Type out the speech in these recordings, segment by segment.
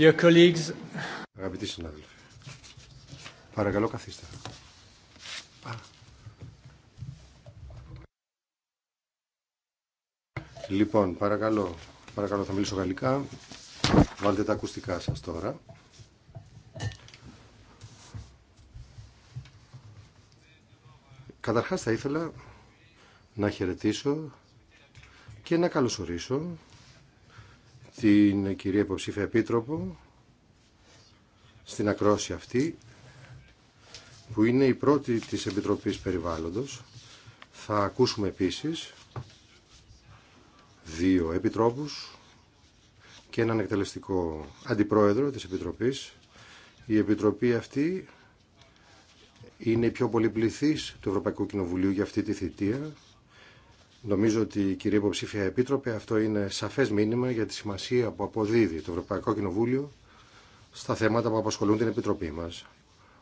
Dear colleagues. Αγαπητοί συνάδελφοι, παρακαλώ καθίστε. Λοιπόν, παρακαλώ, παρακαλώ θα μιλήσω γαλλικά. Βάλτε τα ακουστικά σας τώρα. Καταρχάς θα ήθελα να χαιρετήσω και να καλωσορίσω την κυρία υποψήφια επίτροπο στην ακρόση αυτή που είναι η πρώτη της Επιτροπής Περιβάλλοντος. Θα ακούσουμε επίσης δύο επιτρόπους και έναν εκτελεστικό αντιπρόεδρο της Επιτροπής. Η Επιτροπή αυτή είναι η πιο πολυπληθής του Ευρωπαϊκού Κοινοβουλίου για αυτή τη θητεία Νομίζω ότι κυρία υποψήφια επίτροπε αυτό είναι σαφές μήνυμα για τη σημασία που αποδίδει το Ευρωπαϊκό Κοινοβούλιο στα θέματα που απασχολούν την Επιτροπή μας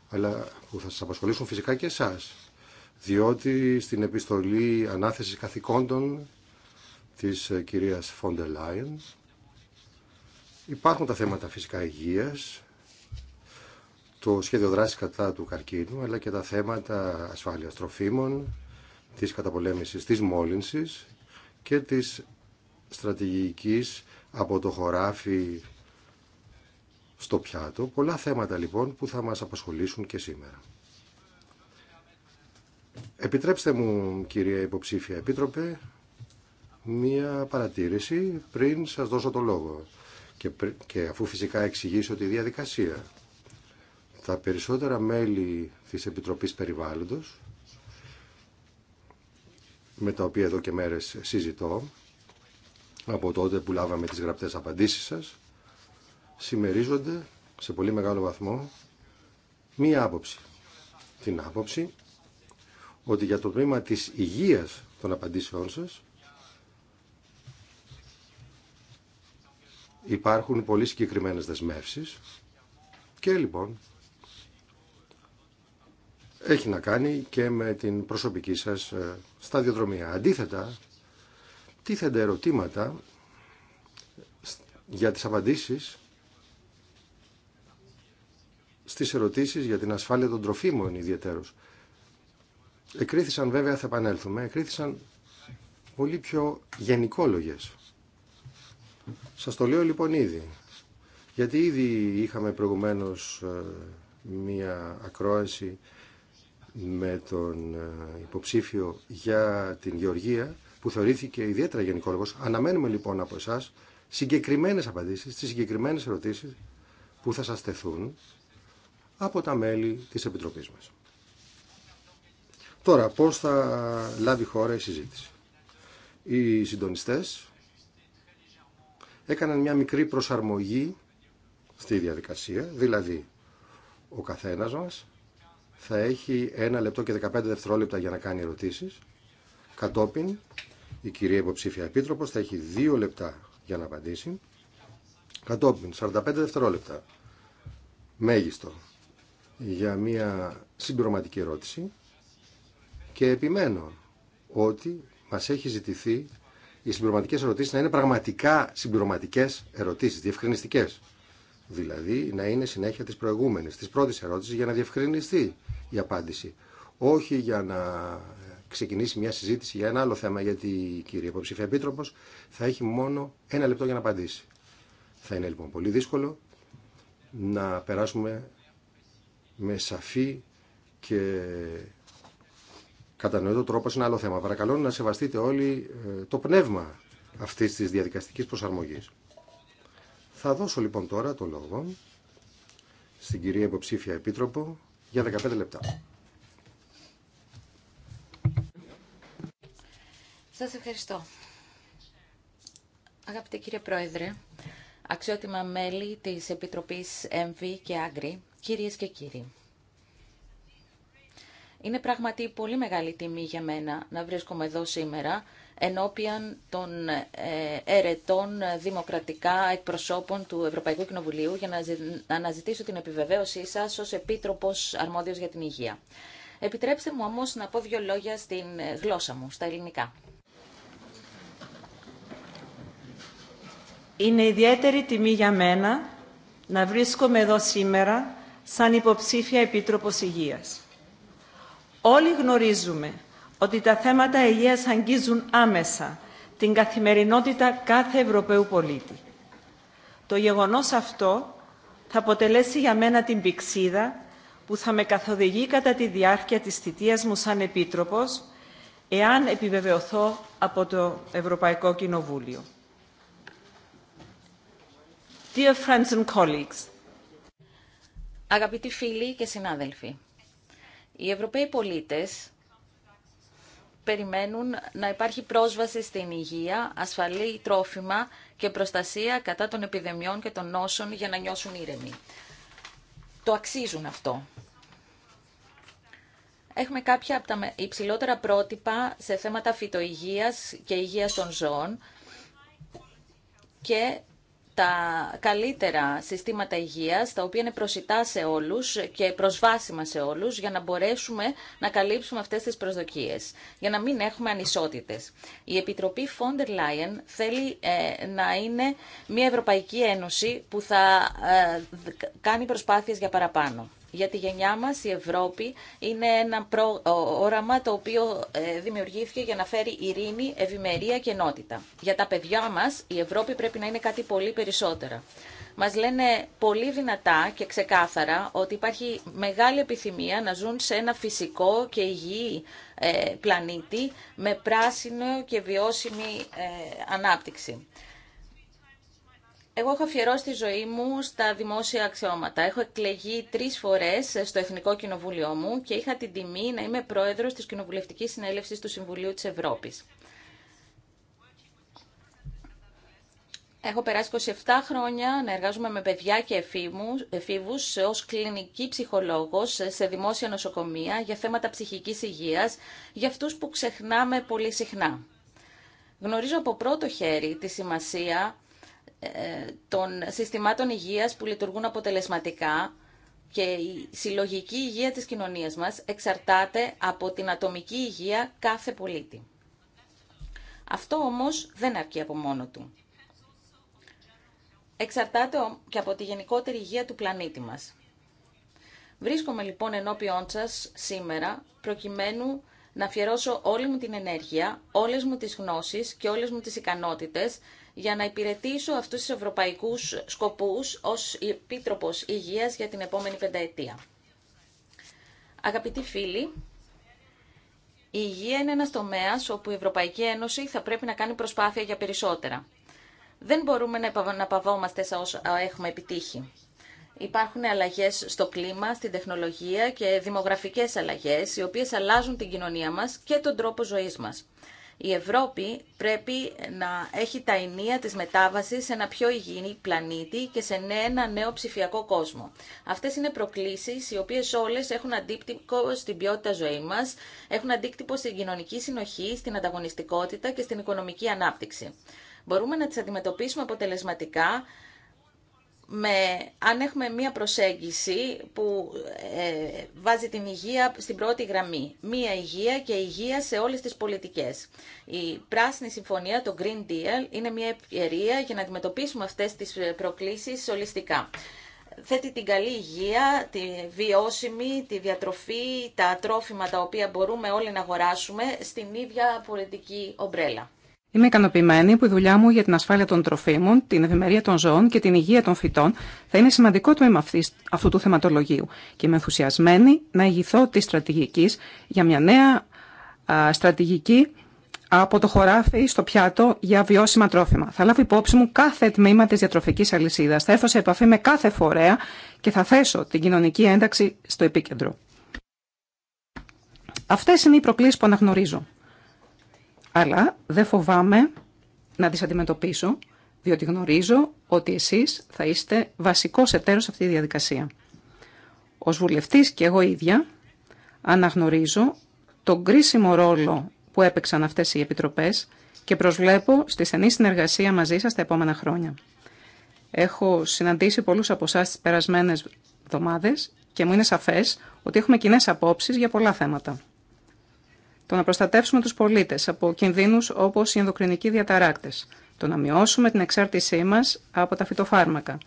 αλλά που θα σα απασχολήσουν φυσικά και εσάς διότι στην επιστολή ανάθεσης καθηκόντων της ε, κυρίας Φόντερ Λάιεν υπάρχουν τα θέματα φυσικά υγεία, το σχέδιο δράση κατά του καρκίνου αλλά και τα θέματα ασφάλεια τροφίμων της καταπολέμησης της μόλυνσης και της στρατηγικής από το χωράφι στο πιάτο. Πολλά θέματα λοιπόν που θα μας απασχολήσουν και σήμερα. Επιτρέψτε μου κυρία υποψήφια επίτροπε μία παρατήρηση πριν σας δώσω το λόγο και, και αφού φυσικά εξηγήσω τη διαδικασία. Τα περισσότερα μέλη της Επιτροπής Περιβάλλοντος με τα οποία εδώ και μέρες συζητώ από τότε που λάβαμε τις γραπτές απαντήσεις σας συμμερίζονται σε πολύ μεγάλο βαθμό μία άποψη. Την άποψη ότι για το τμήμα της υγείας των απαντήσεών σας υπάρχουν πολύ συγκεκριμένες δεσμεύσεις και λοιπόν έχει να κάνει και με την προσωπική σας ε, σταδιοδρομία. Αντίθετα, τίθενται ερωτήματα για τις απαντήσεις στις ερωτήσεις για την ασφάλεια των τροφίμων ιδιαίτερως. Εκρίθησαν βέβαια, θα επανέλθουμε, εκρίθησαν πολύ πιο γενικόλογες. Σας το λέω λοιπόν ήδη, γιατί ήδη είχαμε προηγουμένως ε, μία ακρόαση με τον ε, υποψήφιο για την Γεωργία που θεωρήθηκε ιδιαίτερα γενικόλογο. Αναμένουμε λοιπόν από εσά συγκεκριμένες απαντήσεις, τις συγκεκριμένες ερωτήσεις που θα σας τεθούν από τα μέλη της Επιτροπής μας. Τώρα, πώ θα λάβει η χώρα η συζήτηση. Οι συντονιστές έκαναν μια μικρή προσαρμογή στη διαδικασία, δηλαδή ο καθένας μας θα έχει 1 λεπτό και 15 δευτερόλεπτα για να κάνει ερωτήσεις. Κατόπιν, η κυρία υποψήφια επίτροπος θα έχει 2 λεπτά για να απαντήσει. Κατόπιν, 45 δευτερόλεπτα, μέγιστο, για μια συμπληρωματική ερώτηση. Και επιμένω ότι μας έχει ζητηθεί οι συμπληρωματικές ερωτήσεις να είναι πραγματικά συμπληρωματικές ερωτήσεις, διευκρινιστικές. Δηλαδή να είναι συνέχεια της προηγούμενης, της πρώτης ερώτησης για να διευκρινιστεί η απάντηση. Όχι για να ξεκινήσει μια συζήτηση για ένα άλλο θέμα γιατί η κυρία υποψήφια επίτροπος θα έχει μόνο ένα λεπτό για να απαντήσει. Θα είναι λοιπόν πολύ δύσκολο να περάσουμε με σαφή και κατανοητό τρόπο σε ένα άλλο θέμα. Παρακαλώ να σεβαστείτε όλοι ε, το πνεύμα αυτής της διαδικαστικής προσαρμογής. Θα δώσω λοιπόν τώρα το λόγο στην κυρία υποψήφια επίτροπο για 15 λεπτά. Σας ευχαριστώ. Αγαπητέ κύριε Πρόεδρε, αξιότιμα μέλη της Επιτροπής ΕΜΒΗ και Άγκρη, κυρίες και κύριοι. Είναι πράγματι πολύ μεγάλη τιμή για μένα να βρίσκομαι εδώ σήμερα ενώπιαν των ερετών δημοκρατικά εκπροσώπων του Ευρωπαϊκού Κοινοβουλίου για να αναζητήσω την επιβεβαίωσή σας ως Επίτροπος Αρμόδιος για την Υγεία. Επιτρέψτε μου όμως να πω δύο λόγια στην γλώσσα μου, στα ελληνικά. Είναι ιδιαίτερη τιμή για μένα να βρίσκομαι εδώ σήμερα σαν υποψήφια Επίτροπος Υγείας. Όλοι γνωρίζουμε ότι τα θέματα υγείας αγγίζουν άμεσα την καθημερινότητα κάθε Ευρωπαίου πολίτη. Το γεγονός αυτό θα αποτελέσει για μένα την πηξίδα που θα με καθοδηγεί κατά τη διάρκεια της θητείας μου σαν Επίτροπος, εάν επιβεβαιωθώ από το Ευρωπαϊκό Κοινοβούλιο. Dear friends and colleagues. Αγαπητοί φίλοι και συνάδελφοι, οι Ευρωπαίοι πολίτες περιμένουν να υπάρχει πρόσβαση στην υγεία, ασφαλή τρόφιμα και προστασία κατά των επιδεμιών και των νόσων για να νιώσουν ήρεμοι. Το αξίζουν αυτό. Έχουμε κάποια από τα υψηλότερα πρότυπα σε θέματα φυτοϊγείας και υγείας των ζώων και τα καλύτερα συστήματα υγείας, τα οποία είναι προσιτά σε όλους και προσβάσιμα σε όλους, για να μπορέσουμε να καλύψουμε αυτές τις προσδοκίες, για να μην έχουμε ανισότητες. Η Επιτροπή Φόντερ Λάιεν θέλει ε, να είναι μια Ευρωπαϊκή Ένωση που θα ε, κάνει προσπάθειες για παραπάνω. Για τη γενιά μας η Ευρώπη είναι ένα όραμα το οποίο ε, δημιουργήθηκε για να φέρει ειρήνη, ευημερία και ενότητα. Για τα παιδιά μας η Ευρώπη πρέπει να είναι κάτι πολύ περισσότερα. Μας λένε πολύ δυνατά και ξεκάθαρα ότι υπάρχει μεγάλη επιθυμία να ζουν σε ένα φυσικό και υγιή ε, πλανήτη με πράσινο και βιώσιμη ε, ανάπτυξη. Εγώ έχω αφιερώσει τη ζωή μου στα δημόσια αξιώματα. Έχω εκλεγεί τρεις φορές στο Εθνικό Κοινοβούλιο μου και είχα την τιμή να είμαι πρόεδρος της Κοινοβουλευτικής Συνέλευσης του Συμβουλίου της Ευρώπης. Έχω περάσει 27 χρόνια να εργάζομαι με παιδιά και εφήβους ως κλινική ψυχολόγος σε δημόσια νοσοκομεία για θέματα ψυχικής υγείας, για αυτούς που ξεχνάμε πολύ συχνά. Γνωρίζω από πρώτο χέρι τη σημασία των συστημάτων υγείας που λειτουργούν αποτελεσματικά και η συλλογική υγεία της κοινωνίας μας εξαρτάται από την ατομική υγεία κάθε πολίτη. Αυτό όμως δεν αρκεί από μόνο του. Εξαρτάται και από τη γενικότερη υγεία του πλανήτη μας. Βρίσκομαι λοιπόν ενώπιόν σας σήμερα προκειμένου να αφιερώσω όλη μου την ενέργεια, όλες μου τις γνώσεις και όλες μου τις ικανότητες για να υπηρετήσω αυτούς τους ευρωπαϊκούς σκοπούς ως Επίτροπος Υγείας για την επόμενη πενταετία. Αγαπητοί φίλοι, η υγεία είναι ένας τομέας όπου η Ευρωπαϊκή Ένωση θα πρέπει να κάνει προσπάθεια για περισσότερα. Δεν μπορούμε να παβόμαστε σαν όσα έχουμε επιτύχει. Υπάρχουν αλλαγές στο κλίμα, στην τεχνολογία και δημογραφικές αλλαγές, οι οποίες αλλάζουν την κοινωνία μας και τον τρόπο ζωής μας. Η Ευρώπη πρέπει να έχει τα ενία της μετάβασης σε ένα πιο υγιεινή πλανήτη και σε ένα νέο ψηφιακό κόσμο. Αυτές είναι προκλήσεις οι οποίες όλες έχουν αντίκτυπο στην ποιότητα ζωή μας, έχουν αντίκτυπο στην κοινωνική συνοχή, στην ανταγωνιστικότητα και στην οικονομική ανάπτυξη. Μπορούμε να τις αντιμετωπίσουμε αποτελεσματικά με, αν έχουμε μία προσέγγιση που ε, βάζει την υγεία στην πρώτη γραμμή. Μία υγεία και υγεία σε όλες τις πολιτικές. Η Πράσινη Συμφωνία, το Green Deal, είναι μία ευκαιρία για να αντιμετωπίσουμε αυτές τις προκλήσεις ολιστικά. Θέτει την καλή υγεία, τη βιώσιμη, τη διατροφή, τα τρόφιμα τα οποία μπορούμε όλοι να αγοράσουμε στην ίδια πολιτική ομπρέλα. Είμαι ικανοποιημένη που η δουλειά μου για την ασφάλεια των τροφίμων, την ευημερία των ζώων και την υγεία των φυτών θα είναι σημαντικό τμήμα αυτού του θεματολογίου και είμαι ενθουσιασμένη να ηγηθώ τη στρατηγική για μια νέα στρατηγική από το χωράφι στο πιάτο για βιώσιμα τρόφιμα. Θα λάβω υπόψη μου κάθε τμήμα τη διατροφική αλυσίδα. Θα έρθω σε επαφή με κάθε φορέα και θα θέσω την κοινωνική ένταξη στο επίκεντρο. Αυτέ είναι οι προκλήσει που αναγνωρίζω αλλά δεν φοβάμαι να τις αντιμετωπίσω, διότι γνωρίζω ότι εσείς θα είστε βασικός εταίρος σε αυτή τη διαδικασία. Ως βουλευτής και εγώ ίδια αναγνωρίζω τον κρίσιμο ρόλο που έπαιξαν αυτές οι επιτροπές και προσβλέπω στη στενή συνεργασία μαζί σας τα επόμενα χρόνια. Έχω συναντήσει πολλούς από εσά τις περασμένες εβδομάδες και μου είναι σαφές ότι έχουμε κοινέ απόψεις για πολλά θέματα. Το να προστατεύσουμε τους πολίτες από κινδύνους όπως οι ενδοκρινικοί διαταράκτες. Το να μειώσουμε την εξάρτησή μας από τα φυτοφάρμακα.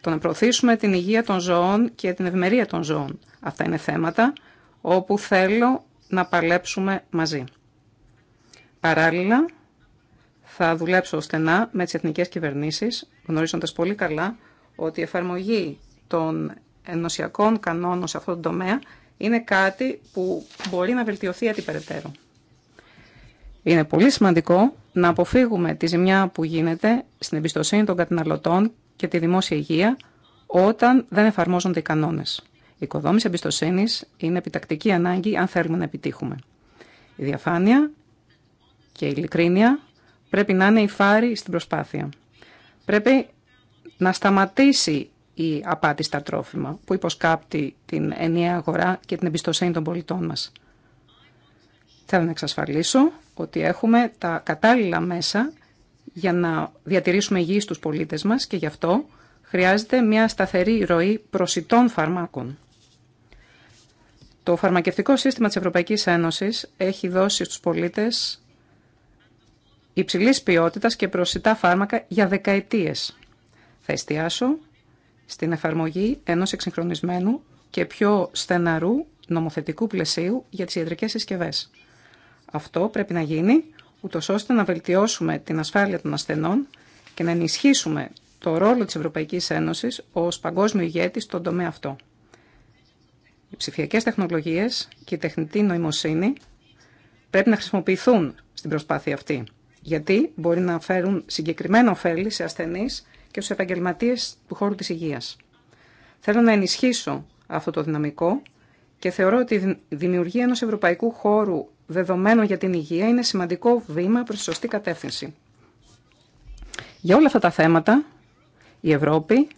Το να προωθήσουμε την υγεία των ζώων και την ευημερία των ζώων. Αυτά είναι θέματα όπου θέλω να παλέψουμε μαζί. Παράλληλα, θα δουλέψω στενά με τις εθνικές κυβερνήσεις, γνωρίζοντας πολύ καλά ότι η εφαρμογή των ενωσιακών κανόνων σε αυτό το τομέα είναι κάτι που μπορεί να βελτιωθεί αντιπεραιτέρω. Είναι πολύ σημαντικό να αποφύγουμε τη ζημιά που γίνεται στην εμπιστοσύνη των καταναλωτών και τη δημόσια υγεία όταν δεν εφαρμόζονται οι κανόνες. Η οικοδόμηση εμπιστοσύνη είναι επιτακτική ανάγκη αν θέλουμε να επιτύχουμε. Η διαφάνεια και η ειλικρίνεια πρέπει να είναι η φάρη στην προσπάθεια. Πρέπει να σταματήσει η απάτη στα τρόφιμα που υποσκάπτει την ενιαία αγορά και την εμπιστοσύνη των πολιτών μας. Θέλω να εξασφαλίσω ότι έχουμε τα κατάλληλα μέσα για να διατηρήσουμε υγιείς τους πολίτες μας και γι' αυτό χρειάζεται μια σταθερή ροή προσιτών φαρμάκων. Το φαρμακευτικό σύστημα της Ευρωπαϊκής Ένωσης έχει δώσει στους πολίτες υψηλής ποιότητας και προσιτά φάρμακα για δεκαετίες. Θα εστιάσω στην εφαρμογή ενός εξυγχρονισμένου και πιο στεναρού νομοθετικού πλαισίου για τις ιατρικές συσκευές. Αυτό πρέπει να γίνει ούτως ώστε να βελτιώσουμε την ασφάλεια των ασθενών και να ενισχύσουμε το ρόλο της Ευρωπαϊκής Ένωσης ως παγκόσμιο ηγέτη στον τομέα αυτό. Οι ψηφιακές τεχνολογίες και η τεχνητή νοημοσύνη πρέπει να χρησιμοποιηθούν στην προσπάθεια αυτή, γιατί μπορεί να φέρουν συγκεκριμένα ωφέλη σε ασθενείς και στου επαγγελματίες του χώρου της υγείας. Θέλω να ενισχύσω αυτό το δυναμικό και θεωρώ ότι η δημιουργία ενός ευρωπαϊκού χώρου δεδομένων για την υγεία είναι σημαντικό βήμα προς τη σωστή κατεύθυνση. Για όλα αυτά τα θέματα η Ευρώπη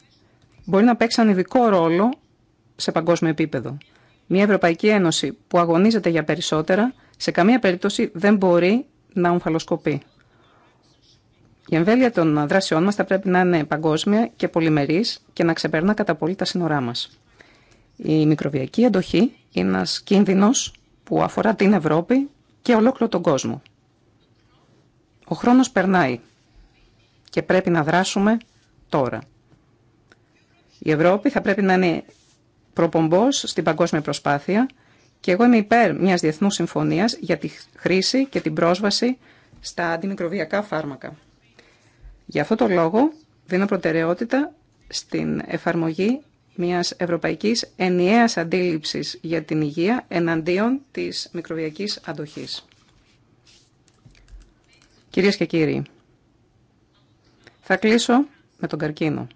μπορεί να παίξει έναν ειδικό ρόλο σε παγκόσμιο επίπεδο. Μια Ευρωπαϊκή Ένωση που αγωνίζεται για περισσότερα σε καμία περίπτωση δεν μπορεί να ομφαλοσκοπεί. Η εμβέλεια των δράσεών μα θα πρέπει να είναι παγκόσμια και πολυμερή και να ξεπερνά κατά πολύ τα σύνορά μα. Η μικροβιακή αντοχή είναι ένα κίνδυνο που αφορά την Ευρώπη και ολόκληρο τον κόσμο. Ο χρόνος περνάει και πρέπει να δράσουμε τώρα. Η Ευρώπη θα πρέπει να είναι προπομπός στην παγκόσμια προσπάθεια και εγώ είμαι υπέρ μιας διεθνούς συμφωνίας για τη χρήση και την πρόσβαση στα αντιμικροβιακά φάρμακα. Για αυτό το λόγο δίνω προτεραιότητα στην εφαρμογή μιας ευρωπαϊκής ενιαίας αντίληψης για την υγεία εναντίον της μικροβιακής αντοχής. Κυρίες και κύριοι, θα κλείσω με τον καρκίνο.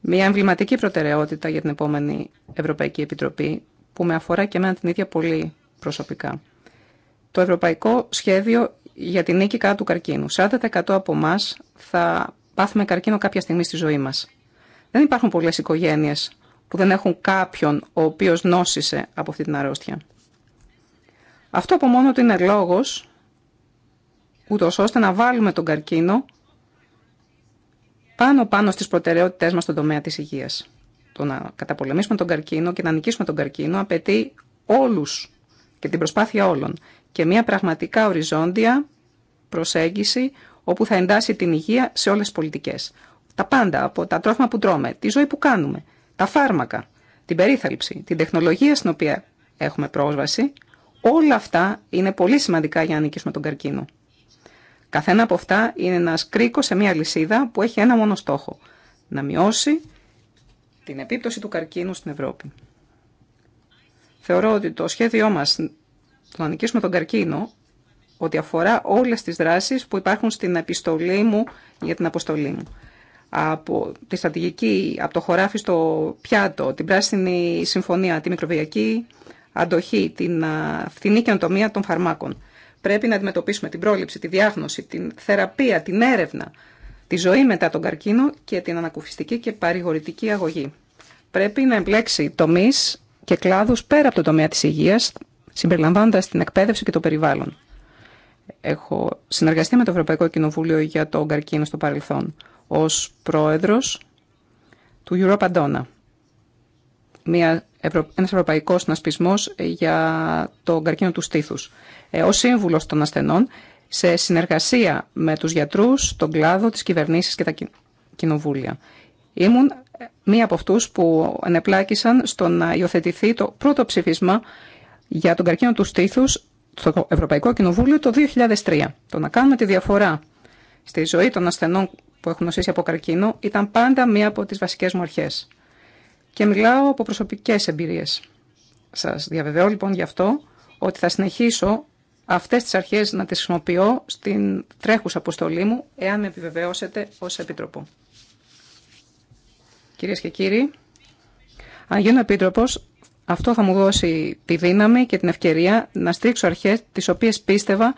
Μια εμβληματική προτεραιότητα για την επόμενη Ευρωπαϊκή Επιτροπή που με αφορά και εμένα την ίδια πολύ προσωπικά. Το Ευρωπαϊκό Σχέδιο για την νίκη κατά του καρκίνου. 40% από εμά θα πάθουμε καρκίνο κάποια στιγμή στη ζωή μα. Δεν υπάρχουν πολλέ οικογένειε που δεν έχουν κάποιον ο οποίο νόσησε από αυτή την αρρώστια. Αυτό από μόνο του είναι λόγο ούτω ώστε να βάλουμε τον καρκίνο πάνω-πάνω στι προτεραιότητέ μα στον τομέα τη υγεία. Το να καταπολεμήσουμε τον καρκίνο και να νικήσουμε τον καρκίνο απαιτεί όλου και την προσπάθεια όλων και μια πραγματικά οριζόντια προσέγγιση όπου θα εντάσσει την υγεία σε όλες τις πολιτικές. Τα πάντα, από τα τρόφιμα που τρώμε, τη ζωή που κάνουμε, τα φάρμακα, την περίθαλψη, την τεχνολογία στην οποία έχουμε πρόσβαση, όλα αυτά είναι πολύ σημαντικά για να νικήσουμε τον καρκίνο. Καθένα από αυτά είναι ένα κρίκο σε μια λυσίδα που έχει ένα μόνο στόχο, να μειώσει την επίπτωση του καρκίνου στην Ευρώπη. Θεωρώ ότι το σχέδιό μας το να νικήσουμε τον καρκίνο, ότι αφορά όλες τις δράσεις που υπάρχουν στην επιστολή μου για την αποστολή μου. Από τη στρατηγική, από το χωράφι στο πιάτο, την πράσινη συμφωνία, τη μικροβιακή αντοχή, την φθηνή καινοτομία των φαρμάκων. Πρέπει να αντιμετωπίσουμε την πρόληψη, τη διάγνωση, την θεραπεία, την έρευνα, τη ζωή μετά τον καρκίνο και την ανακουφιστική και παρηγορητική αγωγή. Πρέπει να εμπλέξει τομεί και κλάδου πέρα από το τομέα τη υγεία, συμπεριλαμβάνοντα την εκπαίδευση και το περιβάλλον. Έχω συνεργαστεί με το Ευρωπαϊκό Κοινοβούλιο για τον καρκίνο στο παρελθόν ω πρόεδρο του Europa Donna, μια, ένας ευρωπαϊκός για τον καρκίνο του στήθους. Ε, ως σύμβουλος των ασθενών, σε συνεργασία με του γιατρούς, τον κλάδο, τις κυβερνήσεις και τα κοινοβούλια. Ήμουν μία από αυτούς που ανεπλάκησαν στο να υιοθετηθεί το πρώτο ψηφίσμα για τον καρκίνο του στήθους στο Ευρωπαϊκό Κοινοβούλιο το 2003. Το να κάνουμε τη διαφορά στη ζωή των ασθενών που έχουν νοσήσει από καρκίνο ήταν πάντα μία από τις βασικές μου αρχές. Και μιλάω από προσωπικέ εμπειρίες. Σας διαβεβαιώ λοιπόν γι' αυτό ότι θα συνεχίσω αυτές τις αρχές να τις χρησιμοποιώ στην τρέχουσα αποστολή μου, εάν με επιβεβαιώσετε ω Επίτροπο. Κυρίε και κύριοι, αν γίνω επίτροπο, αυτό θα μου δώσει τη δύναμη και την ευκαιρία να στρίξω αρχές τις οποίες πίστευα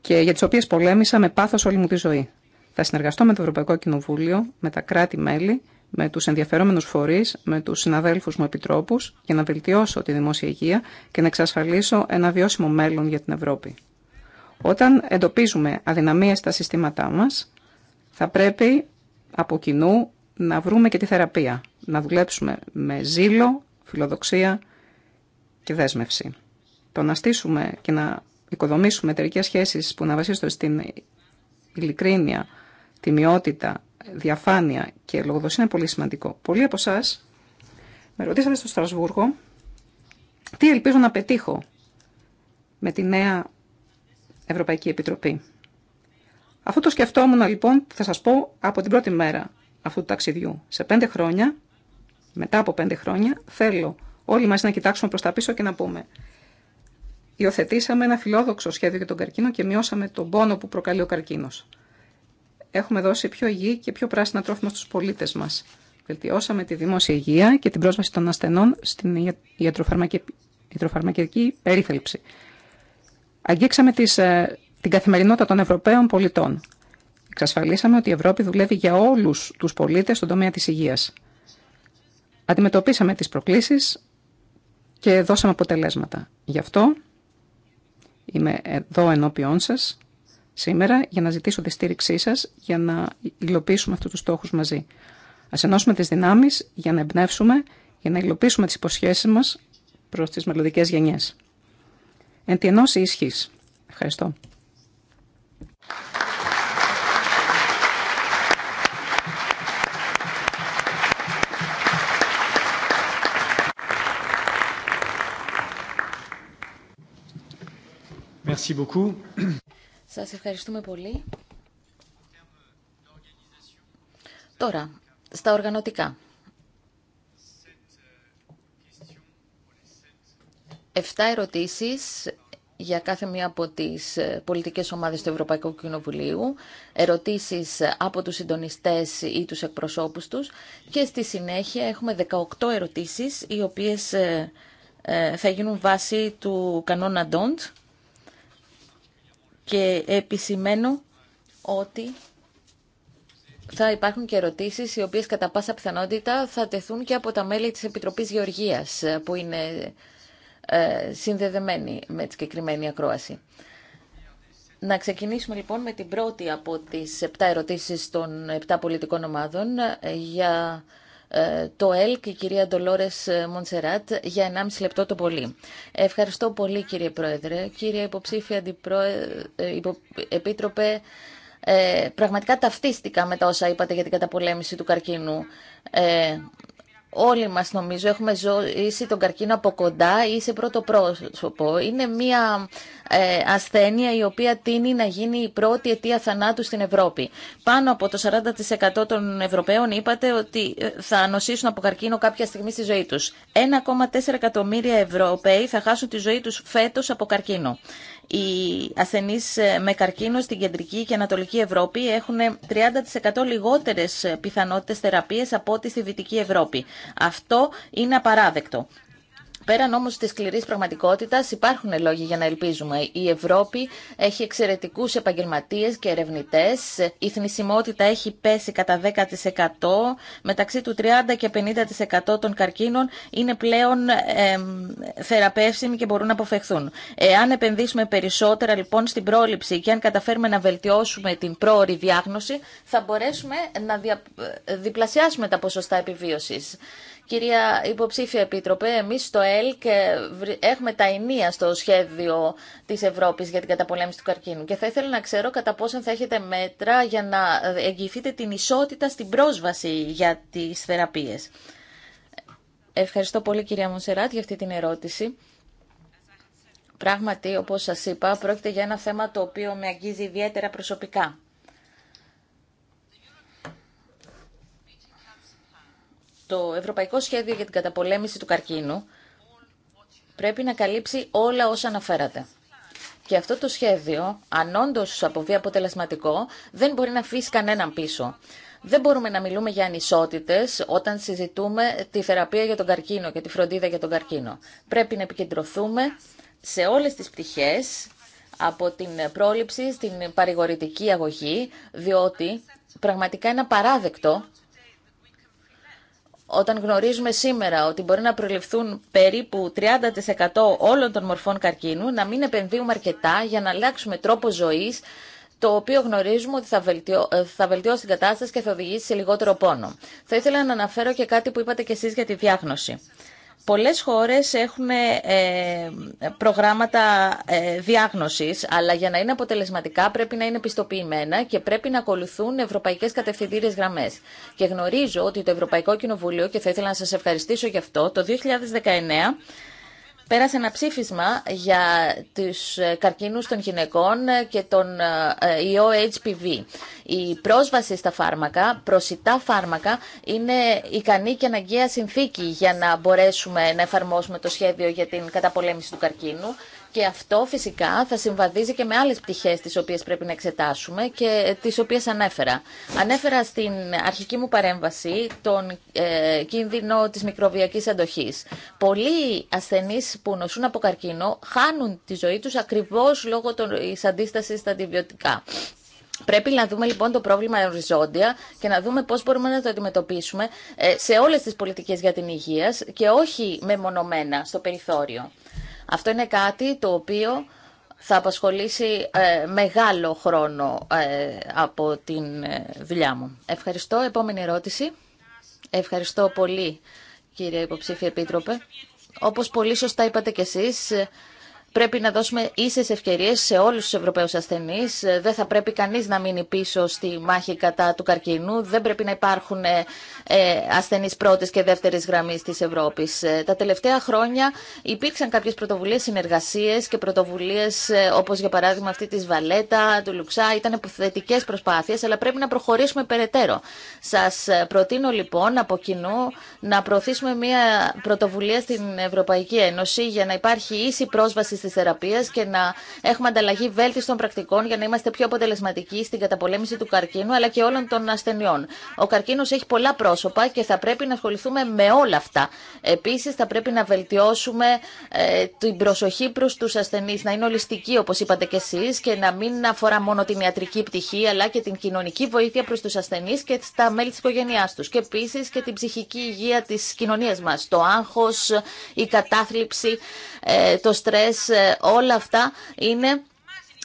και για τις οποίες πολέμησα με πάθος όλη μου τη ζωή. Θα συνεργαστώ με το Ευρωπαϊκό Κοινοβούλιο, με τα κράτη-μέλη, με τους ενδιαφερόμενους φορείς, με τους συναδέλφους μου επιτρόπους για να βελτιώσω τη δημόσια υγεία και να εξασφαλίσω ένα βιώσιμο μέλλον για την Ευρώπη. Όταν εντοπίζουμε αδυναμίες στα συστήματά μας, θα πρέπει από κοινού να βρούμε και τη θεραπεία, να δουλέψουμε με ζήλο, φιλοδοξία και δέσμευση. Το να στήσουμε και να οικοδομήσουμε εταιρικέ σχέσεις που να βασίζονται στην ειλικρίνεια, τιμιότητα, διαφάνεια και λογοδοσία είναι πολύ σημαντικό. Πολλοί από εσά με ρωτήσατε στο Στρασβούργο τι ελπίζω να πετύχω με τη νέα Ευρωπαϊκή Επιτροπή. Αυτό το σκεφτόμουν λοιπόν, θα σας πω, από την πρώτη μέρα αυτού του ταξιδιού. Σε πέντε χρόνια μετά από πέντε χρόνια, θέλω όλοι μαζί να κοιτάξουμε προ τα πίσω και να πούμε υιοθετήσαμε ένα φιλόδοξο σχέδιο για τον καρκίνο και μειώσαμε τον πόνο που προκαλεί ο καρκίνο. Έχουμε δώσει πιο υγιή και πιο πράσινα τρόφιμα στου πολίτε μα. Βελτιώσαμε τη δημόσια υγεία και την πρόσβαση των ασθενών στην ιατροφαρμακευτική περίθαλψη. Αγγίξαμε τις, ε, την καθημερινότητα των Ευρωπαίων πολιτών. Εξασφαλίσαμε ότι η Ευρώπη δουλεύει για όλου του πολίτε στον τομέα τη υγεία. Αντιμετωπίσαμε τις προκλήσεις και δώσαμε αποτελέσματα. Γι' αυτό είμαι εδώ ενώπιόν σας σήμερα για να ζητήσω τη στήριξή σας για να υλοποιήσουμε αυτούς τους στόχους μαζί. Ας ενώσουμε τις δυνάμεις για να εμπνεύσουμε, για να υλοποιήσουμε τις υποσχέσεις μας προς τις μελλοντικές γενιές. Εν τη ενώση ισχύς. Ευχαριστώ. Merci Σας ευχαριστούμε πολύ. Τώρα, στα οργανωτικά. Εφτά ερωτήσεις για κάθε μία από τις ε, πολιτικές ομάδες του Ευρωπαϊκού Κοινοβουλίου, ερωτήσεις από τους συντονιστές ή τους εκπροσώπους τους και στη συνέχεια έχουμε 18 ερωτήσεις οι οποίες ε, ε, θα γίνουν βάση του κανόνα DON'T και επισημαίνω ότι θα υπάρχουν και ερωτήσεις οι οποίες κατά πάσα πιθανότητα θα τεθούν και από τα μέλη της Επιτροπής Γεωργίας που είναι ε, συνδεδεμένοι με τη συγκεκριμένη ακρόαση. Να ξεκινήσουμε λοιπόν με την πρώτη από τις επτά ερωτήσεις των επτά πολιτικών ομάδων ε, για το ΕΛΚ, η κυρία Ντολόρε Μοντσεράτ, για 1,5 λεπτό το πολύ. Ευχαριστώ πολύ κύριε Πρόεδρε. Κύριε Υποψήφια Αντιπρόεδρε, υπο... Επίτροπε, ε, πραγματικά ταυτίστηκα με τα όσα είπατε για την καταπολέμηση του καρκίνου. Ε, Όλοι μας νομίζω έχουμε ζωήσει τον καρκίνο από κοντά ή σε πρώτο πρόσωπο. Είναι μια ε, ασθένεια η οποία τίνει να γίνει η πρώτη αιτία θανάτου στην Ευρώπη. Πάνω από το 40% των Ευρωπαίων είπατε ότι ε, θα νοσήσουν από καρκίνο κάποια στιγμή στη ζωή τους. 1,4 εκατομμύρια Ευρωπαίοι θα χάσουν τη ζωή τους φέτος από καρκίνο. Οι ασθενείς ε, με καρκίνο στην κεντρική και ανατολική Ευρώπη έχουν 30% ε, λιγότερες ε, πιθανότητες θεραπείες από ό,τι στη Δυτική Ευρώπη. Αυτό είναι απαράδεκτο. Πέραν όμως της σκληρή πραγματικότητας υπάρχουν λόγοι για να ελπίζουμε. Η Ευρώπη έχει εξαιρετικούς επαγγελματίες και ερευνητές. Η θνησιμότητα έχει πέσει κατά 10%. Μεταξύ του 30% και 50% των καρκίνων είναι πλέον ε, θεραπεύσιμοι και μπορούν να αποφευχθούν. Εάν επενδύσουμε περισσότερα λοιπόν στην πρόληψη και αν καταφέρουμε να βελτιώσουμε την πρόορη διάγνωση θα μπορέσουμε να ε, διπλασιάσουμε τα ποσοστά επιβίωσης. Κυρία Υποψήφια Επίτροπε, εμείς στο ΕΛΚ ε, έχουμε τα ενία στο σχέδιο της Ευρώπης για την καταπολέμηση του καρκίνου και θα ήθελα να ξέρω κατά πόσον θα έχετε μέτρα για να ε, εγγυηθείτε την ισότητα στην πρόσβαση για τις θεραπείες. Ευχαριστώ πολύ κυρία Μονσεράτ για αυτή την ερώτηση. Πράγματι, όπως σας είπα, πρόκειται για ένα θέμα το οποίο με αγγίζει ιδιαίτερα προσωπικά. Το Ευρωπαϊκό Σχέδιο για την Καταπολέμηση του Καρκίνου πρέπει να καλύψει όλα όσα αναφέρατε. Και αυτό το σχέδιο, αν όντω αποβεί αποτελεσματικό, δεν μπορεί να αφήσει κανέναν πίσω. Δεν μπορούμε να μιλούμε για ανισότητε όταν συζητούμε τη θεραπεία για τον καρκίνο και τη φροντίδα για τον καρκίνο. Πρέπει να επικεντρωθούμε σε όλε τι πτυχέ από την πρόληψη στην παρηγορητική αγωγή, διότι πραγματικά είναι απαράδεκτο όταν γνωρίζουμε σήμερα ότι μπορεί να προληφθούν περίπου 30% όλων των μορφών καρκίνου, να μην επενδύουμε αρκετά για να αλλάξουμε τρόπο ζωής, το οποίο γνωρίζουμε ότι θα, βελτιώ, ε, θα βελτιώσει την κατάσταση και θα οδηγήσει σε λιγότερο πόνο. Θα ήθελα να αναφέρω και κάτι που είπατε κι εσείς για τη διάγνωση. Πολλές χώρες έχουν ε, προγράμματα ε, διάγνωσης, αλλά για να είναι αποτελεσματικά πρέπει να είναι πιστοποιημένα και πρέπει να ακολουθούν ευρωπαϊκές κατευθυντήριες γραμμές. Και γνωρίζω ότι το Ευρωπαϊκό Κοινοβούλιο, και θα ήθελα να σας ευχαριστήσω γι' αυτό, το 2019 πέρασε ένα ψήφισμα για τους ε, καρκίνους των γυναικών ε, και τον ε, ιό HPV. Η πρόσβαση στα φάρμακα, προσιτά φάρμακα, είναι ικανή και αναγκαία συνθήκη για να μπορέσουμε να εφαρμόσουμε το σχέδιο για την καταπολέμηση του καρκίνου και αυτό φυσικά θα συμβαδίζει και με άλλες πτυχές τις οποίες πρέπει να εξετάσουμε και τις οποίες ανέφερα. Ανέφερα στην αρχική μου παρέμβαση τον ε, κίνδυνο της μικροβιακής αντοχής. Πολλοί ασθενείς που νοσούν από καρκίνο χάνουν τη ζωή τους ακριβώς λόγω της αντίστασης στα αντιβιωτικά. Πρέπει να δούμε λοιπόν το πρόβλημα οριζόντια και να δούμε πώς μπορούμε να το αντιμετωπίσουμε ε, σε όλες τις πολιτικές για την υγεία και όχι μεμονωμένα στο περιθώριο. Αυτό είναι κάτι το οποίο θα απασχολήσει ε, μεγάλο χρόνο ε, από την ε, δουλειά μου. Ευχαριστώ. Επόμενη ερώτηση. Ευχαριστώ πολύ, κύριε Υποψήφια Επίτροπε. Όπως πολύ σωστά είπατε κι εσείς, Πρέπει να δώσουμε ίσες ευκαιρίες σε όλους τους Ευρωπαίους ασθενείς. Ε, δεν θα πρέπει κανείς να μείνει πίσω στη μάχη κατά του καρκίνου. Δεν πρέπει να υπάρχουν ε, ε, ασθενείς πρώτης και δεύτερης γραμμής της Ευρώπης. Τα τελευταία χρόνια υπήρξαν κάποιες πρωτοβουλίες συνεργασίες και πρωτοβουλίες όπως για παράδειγμα αυτή της Βαλέτα, του Λουξά. Ήταν θετικέ προσπάθειες, αλλά πρέπει να προχωρήσουμε περαιτέρω. Σας προτείνω λοιπόν από κοινού να προωθήσουμε μια πρωτοβουλία στην Ευρωπαϊκή Ένωση για να υπάρχει ίση πρόσβαση τη θεραπεία και να έχουμε ανταλλαγή βέλτιστων πρακτικών για να είμαστε πιο αποτελεσματικοί στην καταπολέμηση του καρκίνου αλλά και όλων των ασθενειών. Ο καρκίνο έχει πολλά πρόσωπα και θα πρέπει να ασχοληθούμε με όλα αυτά. Επίση, θα πρέπει να βελτιώσουμε ε, την προσοχή προ του ασθενεί, να είναι ολιστική όπω είπατε και εσεί και να μην αφορά μόνο την ιατρική πτυχή αλλά και την κοινωνική βοήθεια προ του ασθενεί και τα μέλη τη οικογένειά του. Και επίση και την ψυχική υγεία τη κοινωνία μα. Το άγχο, η κατάθλιψη, ε, το στρες ε, όλα αυτά είναι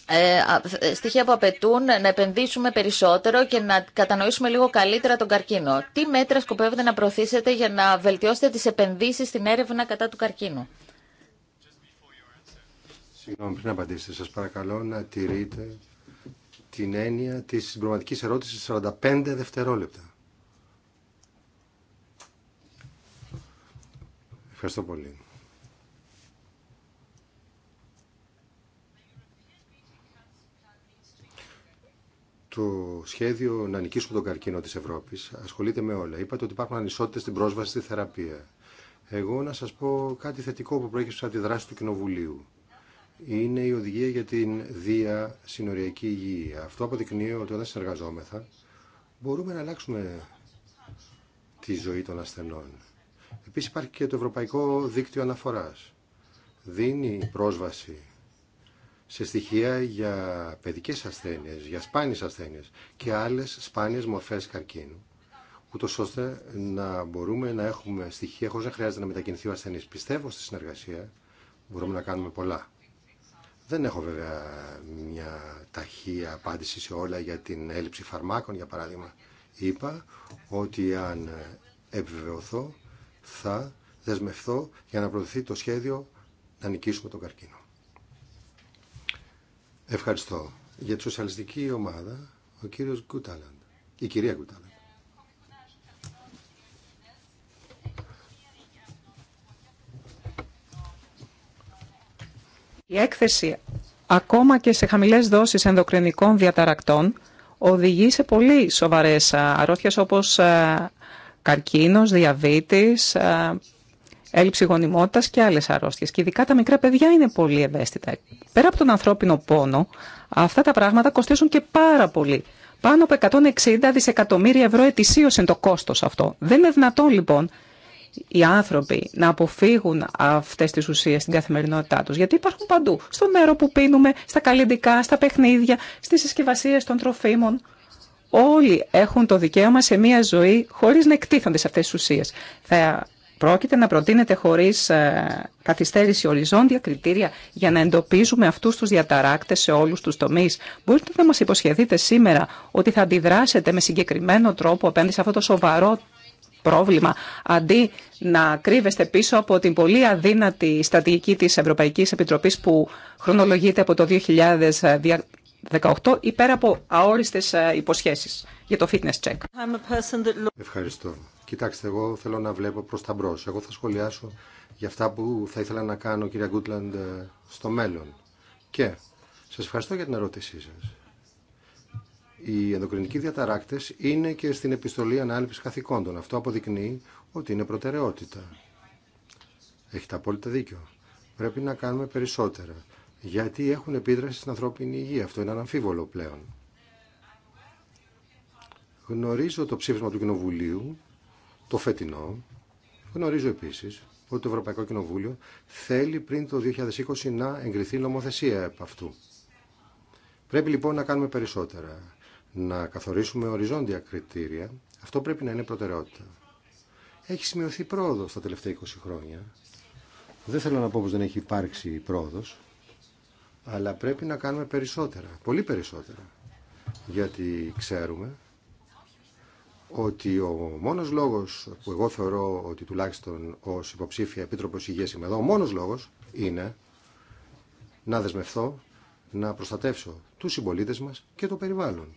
ε, ε, στοιχεία που απαιτούν να επενδύσουμε περισσότερο και να κατανοήσουμε λίγο καλύτερα τον καρκίνο. Τι μέτρα σκοπεύετε να προωθήσετε για να βελτιώσετε τις επενδύσεις στην έρευνα κατά του καρκίνου. Συγγνώμη, πριν απαντήσετε, σας παρακαλώ να τηρείτε την έννοια της συμπληρωματικής ερώτησης 45 δευτερόλεπτα. Ευχαριστώ πολύ. το σχέδιο να νικήσουμε τον καρκίνο της Ευρώπης ασχολείται με όλα. Είπατε ότι υπάρχουν ανισότητες στην πρόσβαση στη θεραπεία. Εγώ να σας πω κάτι θετικό που προέκυψε από τη δράση του Κοινοβουλίου. Είναι η οδηγία για την δια συνοριακή υγεία. Αυτό αποδεικνύει ότι όταν συνεργαζόμεθα μπορούμε να αλλάξουμε τη ζωή των ασθενών. Επίσης υπάρχει και το Ευρωπαϊκό Δίκτυο Αναφοράς. Δίνει πρόσβαση σε στοιχεία για παιδικές ασθένειες, για σπάνιες ασθένειες και άλλες σπάνιες μορφές καρκίνου, ούτως ώστε να μπορούμε να έχουμε στοιχεία χωρίς να χρειάζεται να μετακινηθεί ο ασθενής. Πιστεύω στη συνεργασία μπορούμε να κάνουμε πολλά. Δεν έχω βέβαια μια ταχεία απάντηση σε όλα για την έλλειψη φαρμάκων, για παράδειγμα. Είπα ότι αν επιβεβαιωθώ θα δεσμευθώ για να προωθεί το σχέδιο να νικήσουμε τον καρκίνο. Ευχαριστώ. Για τη σοσιαλιστική ομάδα, ο κύριος Γκουτάλαντ. Η κυρία Γκουτάλαντ. Η έκθεση, ακόμα και σε χαμηλές δόσεις ενδοκρινικών διαταρακτών, οδηγεί σε πολύ σοβαρές αρρώστιες όπως ε, καρκίνος, διαβήτης, ε, έλλειψη γονιμότητα και άλλε αρρώστιε. Και ειδικά τα μικρά παιδιά είναι πολύ ευαίσθητα. Πέρα από τον ανθρώπινο πόνο, αυτά τα πράγματα κοστίζουν και πάρα πολύ. Πάνω από 160 δισεκατομμύρια ευρώ ετησίω είναι το κόστο αυτό. Δεν είναι δυνατόν λοιπόν οι άνθρωποι να αποφύγουν αυτέ τι ουσίε στην καθημερινότητά του, Γιατί υπάρχουν παντού. Στο νερό που πίνουμε, στα καλλιντικά, στα παιχνίδια, στι συσκευασίε των τροφίμων. Όλοι έχουν το δικαίωμα σε μια ζωή χωρίς να εκτίθονται σε αυτές τις ουσίες. Θα Πρόκειται να προτείνεται χωρίς ε, καθυστέρηση οριζόντια κριτήρια για να εντοπίζουμε αυτού του διαταράκτε σε όλου του τομεί. Μπορείτε να μα υποσχεθείτε σήμερα ότι θα αντιδράσετε με συγκεκριμένο τρόπο απέναντι σε αυτό το σοβαρό πρόβλημα, αντί να κρύβεστε πίσω από την πολύ αδύνατη στρατηγική της Ευρωπαϊκής Επιτροπής που χρονολογείται από το 2018 ή πέρα από αόριστες ε, υποσχέσεις για το fitness check. Ευχαριστώ. Κοιτάξτε, εγώ θέλω να βλέπω προ τα μπρό. Εγώ θα σχολιάσω για αυτά που θα ήθελα να κάνω, κυρία Γκούτλαντ, ε, στο μέλλον. Και σα ευχαριστώ για την ερώτησή σα. Οι ενδοκρινικοί διαταράκτε είναι και στην επιστολή ανάληψη καθηκόντων. Αυτό αποδεικνύει ότι είναι προτεραιότητα. Έχετε απόλυτα δίκιο. Πρέπει να κάνουμε περισσότερα. Γιατί έχουν επίδραση στην ανθρώπινη υγεία. Αυτό είναι αναμφίβολο πλέον. Γνωρίζω το ψήφισμα του Κοινοβουλίου το φετινό, γνωρίζω επίσης ότι το Ευρωπαϊκό Κοινοβούλιο θέλει πριν το 2020 να εγκριθεί νομοθεσία από αυτού. Πρέπει λοιπόν να κάνουμε περισσότερα, να καθορίσουμε οριζόντια κριτήρια. Αυτό πρέπει να είναι προτεραιότητα. Έχει σημειωθεί πρόοδο τα τελευταία 20 χρόνια. Δεν θέλω να πω πως δεν έχει υπάρξει πρόοδος, αλλά πρέπει να κάνουμε περισσότερα, πολύ περισσότερα. Γιατί ξέρουμε ότι ο μόνος λόγος που εγώ θεωρώ ότι τουλάχιστον ω υποψήφια Επίτροπος Υγείας είμαι εδώ, ο μόνος λόγος είναι να δεσμευθώ να προστατεύσω του συμπολίτε μας και το περιβάλλον.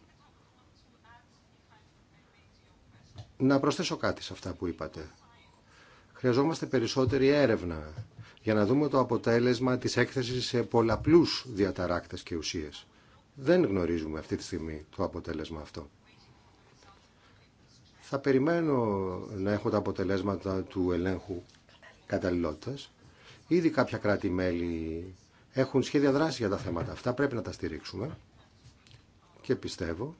Να προσθέσω κάτι σε αυτά που είπατε. Χρειαζόμαστε περισσότερη έρευνα για να δούμε το αποτέλεσμα της έκθεσης σε πολλαπλούς διαταράκτες και ουσίες. Δεν γνωρίζουμε αυτή τη στιγμή το αποτέλεσμα αυτό. Θα περιμένω να έχω τα αποτελέσματα του ελέγχου καταλληλότητας. Ήδη κάποια κράτη-μέλη έχουν σχέδια δράση για τα θέματα αυτά. Πρέπει να τα στηρίξουμε. Και πιστεύω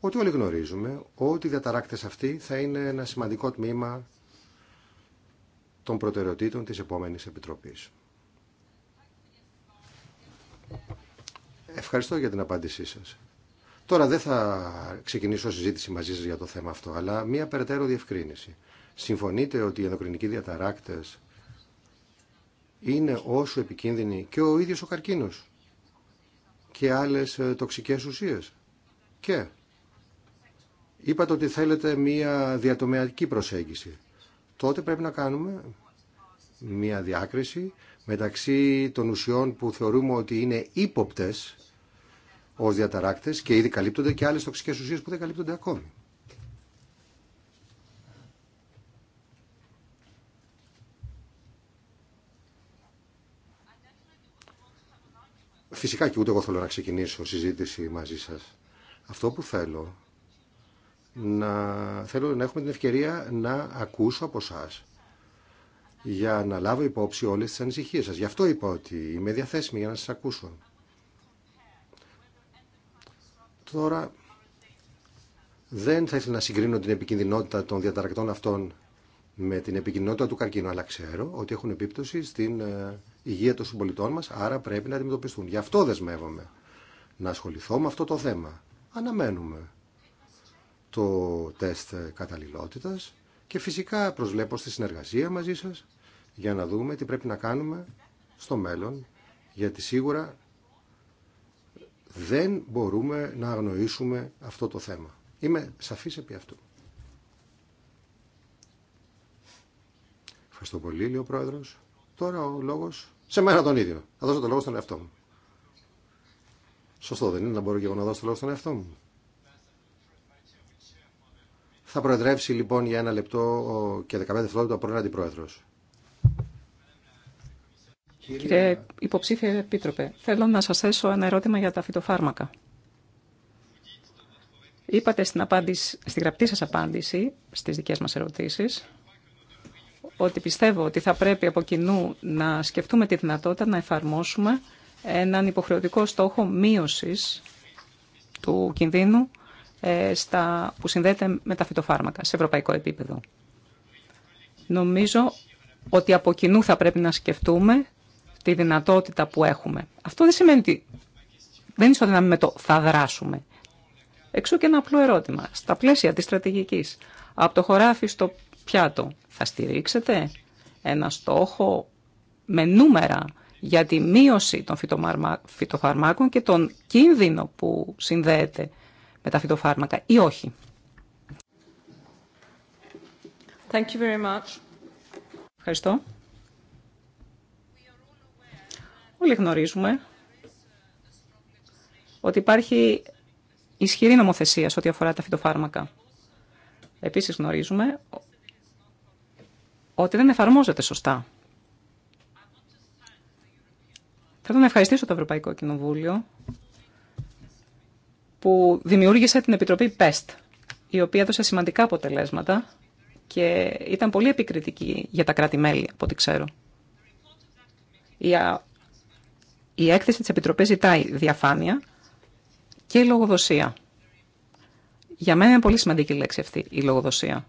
ότι όλοι γνωρίζουμε ότι οι διαταράκτες αυτοί θα είναι ένα σημαντικό τμήμα των προτεραιοτήτων της επόμενης Επιτροπής. Ευχαριστώ για την απάντησή σας. Τώρα δεν θα ξεκινήσω συζήτηση μαζί σας για το θέμα αυτό, αλλά μία περαιτέρω διευκρίνηση. Συμφωνείτε ότι οι ενδοκρινικοί διαταράκτες είναι όσο επικίνδυνοι και ο ίδιος ο καρκίνος και άλλες ε, τοξικές ουσίες. Και είπατε ότι θέλετε μία διατομιακή προσέγγιση. Τότε πρέπει να κάνουμε μία διάκριση μεταξύ των ουσιών που θεωρούμε ότι είναι ύποπτες ω διαταράκτε και ήδη καλύπτονται και άλλες τοξικές ουσίε που δεν καλύπτονται ακόμη. Φυσικά και ούτε εγώ θέλω να ξεκινήσω συζήτηση μαζί σας. Αυτό που θέλω, να, θέλω να έχουμε την ευκαιρία να ακούσω από εσά για να λάβω υπόψη όλες τις ανησυχίες σας. Γι' αυτό είπα ότι είμαι διαθέσιμη για να σας ακούσω. Τώρα δεν θα ήθελα να συγκρίνω την επικινδυνότητα των διαταρακτών αυτών με την επικινδυνότητα του καρκίνου, αλλά ξέρω ότι έχουν επίπτωση στην ε, υγεία των συμπολιτών μας, άρα πρέπει να αντιμετωπιστούν. Γι' αυτό δεσμεύομαι να ασχοληθώ με αυτό το θέμα. Αναμένουμε το τεστ καταλληλότητας και φυσικά προσβλέπω στη συνεργασία μαζί σας για να δούμε τι πρέπει να κάνουμε στο μέλλον, γιατί σίγουρα δεν μπορούμε να αγνοήσουμε αυτό το θέμα. Είμαι σαφής επί αυτού. Ευχαριστώ πολύ, λέει ο Πρόεδρος. Τώρα ο λόγος... Σε μένα τον ίδιο. Θα δώσω το λόγο στον εαυτό μου. Σωστό δεν είναι να μπορώ και εγώ να δώσω το λόγο στον εαυτό μου. Θα προεδρεύσει λοιπόν για ένα λεπτό και 15 δευτερόλεπτα πρώην αντιπρόεδρος. Κύριε Υποψήφια Επίτροπε, θέλω να σας θέσω ένα ερώτημα για τα φυτοφάρμακα. Είπατε στην, απάντηση, στην γραπτή σας απάντηση στις δικές μας ερωτήσεις ότι πιστεύω ότι θα πρέπει από κοινού να σκεφτούμε τη δυνατότητα να εφαρμόσουμε έναν υποχρεωτικό στόχο μείωσης του κινδύνου ε, στα, που συνδέεται με τα φυτοφάρμακα σε ευρωπαϊκό επίπεδο. Νομίζω ότι από κοινού θα πρέπει να σκεφτούμε τη δυνατότητα που έχουμε. Αυτό δεν σημαίνει ότι δεν ισοδυναμεί με το θα δράσουμε. Εξού και ένα απλό ερώτημα. Στα πλαίσια της στρατηγικής, από το χωράφι στο πιάτο, θα στηρίξετε ένα στόχο με νούμερα για τη μείωση των φυτοφαρμάκων και τον κίνδυνο που συνδέεται με τα φυτοφάρμακα ή όχι. Thank you Ευχαριστώ. Όλοι γνωρίζουμε ότι υπάρχει ισχυρή νομοθεσία σε ό,τι αφορά τα φυτοφάρμακα. Επίσης γνωρίζουμε ότι δεν εφαρμόζεται σωστά. Θέλω να ευχαριστήσω το Ευρωπαϊκό Κοινοβούλιο που δημιούργησε την Επιτροπή ΠΕΣΤ, η οποία έδωσε σημαντικά αποτελέσματα και ήταν πολύ επικριτική για τα κράτη-μέλη, από ό,τι ξέρω. Η η έκθεση της Επιτροπής ζητάει διαφάνεια και λογοδοσία. Για μένα είναι πολύ σημαντική λέξη αυτή, η λογοδοσία.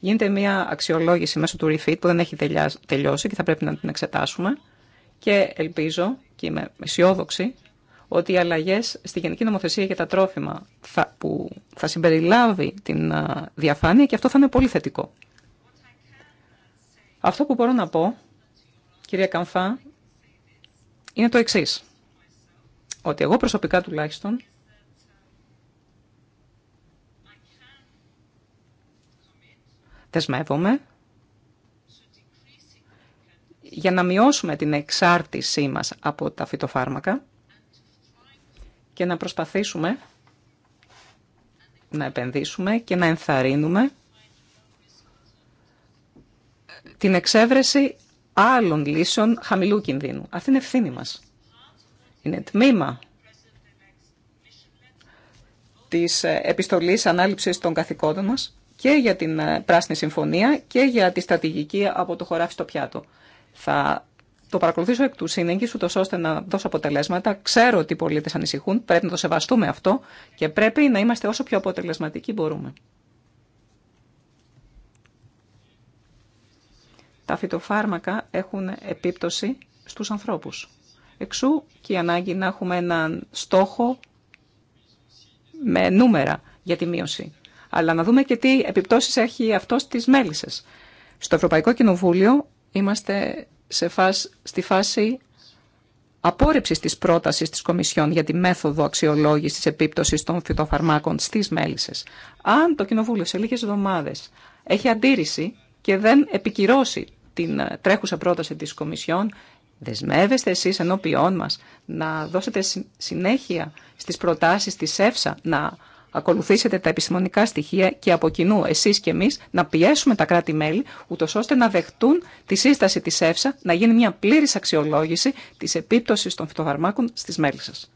Γίνεται μια αξιολόγηση μέσω του refit που δεν έχει τελειώσει και θα πρέπει να την εξετάσουμε. Και ελπίζω και είμαι αισιόδοξη ότι οι αλλαγέ στη Γενική Νομοθεσία για τα Τρόφιμα θα, που θα συμπεριλάβει την διαφάνεια και αυτό θα είναι πολύ θετικό. Αυτό που μπορώ να πω, κυρία Καμφά, είναι το εξής. Ότι εγώ προσωπικά τουλάχιστον δεσμεύομαι για να μειώσουμε την εξάρτησή μας από τα φυτοφάρμακα και να προσπαθήσουμε να επενδύσουμε και να ενθαρρύνουμε την εξέβρεση άλλων λύσεων χαμηλού κινδύνου. Αυτή είναι ευθύνη μας. Είναι τμήμα της ε, επιστολής ανάληψης των καθηκόντων μας και για την ε, Πράσινη Συμφωνία και για τη στρατηγική από το χωράφι στο πιάτο. Θα το παρακολουθήσω εκ του σύνεγγυς, ούτως ώστε να δώσω αποτελέσματα. Ξέρω ότι οι πολίτες ανησυχούν, πρέπει να το σεβαστούμε αυτό και πρέπει να είμαστε όσο πιο αποτελεσματικοί μπορούμε. τα φυτοφάρμακα έχουν επίπτωση στους ανθρώπους. Εξού και η ανάγκη να έχουμε έναν στόχο με νούμερα για τη μείωση. Αλλά να δούμε και τι επιπτώσεις έχει αυτό στις μέλισσες. Στο Ευρωπαϊκό Κοινοβούλιο είμαστε σε στη φάση απόρριψης της πρότασης της Κομισιόν για τη μέθοδο αξιολόγησης της επίπτωσης των φυτοφαρμάκων στις μέλισσες. Αν το Κοινοβούλιο σε λίγες εβδομάδες έχει αντίρρηση και δεν επικυρώσει την ε, τρέχουσα πρόταση της Κομισιόν, δεσμεύεστε εσείς ενώπιόν μας να δώσετε συνέχεια στις προτάσεις της ΕΦΣΑ, να ακολουθήσετε τα επιστημονικά στοιχεία και από κοινού εσείς και εμείς να πιέσουμε τα κράτη-μέλη, ούτως ώστε να δεχτούν τη σύσταση της ΕΦΣΑ να γίνει μια πλήρης αξιολόγηση της επίπτωσης των φυτοφαρμάκων στις μέλισσες.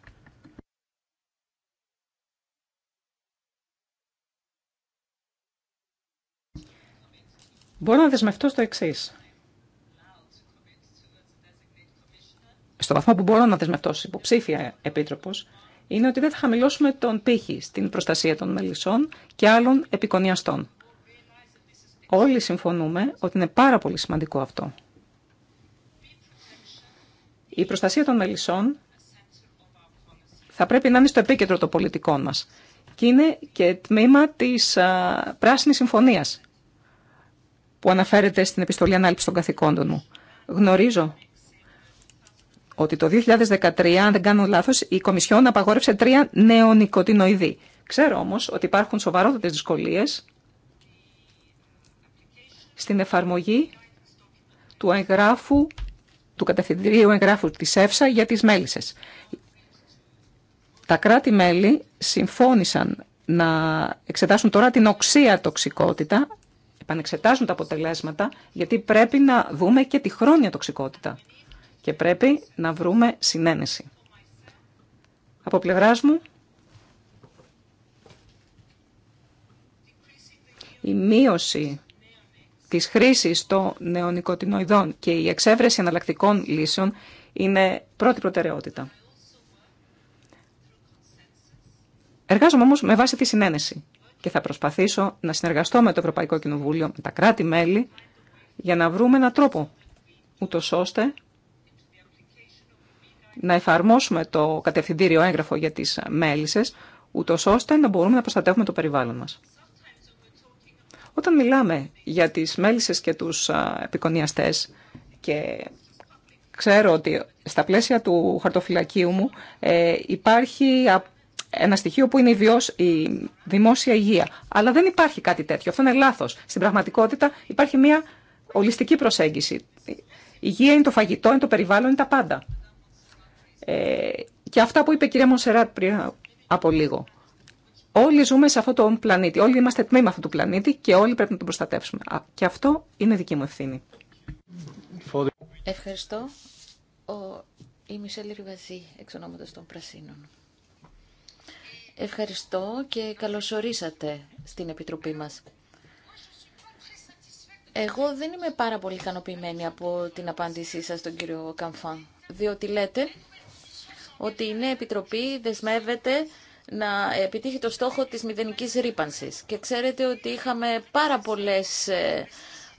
Μπορώ να δεσμευτώ στο εξή. στο βαθμό που μπορώ να δεσμευτώ ως υποψήφια επίτροπος, είναι ότι δεν θα χαμηλώσουμε τον πύχη στην προστασία των μελισσών και άλλων επικονιαστών. Όλοι συμφωνούμε ότι είναι πάρα πολύ σημαντικό αυτό. Η προστασία των μελισσών θα πρέπει να είναι στο επίκεντρο των πολιτικών μας και είναι και τμήμα της α, Πράσινης Συμφωνίας που αναφέρεται στην επιστολή ανάληψη των καθηκόντων μου. Γνωρίζω ότι το 2013, αν δεν κάνω λάθο, η Κομισιόν απαγόρευσε τρία νεονικοτινοειδή. Ξέρω όμως ότι υπάρχουν σοβαρότατες δυσκολίες στην εφαρμογή του εγγράφου, του κατευθυντηρίου εγγράφου της ΕΦΣΑ για τις μέλισσες. Τα κράτη-μέλη συμφώνησαν να εξετάσουν τώρα την οξία τοξικότητα, επανεξετάζουν τα αποτελέσματα, γιατί πρέπει να δούμε και τη χρόνια τοξικότητα και πρέπει να βρούμε συνένεση. Από πλευράς μου, η μείωση της χρήσης των νεονικοτινοειδών και η εξέβρεση εναλλακτικών λύσεων είναι πρώτη προτεραιότητα. Εργάζομαι όμως με βάση τη συνένεση και θα προσπαθήσω να συνεργαστώ με το Ευρωπαϊκό Κοινοβούλιο, με τα κράτη-μέλη, για να βρούμε έναν τρόπο, ούτω ώστε να εφαρμόσουμε το κατευθυντήριο έγγραφο για τις μέλισσες, ούτω ώστε να μπορούμε να προστατεύουμε το περιβάλλον μας. Όταν μιλάμε για τις μέλισσες και τους επικονιαστές και ξέρω ότι στα πλαίσια του χαρτοφυλακίου μου ε, υπάρχει ένα στοιχείο που είναι η, η δημόσια υγεία. Αλλά δεν υπάρχει κάτι τέτοιο. Αυτό είναι λάθος. Στην πραγματικότητα υπάρχει μια ολιστική προσέγγιση. Η υγεία είναι το φαγητό, είναι το περιβάλλον, είναι τα πάντα. Ε, και αυτά που είπε η κυρία Μονσεράτ πριν από λίγο. Όλοι ζούμε σε αυτό τον πλανήτη. Όλοι είμαστε τμήμα αυτού του πλανήτη και όλοι πρέπει να τον προστατεύσουμε. Και αυτό είναι δική μου ευθύνη. Ευχαριστώ. Ο... Η Μισελ Ριβαζή, εξ ονόματος των Πρασίνων. Ευχαριστώ και καλωσορίσατε στην Επιτροπή μας. Εγώ δεν είμαι πάρα πολύ ικανοποιημένη από την απάντησή σας στον κύριο Καμφάν, διότι λέτε ότι η νέα Επιτροπή δεσμεύεται να επιτύχει το στόχο της μηδενικής ρήπανσης. Και ξέρετε ότι είχαμε πάρα πολλές ε,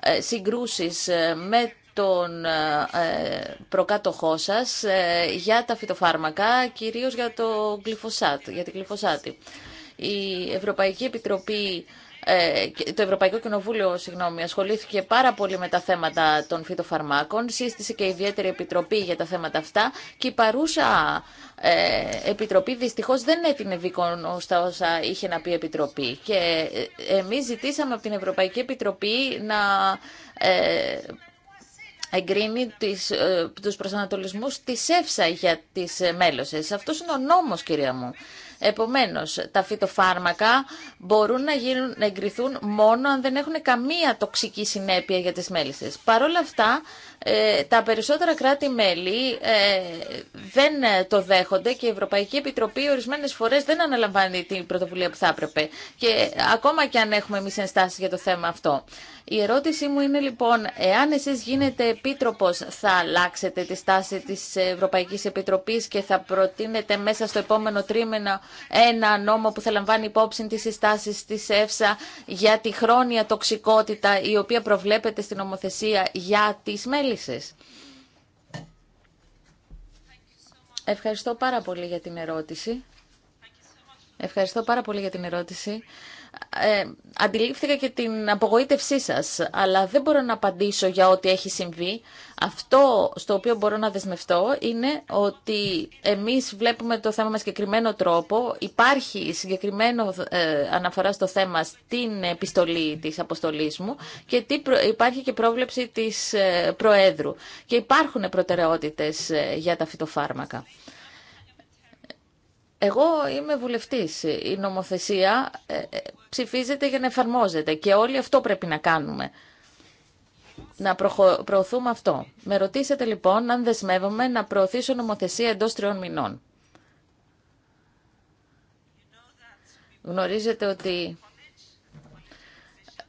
ε, συγκρούσεις ε, με τον προκάτοχό σας για τα φυτοφάρμακα, κυρίως για, το γλυφοσάτ, για Η Ευρωπαϊκή Επιτροπή ε, το Ευρωπαϊκό Κοινοβούλιο συγγνώμη, ασχολήθηκε πάρα πολύ με τα θέματα των φυτοφαρμάκων, σύστησε και ιδιαίτερη επιτροπή για τα θέματα αυτά και η παρούσα ε, επιτροπή δυστυχώς δεν έτεινε δίκον στα όσα είχε να πει η επιτροπή και ε, εμείς ζητήσαμε από την Ευρωπαϊκή Επιτροπή να ε, εγκρίνει τις, ε, τους προσανατολισμούς της ΕΦΣΑ για τις μέλωσες. Αυτό είναι ο νόμος κυρία μου. Επομένως, τα φυτοφάρμακα μπορούν να, γίνουν, να εγκριθούν μόνο αν δεν έχουν καμία τοξική συνέπεια για τις μέλισσες. Παρ' όλα αυτά, ε, τα περισσότερα κράτη-μέλη ε, δεν το δέχονται και η Ευρωπαϊκή Επιτροπή ορισμένε φορέ δεν αναλαμβάνει την πρωτοβουλία που θα έπρεπε. Και ακόμα και αν έχουμε εμεί ενστάσει για το θέμα αυτό. Η ερώτησή μου είναι λοιπόν, εάν εσεί γίνετε επίτροπο, θα αλλάξετε τη στάση τη Ευρωπαϊκή Επιτροπή και θα προτείνετε μέσα στο επόμενο τρίμηνο ένα νόμο που θα λαμβάνει υπόψη τι συστάσει τη ΕΦΣΑ για τη χρόνια τοξικότητα η οποία προβλέπεται στην νομοθεσία για τι μέλη Ευχαριστώ πάρα πολύ για την ερώτηση. Ευχαριστώ πάρα πολύ για την ερώτηση ε, αντιλήφθηκα και την απογοήτευσή σας, αλλά δεν μπορώ να απαντήσω για ό,τι έχει συμβεί. Αυτό στο οποίο μπορώ να δεσμευτώ είναι ότι εμείς βλέπουμε το θέμα με συγκεκριμένο τρόπο. Υπάρχει συγκεκριμένο ε, αναφορά στο θέμα στην επιστολή της αποστολής μου και τι υπάρχει και πρόβλεψη της ε, Προέδρου. Και υπάρχουν προτεραιότητες ε, για τα φυτοφάρμακα. Εγώ είμαι βουλευτής. Η νομοθεσία ε, ε, ψηφίζεται για να εφαρμόζεται και όλοι αυτό πρέπει να κάνουμε. Να προωθούμε αυτό. Με ρωτήσατε λοιπόν αν δεσμεύομαι να προωθήσω νομοθεσία εντός τριών μηνών. Γνωρίζετε ότι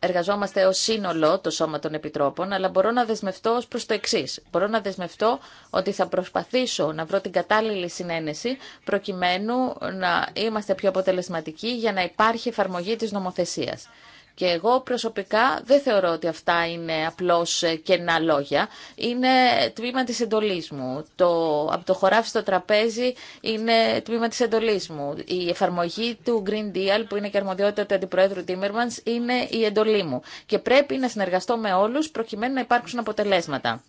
εργαζόμαστε ως σύνολο το Σώμα των Επιτρόπων, αλλά μπορώ να δεσμευτώ ως προς το εξή. Μπορώ να δεσμευτώ ότι θα προσπαθήσω να βρω την κατάλληλη συνένεση προκειμένου να είμαστε πιο αποτελεσματικοί για να υπάρχει εφαρμογή της νομοθεσίας. Και εγώ προσωπικά δεν θεωρώ ότι αυτά είναι απλώς ε, κενά λόγια. Είναι τμήμα της εντολής μου. Το, από το χωράφι στο τραπέζι είναι τμήμα της εντολής μου. Η εφαρμογή του Green Deal που είναι και αρμοδιότητα του Αντιπροέδρου Τίμερμανς είναι η εντολή μου. Και πρέπει να συνεργαστώ με όλους προκειμένου να υπάρξουν αποτελέσματα.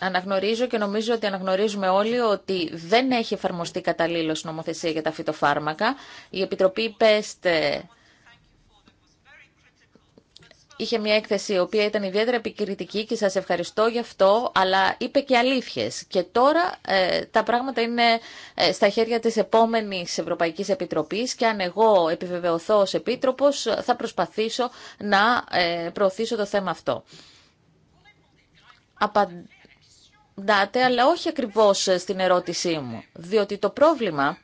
Αναγνωρίζω και νομίζω ότι αναγνωρίζουμε όλοι ότι δεν έχει εφαρμοστεί καταλήλω νομοθεσία για τα φυτοφάρμακα. Η Επιτροπή ΠΕΣΤ ε, είχε μια έκθεση η οποία ήταν ιδιαίτερα επικριτική και σας ευχαριστώ γι' αυτό, αλλά είπε και αλήθειες. Και τώρα ε, τα πράγματα είναι ε, στα χέρια της επόμενης Ευρωπαϊκής Επιτροπής και αν εγώ επιβεβαιωθώ ως Επίτροπος θα προσπαθήσω να προωθήσω το θέμα αυτό απαντάτε, αλλά όχι ακριβώς ε, στην ερώτησή μου. Διότι το πρόβλημα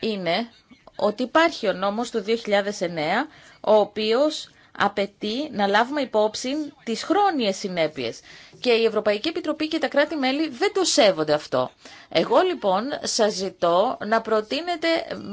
είναι ότι υπάρχει ο νόμος του 2009, ο οποίος απαιτεί να λάβουμε υπόψη τις χρόνιες συνέπειες. Και η Ευρωπαϊκή Επιτροπή και τα κράτη-μέλη δεν το σέβονται αυτό. Εγώ λοιπόν σας ζητώ να προτείνετε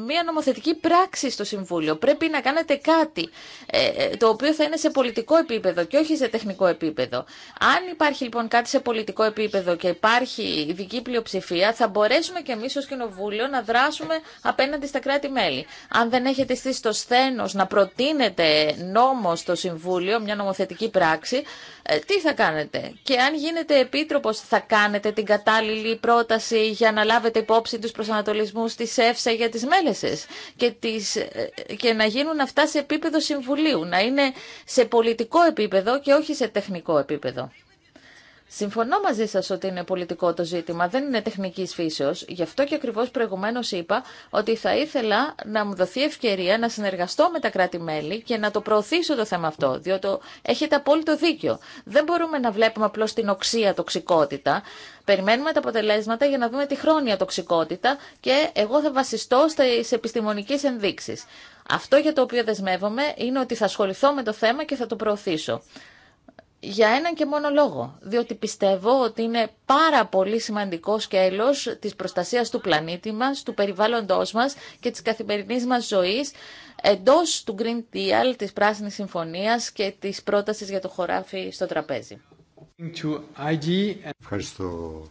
μια νομοθετική πράξη στο Συμβούλιο. Πρέπει να κάνετε κάτι ε, το οποίο θα είναι σε πολιτικό επίπεδο και όχι σε τεχνικό επίπεδο. Αν υπάρχει λοιπόν κάτι σε πολιτικό επίπεδο και υπάρχει ειδική πλειοψηφία θα μπορέσουμε και εμείς ως Κοινοβούλιο να δράσουμε απέναντι στα κράτη-μέλη. Αν δεν έχετε στήσει το να προτείνετε νόμο στο Συμβούλιο, μια νομοθετική πράξη, ε, τι θα κάνετε. Και αν γίνετε επίτροπος θα κάνετε την κατάλληλη πρόταση για να λάβετε υπόψη τους προσανατολισμούς της ΕΦΣΑ για τις μέλεσες και, τις, ε, και να γίνουν αυτά σε επίπεδο Συμβουλίου, να είναι σε πολιτικό επίπεδο και όχι σε τεχνικό επίπεδο. Συμφωνώ μαζί σας ότι είναι πολιτικό το ζήτημα, δεν είναι τεχνικής φύσεως. Γι' αυτό και ακριβώς προηγουμένως είπα ότι θα ήθελα να μου δοθεί ευκαιρία να συνεργαστώ με τα κράτη-μέλη και να το προωθήσω το θέμα αυτό, διότι έχετε απόλυτο δίκιο. Δεν μπορούμε να βλέπουμε απλώς την οξία τοξικότητα. Περιμένουμε τα αποτελέσματα για να δούμε τη χρόνια τοξικότητα και εγώ θα βασιστώ στις επιστημονικές ενδείξεις. Αυτό για το οποίο δεσμεύομαι είναι ότι θα ασχοληθώ με το θέμα και θα το προωθήσω για έναν και μόνο λόγο, διότι πιστεύω ότι είναι πάρα πολύ σημαντικό σκέλος της προστασίας του πλανήτη μας, του περιβάλλοντός μας και της καθημερινής μας ζωής εντός του Green Deal, της Πράσινης Συμφωνίας και της πρότασης για το χωράφι στο τραπέζι. Ευχαριστώ.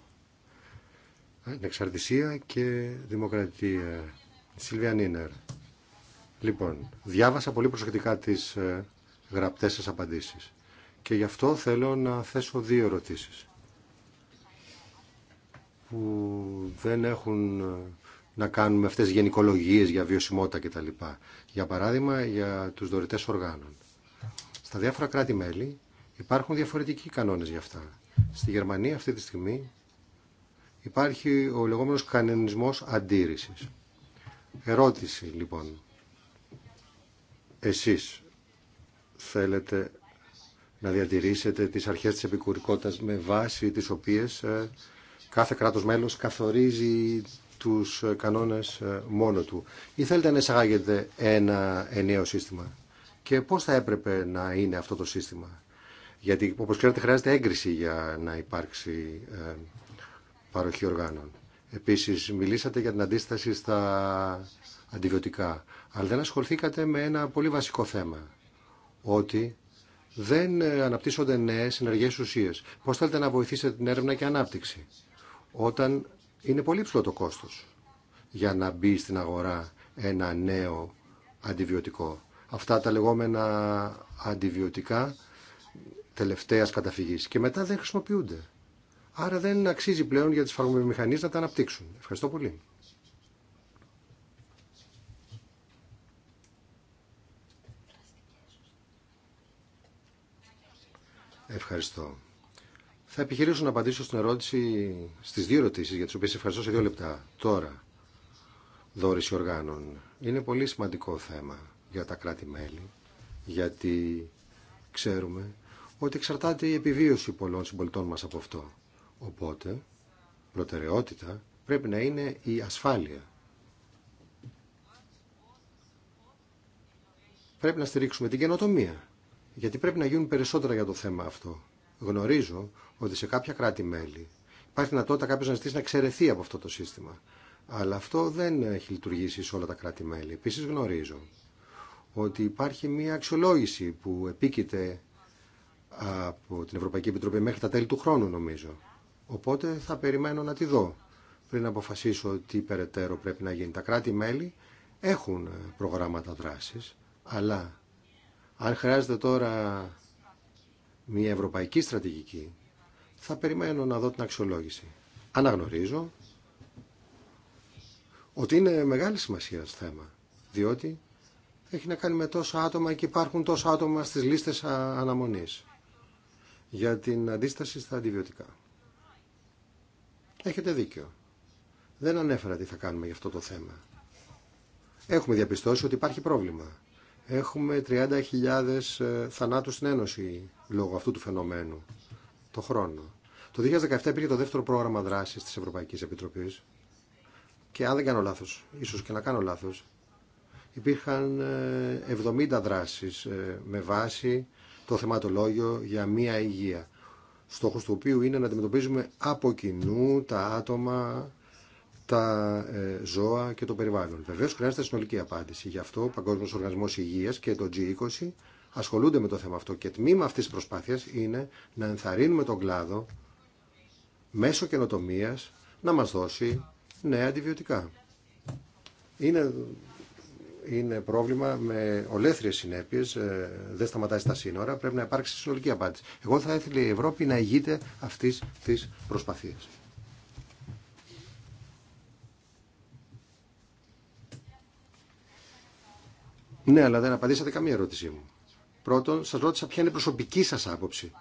Εξαρτησία και δημοκρατία. Σιλβία Νίνερ. Λοιπόν, διάβασα πολύ προσεκτικά τις ε, γραπτές σας απαντήσεις. Και γι' αυτό θέλω να θέσω δύο ερωτήσεις που δεν έχουν ε, να με αυτές τις γενικολογίες για βιωσιμότητα κτλ. Για παράδειγμα, για τους δωρητές οργάνων. Στα διάφορα κράτη-μέλη υπάρχουν διαφορετικοί κανόνες για αυτά. Στη Γερμανία αυτή τη στιγμή υπάρχει ο λεγόμενος κανονισμός αντίρρησης. Ερώτηση λοιπόν. Εσείς θέλετε να διατηρήσετε τις αρχές της επικουρικότητας με βάση τις οποίες ε, κάθε κράτος μέλος καθορίζει τους ε, κανόνες ε, μόνο του. Ή θέλετε να εισαγάγετε ένα ενιαίο σύστημα. Και πώς θα έπρεπε να είναι αυτό το σύστημα. Γιατί όπως ξέρετε χρειάζεται έγκριση για να υπάρξει παροχή οργάνων. Επίσης μιλήσατε για την αντίσταση στα αντιβιωτικά. Αλλά δεν ασχοληθήκατε με ένα πολύ βασικό θέμα. Ότι δεν ε, αναπτύσσονται νέε ενεργέ ουσίε. Πώ θέλετε να βοηθήσετε την έρευνα και ανάπτυξη, όταν είναι πολύ ψηλό το κόστο για να μπει στην αγορά ένα νέο αντιβιωτικό. Αυτά τα λεγόμενα αντιβιωτικά τελευταία καταφυγή και μετά δεν χρησιμοποιούνται. Άρα δεν αξίζει πλέον για τι φαρμακομηχανίε να τα αναπτύξουν. Ευχαριστώ πολύ. Ευχαριστώ. Θα επιχειρήσω να απαντήσω στην ερώτηση, στις δύο ερωτήσεις για τις οποίες ευχαριστώ σε δύο λεπτά. Τώρα, δόρηση οργάνων. Είναι πολύ σημαντικό θέμα για τα κράτη-μέλη, γιατί ξέρουμε ότι εξαρτάται η επιβίωση πολλών συμπολιτών μας από αυτό. Οπότε, προτεραιότητα πρέπει να είναι η ασφάλεια. Πρέπει να στηρίξουμε την καινοτομία γιατί πρέπει να γίνουν περισσότερα για το θέμα αυτό. Γνωρίζω ότι σε κάποια κράτη-μέλη υπάρχει δυνατότητα κάποιο να ζητήσει να εξαιρεθεί από αυτό το σύστημα. Αλλά αυτό δεν έχει λειτουργήσει σε όλα τα κράτη-μέλη. Επίση γνωρίζω ότι υπάρχει μια αξιολόγηση που επίκειται από την Ευρωπαϊκή Επιτροπή μέχρι τα τέλη του χρόνου νομίζω. Οπότε θα περιμένω να τη δω πριν αποφασίσω τι περαιτέρω πρέπει να γίνει. Τα κράτη-μέλη έχουν προγράμματα δράση, αλλά αν χρειάζεται τώρα μια ευρωπαϊκή στρατηγική, θα περιμένω να δω την αξιολόγηση. Αναγνωρίζω ότι είναι μεγάλη σημασία το θέμα, διότι έχει να κάνει με τόσα άτομα και υπάρχουν τόσα άτομα στις λίστες αναμονής για την αντίσταση στα αντιβιωτικά. Έχετε δίκιο. Δεν ανέφερα τι θα κάνουμε για αυτό το θέμα. Έχουμε διαπιστώσει ότι υπάρχει πρόβλημα έχουμε 30.000 ε, θανάτους στην Ένωση λόγω αυτού του φαινομένου το χρόνο. Το 2017 υπήρχε το δεύτερο πρόγραμμα δράσης τη Ευρωπαϊκή Επιτροπή και αν δεν κάνω λάθο, ίσως και να κάνω λάθος, υπήρχαν 70 ε, δράσεις ε, με βάση το θεματολόγιο για μία υγεία, στόχο του οποίου είναι να αντιμετωπίζουμε από κοινού τα άτομα τα ε, ζώα και το περιβάλλον. Βεβαίω χρειάζεται συνολική απάντηση. Γι' αυτό ο Παγκόσμιο Οργανισμό Υγεία και το G20 ασχολούνται με το θέμα αυτό και τμήμα αυτή τη προσπάθεια είναι να ενθαρρύνουμε τον κλάδο μέσω καινοτομία να μα δώσει νέα αντιβιωτικά. Είναι, είναι πρόβλημα με ολέθριες συνέπειες, ε, δεν σταματάει στα σύνορα, πρέπει να υπάρξει συνολική απάντηση. Εγώ θα ήθελα η Ευρώπη να ηγείται αυτή τη προσπαθία. Ναι, αλλά δεν απαντήσατε καμία ερώτησή μου. Πρώτον, σας ρώτησα ποια είναι η προσωπική σας άποψη.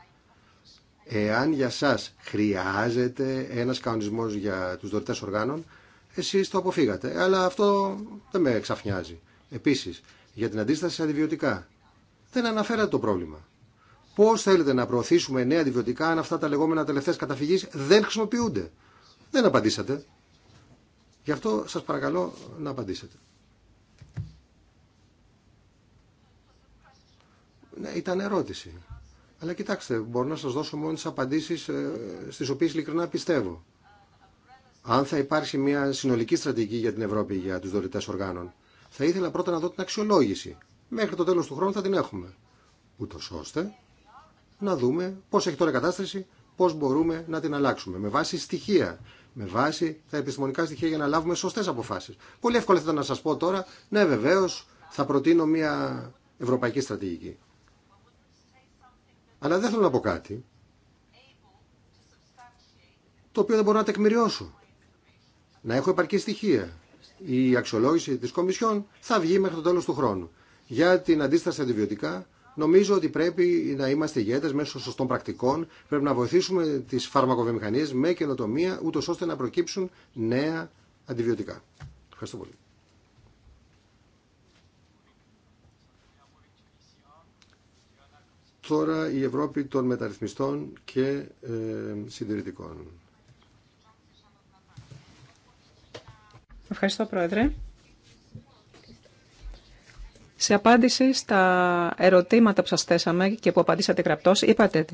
Εάν για σας χρειάζεται ένας κανονισμός για τους δωρητές οργάνων, εσείς το αποφύγατε. Αλλά αυτό δεν με εξαφνιάζει. Επίσης, για την αντίσταση σε αντιβιωτικά. Δεν αναφέρατε το πρόβλημα. Πώς θέλετε να προωθήσουμε νέα αντιβιωτικά αν αυτά τα λεγόμενα τελευταίες καταφυγής δεν χρησιμοποιούνται. Δεν απαντήσατε. Γι' αυτό σας παρακαλώ να απαντήσετε. Ναι, ήταν ερώτηση. Αλλά κοιτάξτε, μπορώ να σας δώσω μόνο τις απαντήσεις ε, στις οποίες ειλικρινά πιστεύω. Αν θα υπάρξει μια συνολική στρατηγική για την Ευρώπη για τους δωρητές οργάνων, θα ήθελα πρώτα να δω την αξιολόγηση. Μέχρι το τέλος του χρόνου θα την έχουμε. Ούτω ώστε να δούμε πώς έχει τώρα η κατάσταση, πώς μπορούμε να την αλλάξουμε. Με βάση στοιχεία, με βάση τα επιστημονικά στοιχεία για να λάβουμε σωστές αποφάσεις. Πολύ εύκολα θα ήταν να σας πω τώρα, ναι βεβαίω, θα προτείνω μια ευρωπαϊκή στρατηγική. Αλλά δεν θέλω να πω κάτι το οποίο δεν μπορώ να τεκμηριώσω. Να έχω επαρκή στοιχεία. Η αξιολόγηση της Κομισιόν θα βγει μέχρι το τέλος του χρόνου. Για την αντίσταση αντιβιωτικά νομίζω ότι πρέπει να είμαστε ηγέτε μέσω σωστών πρακτικών. Πρέπει να βοηθήσουμε τις φαρμακοβιομηχανίες με καινοτομία ούτω ώστε να προκύψουν νέα αντιβιωτικά. Ευχαριστώ πολύ. Τώρα η Ευρώπη των μεταρρυθμιστών και ε, συντηρητικών. Ευχαριστώ, Πρόεδρε. Σε απάντηση στα ερωτήματα που σας θέσαμε και που απαντήσατε γραπτώς, είπατε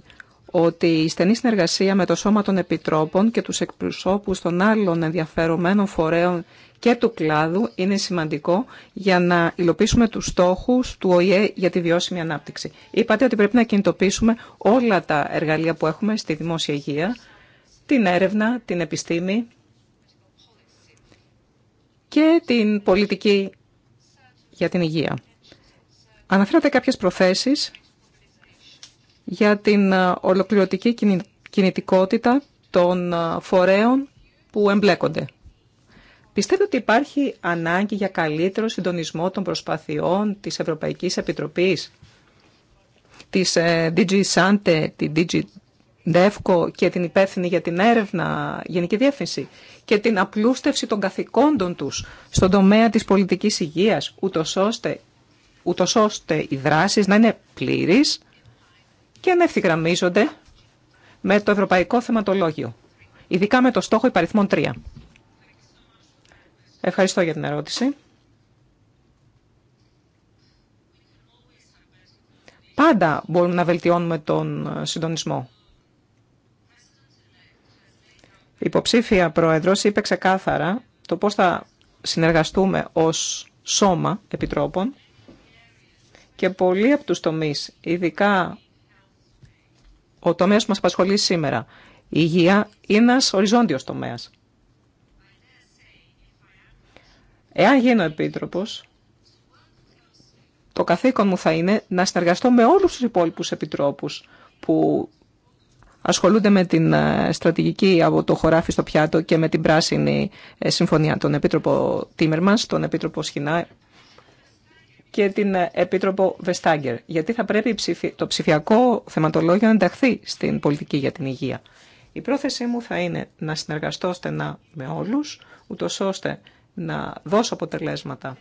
ότι η στενή συνεργασία με το Σώμα των Επιτρόπων και τους εκπροσώπους των άλλων ενδιαφερομένων φορέων και του κλάδου είναι σημαντικό για να υλοποιήσουμε τους στόχους του ΟΗΕ για τη βιώσιμη ανάπτυξη. Είπατε ότι πρέπει να κινητοποιήσουμε όλα τα εργαλεία που έχουμε στη δημόσια υγεία, την έρευνα, την επιστήμη και την πολιτική για την υγεία. Αναφέρατε κάποιες προθέσεις για την ε, ολοκληρωτική κινητικότητα των ε, φορέων που εμπλέκονται. Πιστεύετε ότι υπάρχει ανάγκη για καλύτερο συντονισμό των προσπαθειών της Ευρωπαϊκής Επιτροπής, της ε, DG Sante, τη DG DEFCO και την υπεύθυνη για την έρευνα Γενική Διεύθυνση και την απλούστευση των καθηκόντων τους στον τομέα της πολιτικής υγείας, ούτως ώστε, ούτως ώστε οι δράσεις να είναι πλήρεις και να ευθυγραμμίζονται με το ευρωπαϊκό θεματολόγιο, ειδικά με το στόχο υπαριθμών 3. Ευχαριστώ για την ερώτηση. Πάντα μπορούμε να βελτιώνουμε τον συντονισμό. Η υποψήφια πρόεδρος είπε ξεκάθαρα το πώς θα συνεργαστούμε ως σώμα επιτρόπων και πολλοί από τους τομείς, ειδικά ο τομέας που μας απασχολεί σήμερα, η υγεία είναι ένας οριζόντιος τομέας. Εάν γίνω επίτροπος, το καθήκον μου θα είναι να συνεργαστώ με όλους τους υπόλοιπους επιτρόπους που ασχολούνται με την ε, στρατηγική από το χωράφι στο πιάτο και με την πράσινη ε, συμφωνία, τον Επίτροπο Τίμερμανς, τον Επίτροπο Σχοινά και την ε, Επίτροπο Βεστάγκερ. Γιατί θα πρέπει το ψηφιακό θεματολόγιο να ενταχθεί στην πολιτική για την υγεία. Η πρόθεσή μου θα είναι να συνεργαστώ στενά με όλους, ούτω ώστε να δώσω αποτελέσματα.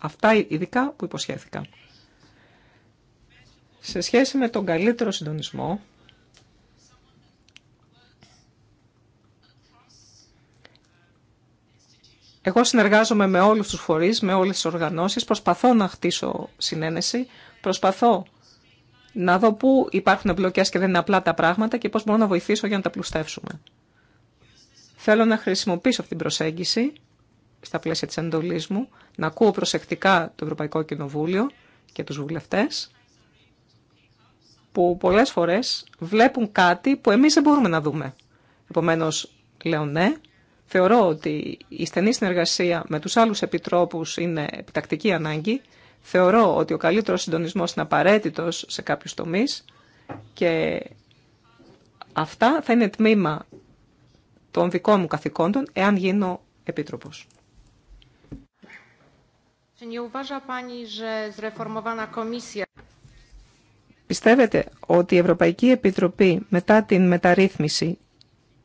Αυτά ειδικά που υποσχέθηκα. Σε σχέση με τον καλύτερο συντονισμό, Εγώ συνεργάζομαι με όλους τους φορείς, με όλες τις οργανώσεις, προσπαθώ να χτίσω συνένεση, προσπαθώ να δω πού υπάρχουν εμπλοκές και δεν είναι απλά τα πράγματα και πώς μπορώ να βοηθήσω για να τα πλουστεύσουμε. Θέλω να χρησιμοποιήσω αυτή την προσέγγιση στα πλαίσια της εντολής μου, να ακούω προσεκτικά το Ευρωπαϊκό Κοινοβούλιο και τους βουλευτές, που πολλές φορές βλέπουν κάτι που εμείς δεν μπορούμε να δούμε. Επομένως, λέω ναι. Θεωρώ ότι η στενή συνεργασία με τους άλλους επιτρόπους είναι επιτακτική ανάγκη. Θεωρώ ότι ο καλύτερος συντονισμός είναι απαραίτητος σε κάποιους τομείς και αυτά θα είναι τμήμα των δικών μου καθηκόντων εάν γίνω επίτροπος. Πιστεύετε ότι η Ευρωπαϊκή Επιτροπή μετά την μεταρρύθμιση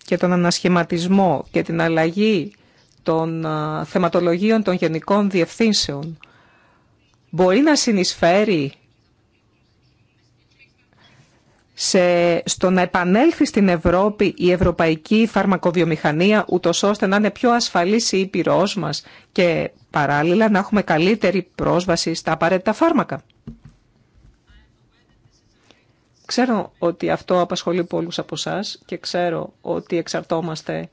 και τον ανασχηματισμό και την αλλαγή των θεματολογίων των γενικών διευθύνσεων μπορεί να συνεισφέρει σε, στο να επανέλθει στην Ευρώπη η ευρωπαϊκή φαρμακοβιομηχανία, ούτως ώστε να είναι πιο ασφαλής η ήπειρός μας και παράλληλα να έχουμε καλύτερη πρόσβαση στα απαραίτητα φάρμακα. Ξέρω ότι αυτό απασχολεί πολλούς από εσά και ξέρω ότι εξαρτόμαστε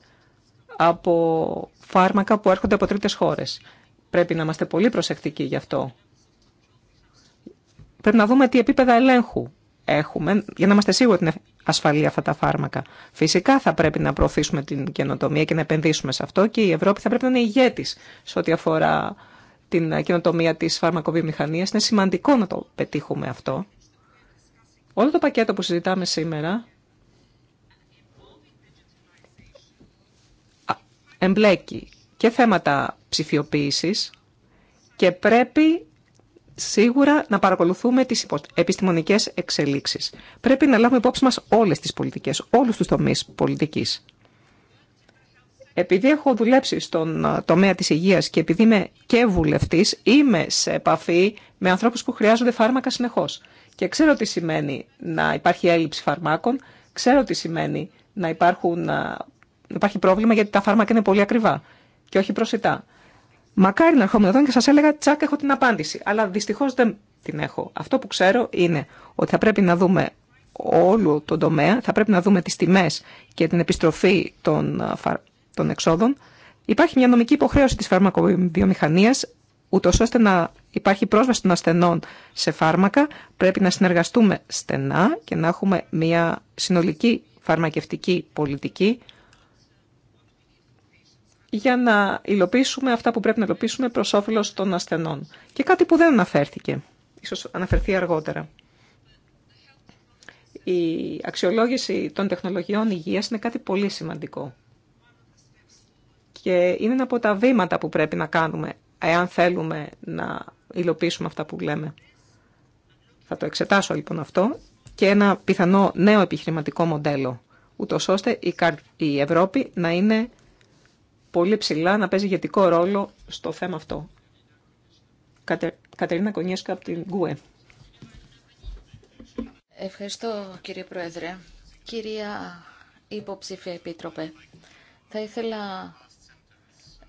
από φάρμακα που έρχονται από τρίτες χώρες. Πρέπει να είμαστε πολύ προσεκτικοί γι' αυτό. Πρέπει να δούμε τι επίπεδα ελέγχου έχουμε για να είμαστε σίγουροι ότι είναι ασφαλή αυτά τα φάρμακα. Φυσικά θα πρέπει να προωθήσουμε την καινοτομία και να επενδύσουμε σε αυτό και η Ευρώπη θα πρέπει να είναι ηγέτης σε ό,τι αφορά την καινοτομία της φαρμακοβιομηχανίας. Είναι σημαντικό να το πετύχουμε αυτό. Όλο το πακέτο που συζητάμε σήμερα εμπλέκει και θέματα ψηφιοποίησης και πρέπει σίγουρα να παρακολουθούμε τις επιστημονικές εξελίξεις. Πρέπει να λάβουμε υπόψη μας όλες τις πολιτικές, όλους τους τομείς πολιτική. Επειδή έχω δουλέψει στον ε, τομέα της υγείας και επειδή είμαι και βουλευτής, είμαι σε επαφή με ανθρώπους που χρειάζονται φάρμακα συνεχώς. Και ξέρω τι σημαίνει να υπάρχει έλλειψη φαρμάκων, ξέρω τι σημαίνει να, υπάρχουν, να ε, υπάρχει πρόβλημα γιατί τα φάρμακα είναι πολύ ακριβά και όχι προσιτά. Μακάρι να ερχόμουν εδώ και σα έλεγα τσακ έχω την απάντηση. Αλλά δυστυχώ δεν την έχω. Αυτό που ξέρω είναι ότι θα πρέπει να δούμε όλο τον τομέα, θα πρέπει να δούμε τι τιμέ και την επιστροφή των, των εξόδων. Υπάρχει μια νομική υποχρέωση τη φαρμακοβιομηχανία, ούτω ώστε να υπάρχει πρόσβαση των ασθενών σε φάρμακα. Πρέπει να συνεργαστούμε στενά και να έχουμε μια συνολική φαρμακευτική πολιτική για να υλοποιήσουμε αυτά που πρέπει να υλοποιήσουμε προ όφελο των ασθενών. Και κάτι που δεν αναφέρθηκε, ίσως αναφερθεί αργότερα. Η αξιολόγηση των τεχνολογιών υγείας είναι κάτι πολύ σημαντικό. Και είναι ένα από τα βήματα που πρέπει να κάνουμε, εάν θέλουμε να υλοποιήσουμε αυτά που λέμε. Θα το εξετάσω λοιπόν αυτό και ένα πιθανό νέο επιχειρηματικό μοντέλο, ούτως ώστε η Ευρώπη να είναι πολύ ψηλά να παίζει ηγετικό ρόλο στο θέμα αυτό. Κατε, Κατερίνα Κονιέσκα από την ΚΟΕ. Ευχαριστώ κύριε Πρόεδρε. Κυρία Υποψήφια Επίτροπε, θα ήθελα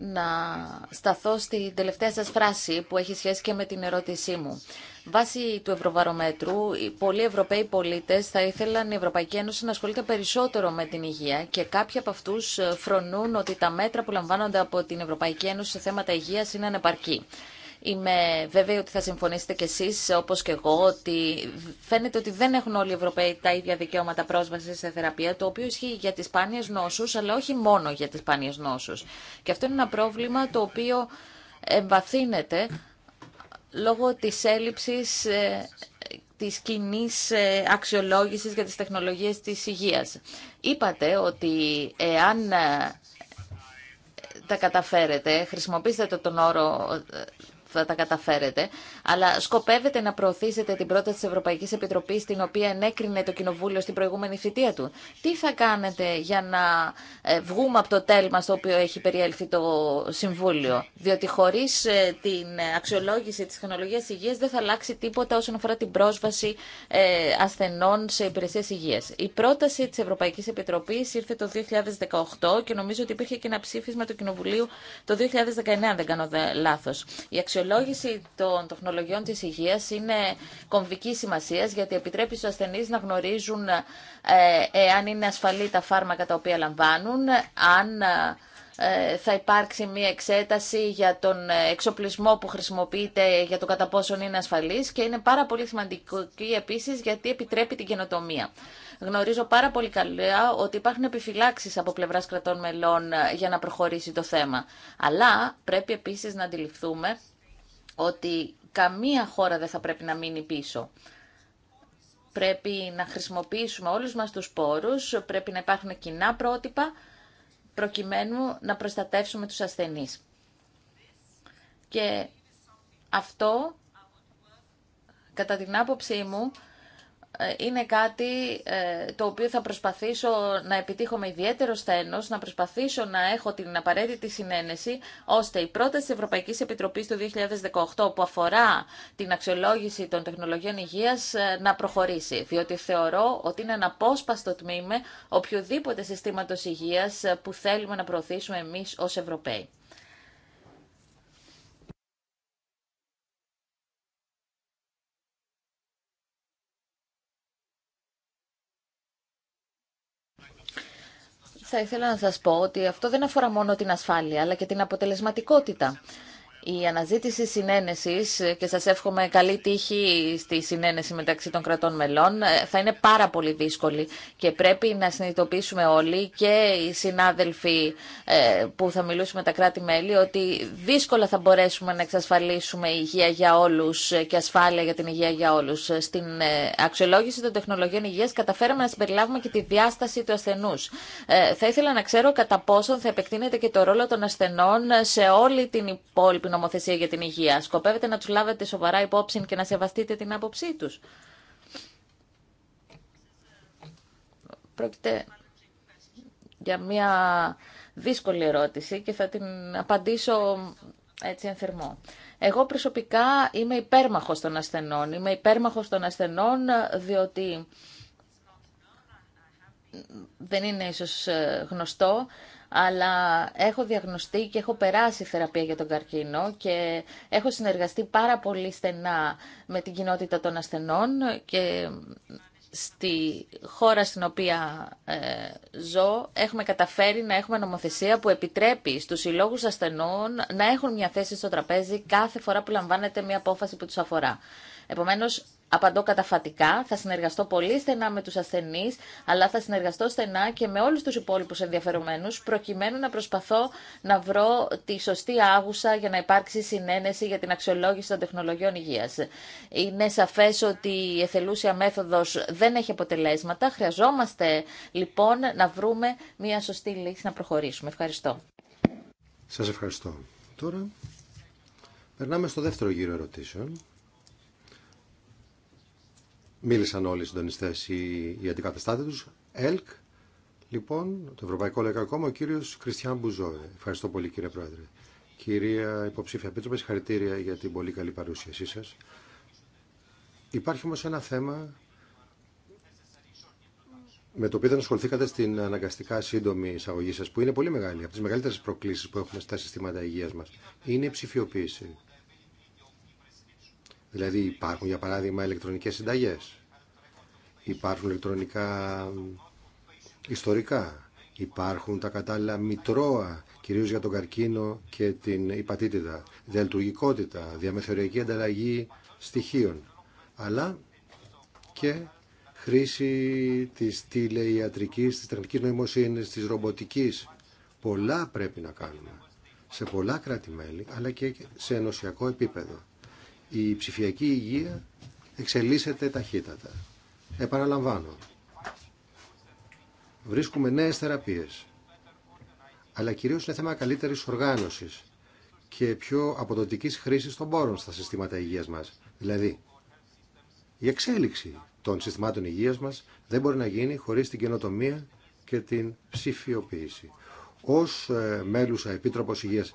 να σταθώ στη τελευταία σας φράση που έχει σχέση και με την ερώτησή μου. Βάσει του Ευρωβαρομέτρου, πολλοί Ευρωπαίοι πολίτες θα ήθελαν η Ευρωπαϊκή Ένωση να ασχολείται περισσότερο με την υγεία και κάποιοι από αυτούς ε, φρονούν ότι τα μέτρα που λαμβάνονται από την Ευρωπαϊκή Ένωση σε θέματα υγείας είναι ανεπαρκή. Είμαι βέβαιη ότι θα συμφωνήσετε κι εσείς, όπως και εγώ, ότι φαίνεται ότι δεν έχουν όλοι οι Ευρωπαίοι τα ίδια δικαιώματα πρόσβαση σε θεραπεία, το οποίο ισχύει για τις σπάνιε νόσους, αλλά όχι μόνο για τις σπάνιε νόσους. Και αυτό είναι ένα πρόβλημα το οποίο εμβαθύνεται λόγω της έλλειψης ε, της κοινή ε, αξιολόγηση για τι τεχνολογίε τη υγεία. Είπατε ότι εάν ε, τα καταφέρετε, χρησιμοποιήστε τον όρο θα τα καταφέρετε, αλλά σκοπεύετε να προωθήσετε την πρόταση τη Ευρωπαϊκή Επιτροπή, την οποία ενέκρινε το Κοινοβούλιο στην προηγούμενη θητεία του. Τι θα κάνετε για να ε, βγούμε από το τέλμα στο οποίο έχει περιέλθει το Συμβούλιο, διότι χωρί ε, την αξιολόγηση τη τεχνολογία υγεία δεν θα αλλάξει τίποτα όσον αφορά την πρόσβαση ε, ασθενών σε υπηρεσίες υγεία. Η πρόταση τη Ευρωπαϊκή Επιτροπή ήρθε το 2018 και νομίζω ότι υπήρχε και ένα ψήφισμα του Κοινοβουλίου το 2019, αν δεν κάνω λάθο. Η αξιολόγηση των τεχνολογιών της υγείας είναι κομβική σημασία γιατί επιτρέπει στους ασθενείς να γνωρίζουν ε, εάν είναι ασφαλή τα φάρμακα τα οποία λαμβάνουν, αν ε, θα υπάρξει μία εξέταση για τον εξοπλισμό που χρησιμοποιείται για το κατά πόσον είναι ασφαλής και είναι πάρα πολύ σημαντική επίσης γιατί επιτρέπει την καινοτομία. Γνωρίζω πάρα πολύ καλά ότι υπάρχουν επιφυλάξεις από πλευράς κρατών μελών ε, για να προχωρήσει το θέμα. Αλλά πρέπει επίσης να αντιληφθούμε ότι καμία χώρα δεν θα πρέπει να μείνει πίσω. Πρέπει να χρησιμοποιήσουμε όλους μας τους πόρους, πρέπει να υπάρχουν κοινά πρότυπα, προκειμένου να προστατεύσουμε τους ασθενείς. Και αυτό, κατά την άποψή μου, ε, είναι κάτι ε, το οποίο θα προσπαθήσω να επιτύχω με ιδιαίτερο στένος, να προσπαθήσω να έχω την απαραίτητη συνένεση, ώστε η πρόταση της Ευρωπαϊκής Επιτροπής του 2018 που αφορά την αξιολόγηση των τεχνολογιών υγείας ε, να προχωρήσει. Διότι θεωρώ ότι είναι ένα αναπόσπαστο τμήμα οποιοδήποτε συστήματος υγείας που θέλουμε να προωθήσουμε εμείς ως Ευρωπαίοι. θα ήθελα να σας πω ότι αυτό δεν αφορά μόνο την ασφάλεια, αλλά και την αποτελεσματικότητα. Η αναζήτηση συνένεσης και σας εύχομαι καλή τύχη στη συνένεση μεταξύ των κρατών μελών θα είναι πάρα πολύ δύσκολη και πρέπει να συνειδητοποιήσουμε όλοι και οι συνάδελφοι ε, που θα με τα κράτη-μέλη ότι δύσκολα θα μπορέσουμε να εξασφαλίσουμε υγεία για όλους και ασφάλεια για την υγεία για όλους. Στην ε, αξιολόγηση των τεχνολογιών υγείας καταφέραμε να συμπεριλάβουμε και τη διάσταση του ασθενούς. Ε, θα ήθελα να ξέρω κατά πόσον θα επεκτείνεται και το ρόλο των ασθενών σε όλη την υπόλοιπη νομοθεσία για την υγεία. Σκοπεύετε να του λάβετε σοβαρά υπόψη και να σεβαστείτε την άποψή τους. Πρόκειται για μια δύσκολη ερώτηση και θα την απαντήσω έτσι εν θερμό. Εγώ προσωπικά είμαι υπέρμαχος των ασθενών. Είμαι υπέρμαχος των ασθενών διότι δεν είναι ίσως ε, γνωστό αλλά έχω διαγνωστεί και έχω περάσει θεραπεία για τον καρκίνο και έχω συνεργαστεί πάρα πολύ στενά με την κοινότητα των ασθενών και στη χώρα στην οποία ε, ζω έχουμε καταφέρει να έχουμε νομοθεσία που επιτρέπει στους συλλόγους ασθενών να έχουν μια θέση στο τραπέζι κάθε φορά που λαμβάνεται μια απόφαση που τους αφορά. Επομένω, απαντώ καταφατικά, θα συνεργαστώ πολύ στενά με του ασθενεί, αλλά θα συνεργαστώ στενά και με όλου του υπόλοιπου ενδιαφερομένους, προκειμένου να προσπαθώ να βρω τη σωστή άγουσα για να υπάρξει συνένεση για την αξιολόγηση των τεχνολογιών υγεία. Είναι σαφέ ότι η εθελούσια μέθοδο δεν έχει αποτελέσματα. Χρειαζόμαστε λοιπόν να βρούμε μια σωστή λύση να προχωρήσουμε. Ευχαριστώ. Σας ευχαριστώ. Τώρα περνάμε στο δεύτερο γύρο ερωτήσεων. Μίλησαν όλοι οι συντονιστέ οι, οι αντικαταστάτε του. ΕΛΚ, λοιπόν, το Ευρωπαϊκό Λαϊκό Κόμμα, ο κύριο Κριστιαν Μπουζόε. Ευχαριστώ πολύ, κύριε Πρόεδρε. Κυρία Υποψήφια Επίτροπε, συγχαρητήρια για την πολύ καλή παρουσίασή σα. Υπάρχει όμω ένα θέμα με το οποίο δεν ασχοληθήκατε στην αναγκαστικά σύντομη εισαγωγή σα, που είναι πολύ μεγάλη, από τι μεγαλύτερε προκλήσει που έχουμε στα συστήματα υγεία μα. Είναι η ψηφιοποίηση. Δηλαδή υπάρχουν για παράδειγμα ηλεκτρονικές συνταγές, υπάρχουν ηλεκτρονικά ιστορικά, υπάρχουν τα κατάλληλα μητρώα, κυρίως για τον καρκίνο και την υπατήτητα, διαλειτουργικότητα, διαμεθοριακή ανταλλαγή στοιχείων, αλλά και χρήση της τηλεϊατρικής, της τεχνικής νοημοσύνης, της ρομποτικής. Πολλά πρέπει να κάνουμε σε πολλά κράτη-μέλη, αλλά και σε ενωσιακό επίπεδο η ψηφιακή υγεία εξελίσσεται ταχύτατα. Επαναλαμβάνω, βρίσκουμε νέες θεραπείες, αλλά κυρίως είναι θέμα καλύτερης οργάνωσης και πιο αποδοτικής χρήσης των πόρων στα συστήματα υγείας μας. Δηλαδή, η εξέλιξη των συστημάτων υγείας μας δεν μπορεί να γίνει χωρίς την καινοτομία και την ψηφιοποίηση. Ως ε, μέλουσα ε, Επίτροπος Υγείας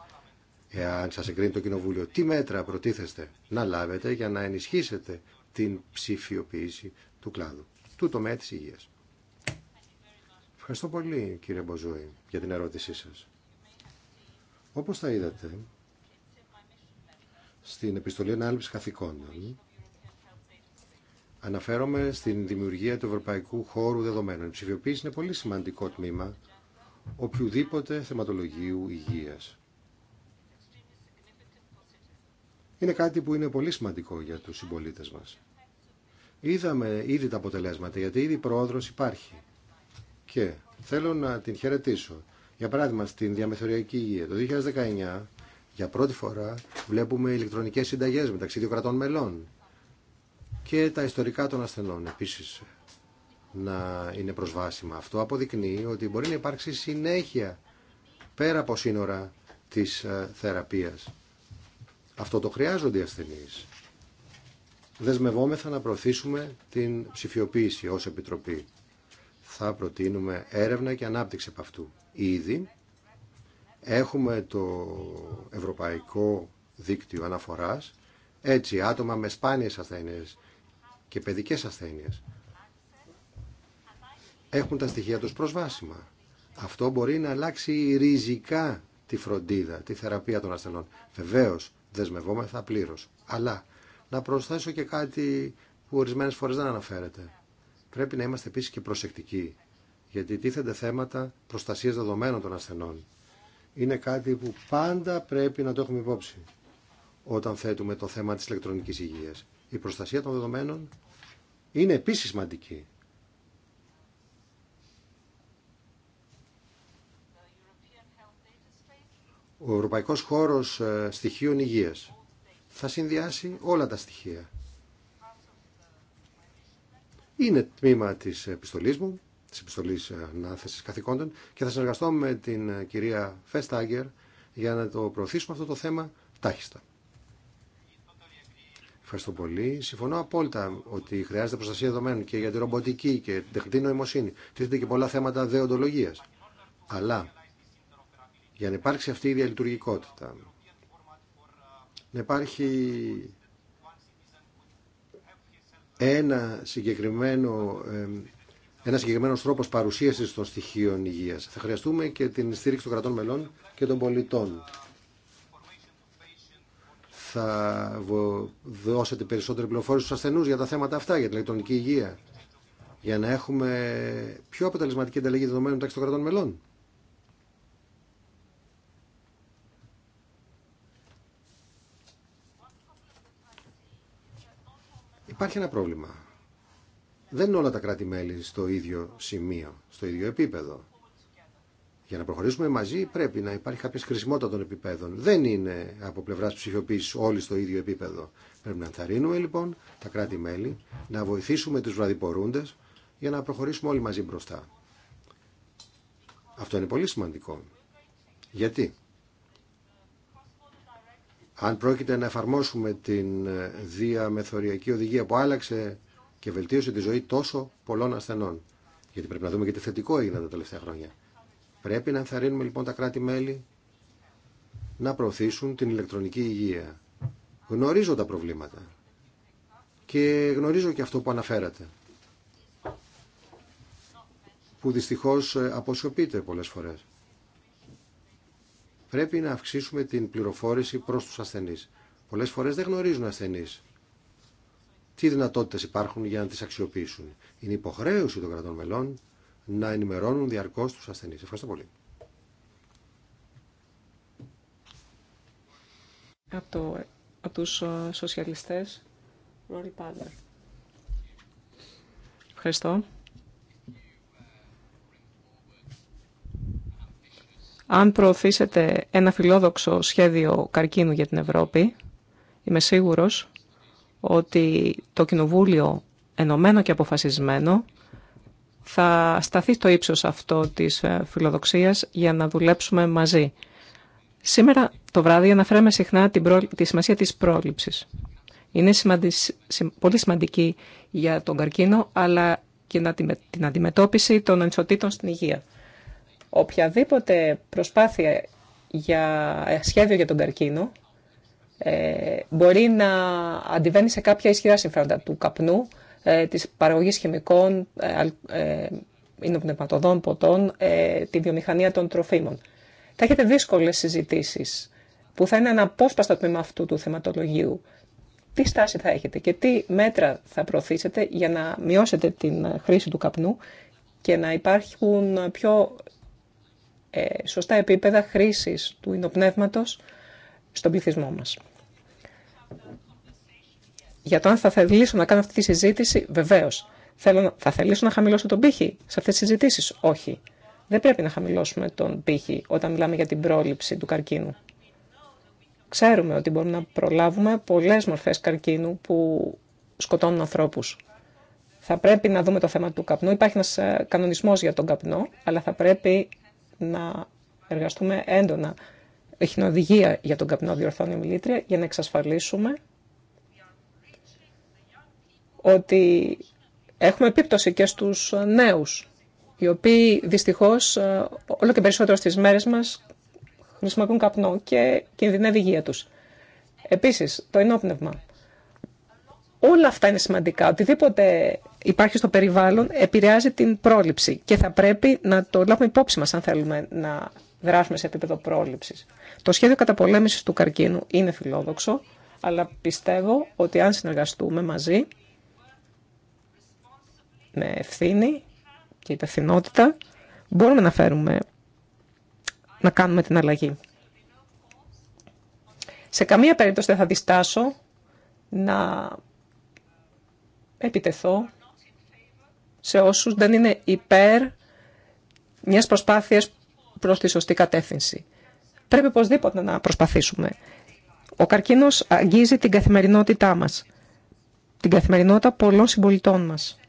εάν σας εγκρίνει το Κοινοβούλιο, τι μέτρα προτίθεστε να λάβετε για να ενισχύσετε την ψηφιοποίηση του κλάδου, του τομέα της υγείας. Ευχαριστώ πολύ κύριε Μποζούη για την ερώτησή σας. Όπως θα είδατε, στην επιστολή ανάληψης καθηκόντων, αναφέρομαι στην δημιουργία του Ευρωπαϊκού Χώρου Δεδομένων. Η ψηφιοποίηση είναι πολύ σημαντικό τμήμα οποιοδήποτε θεματολογίου υγείας. είναι κάτι που είναι πολύ σημαντικό για τους συμπολίτε μας. Είδαμε ήδη τα αποτελέσματα, γιατί ήδη πρόοδρος υπάρχει. Και θέλω να την χαιρετήσω. Για παράδειγμα, στην διαμεθοριακή υγεία, το 2019, για πρώτη φορά, βλέπουμε ηλεκτρονικές συνταγές μεταξύ δύο κρατών μελών. Και τα ιστορικά των ασθενών, επίσης, να είναι προσβάσιμα. Αυτό αποδεικνύει ότι μπορεί να υπάρξει συνέχεια, πέρα από σύνορα της ε, θεραπείας αυτό το χρειάζονται οι ασθενείς. Δεσμευόμεθα να προωθήσουμε την ψηφιοποίηση ως Επιτροπή. Θα προτείνουμε έρευνα και ανάπτυξη από αυτού. Ήδη έχουμε το Ευρωπαϊκό Δίκτυο Αναφοράς, έτσι άτομα με σπάνιες ασθένειες και παιδικές ασθένειες έχουν τα στοιχεία τους προσβάσιμα. Αυτό μπορεί να αλλάξει ριζικά τη φροντίδα, τη θεραπεία των ασθενών. Βεβαίως δεσμευόμεθα πλήρω. Αλλά να προσθέσω και κάτι που ορισμένες φορές δεν αναφέρεται. Πρέπει να είμαστε επίση και προσεκτικοί, γιατί τίθενται θέματα προστασίας δεδομένων των ασθενών. Είναι κάτι που πάντα πρέπει να το έχουμε υπόψη όταν θέτουμε το θέμα της ηλεκτρονικής υγείας. Η προστασία των δεδομένων είναι επίση σημαντική. ο Ευρωπαϊκός Χώρος ε, Στοιχείων Υγείας θα συνδυάσει όλα τα στοιχεία. Είναι τμήμα της επιστολής μου, της επιστολής ε, ανάθεσης καθηκόντων και θα συνεργαστώ με την ε, κυρία Φεστάγκερ για να το προωθήσουμε αυτό το θέμα τάχιστα. Ευχαριστώ πολύ. Συμφωνώ απόλυτα ότι χρειάζεται προστασία δεδομένων και για τη ρομποτική και την τεχνητή νοημοσύνη. Τίθεται και πολλά θέματα δεοντολογίας. Αλλά για να υπάρξει αυτή η διαλειτουργικότητα. Να υπάρχει ένα συγκεκριμένο, ένα συγκεκριμένος τρόπος παρουσίασης των στοιχείων υγείας. Θα χρειαστούμε και την στήριξη των κρατών μελών και των πολιτών. Θα δώσετε περισσότερη πληροφόρηση στους ασθενούς για τα θέματα αυτά, για την ηλεκτρονική υγεία, για να έχουμε πιο αποτελεσματική ανταλλαγή δεδομένων μεταξύ των κρατών μελών. Υπάρχει ένα πρόβλημα. Δεν είναι όλα τα κράτη-μέλη στο ίδιο σημείο, στο ίδιο επίπεδο. Για να προχωρήσουμε μαζί πρέπει να υπάρχει κάποια χρησιμότητα των επίπεδων. Δεν είναι από πλευρά ψηφιοποίηση όλοι στο ίδιο επίπεδο. Πρέπει να ενθαρρύνουμε λοιπόν τα κράτη-μέλη, να βοηθήσουμε του βραδιπορούντε για να προχωρήσουμε όλοι μαζί μπροστά. Αυτό είναι πολύ σημαντικό. Γιατί αν πρόκειται να εφαρμόσουμε την ε, διαμεθοριακή οδηγία που άλλαξε και βελτίωσε τη ζωή τόσο πολλών ασθενών. Γιατί πρέπει να δούμε και τι θετικό έγινε τα τελευταία χρόνια. Πρέπει να ενθαρρύνουμε λοιπόν τα κράτη-μέλη να προωθήσουν την ηλεκτρονική υγεία. Γνωρίζω τα προβλήματα και γνωρίζω και αυτό που αναφέρατε που δυστυχώς ε, αποσιωπείται πολλές φορές. Πρέπει να αυξήσουμε την πληροφόρηση προς τους ασθενείς. Πολλές φορές δεν γνωρίζουν ασθενείς τι δυνατότητες υπάρχουν για να τις αξιοποιήσουν. Είναι υποχρέωση των κρατών μελών να ενημερώνουν διαρκώς τους ασθενείς. Ευχαριστώ πολύ. Από, τους ε, σοσιαλιστές, Ρόλι Πάντερ. Ευχαριστώ. Αν προωθήσετε ένα φιλόδοξο σχέδιο καρκίνου για την Ευρώπη, είμαι σίγουρος ότι το Κοινοβούλιο ενωμένο και αποφασισμένο θα σταθεί στο ύψος αυτό της ε, φιλοδοξίας για να δουλέψουμε μαζί. Σήμερα το βράδυ αναφέραμε συχνά την προ... τη σημασία της πρόληψης. Είναι σημαντισ... πολύ σημαντική για τον καρκίνο, αλλά και την αντιμετώπιση των ανισοτήτων στην υγεία. Οποιαδήποτε προσπάθεια για ε, σχέδιο για τον καρκίνο ε, μπορεί να αντιβαίνει σε κάποια ισχυρά συμφέροντα του καπνού, ε, της παραγωγής χημικών, ε, υνοπνευματοδών ε, ποτών, ε, τη βιομηχανία των τροφίμων. Θα έχετε δύσκολες συζητήσεις που θα είναι απόσπαστο τμήμα αυτού του θεματολογίου. Τι στάση θα έχετε και τι μέτρα θα προωθήσετε για να μειώσετε την χρήση του καπνού και να υπάρχουν πιο ε, σωστά επίπεδα χρήσης του ινοπνεύματος στον πληθυσμό μας. Για το αν θα θελήσω να κάνω αυτή τη συζήτηση, βεβαίω. Θα θελήσω να χαμηλώσω τον πύχη σε αυτέ τι συζητήσει, όχι. Δεν πρέπει να χαμηλώσουμε τον πύχη όταν μιλάμε για την πρόληψη του καρκίνου. Ξέρουμε ότι μπορούμε να προλάβουμε πολλέ μορφέ καρκίνου που σκοτώνουν ανθρώπου. Θα πρέπει να δούμε το θέμα του καπνού. Υπάρχει ένα ε, κανονισμό για τον καπνό, αλλά θα πρέπει να εργαστούμε έντονα. Έχει οδηγία για τον καπνό, διορθώνει η μιλήτρια, για να εξασφαλίσουμε ότι έχουμε επίπτωση και στους νέους, οι οποίοι δυστυχώς ε, όλο και περισσότερο στις μέρες μας χρησιμοποιούν καπνό και κινδυνεύει η υγεία τους. Επίσης, το ενόπνευμα. Όλα αυτά είναι σημαντικά. Οτιδήποτε υπάρχει στο περιβάλλον επηρεάζει την πρόληψη και θα πρέπει να το λάβουμε υπόψη μας αν θέλουμε να δράσουμε σε επίπεδο πρόληψης. Το σχέδιο καταπολέμησης του καρκίνου είναι φιλόδοξο, αλλά πιστεύω ότι αν συνεργαστούμε μαζί με ευθύνη και υπευθυνότητα, μπορούμε να φέρουμε, να κάνουμε την αλλαγή. Σε καμία περίπτωση δεν θα διστάσω να επιτεθώ σε όσους δεν είναι υπέρ μιας προσπάθειας προ τη σωστή κατεύθυνση. Πρέπει οπωσδήποτε να προσπαθήσουμε. Ο καρκίνος αγγίζει την καθημερινότητά μας, την καθημερινότητα πολλών συμπολιτών μας.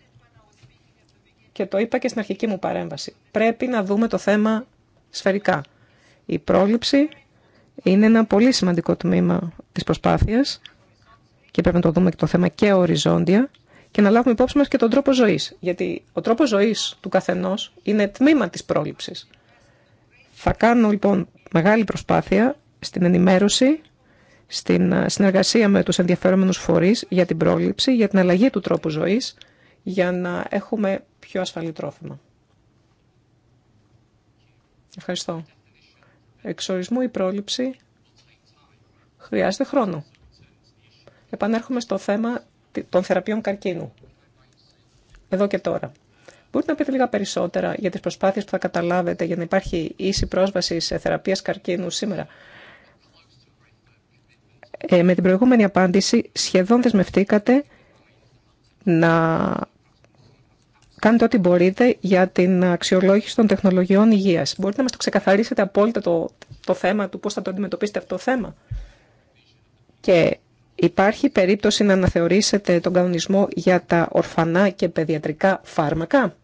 Και το είπα και στην αρχική μου παρέμβαση. Πρέπει να δούμε το θέμα σφαιρικά. Η πρόληψη είναι ένα πολύ σημαντικό τμήμα της προσπάθειας και πρέπει να το δούμε και το θέμα και οριζόντια και να λάβουμε υπόψη μας και τον τρόπο ζωής. Γιατί ο τρόπος ζωής του καθενός είναι τμήμα της πρόληψης. Θα κάνω λοιπόν μεγάλη προσπάθεια στην ενημέρωση, στην ε, συνεργασία με τους ενδιαφέρομενους φορείς για την πρόληψη, για την αλλαγή του τρόπου ζωής, για να έχουμε πιο ασφαλή τρόφιμα. Ευχαριστώ. Εξορισμού η πρόληψη χρειάζεται χρόνο. Επανέρχομαι στο θέμα των θεραπείων καρκίνου. Εδώ και τώρα. Μπορείτε να πείτε λίγα περισσότερα για τις προσπάθειες που θα καταλάβετε για να υπάρχει ίση πρόσβαση σε θεραπείας καρκίνου σήμερα. Ε, με την προηγούμενη απάντηση σχεδόν δεσμευτήκατε να κάνετε ό,τι μπορείτε για την αξιολόγηση των τεχνολογιών υγείας. Μπορείτε να μας το ξεκαθαρίσετε απόλυτα το, το θέμα του πώς θα το αντιμετωπίσετε αυτό το θέμα. Και Υπάρχει περίπτωση να αναθεωρήσετε τον κανονισμό για τα ορφανά και παιδιατρικά φάρμακα.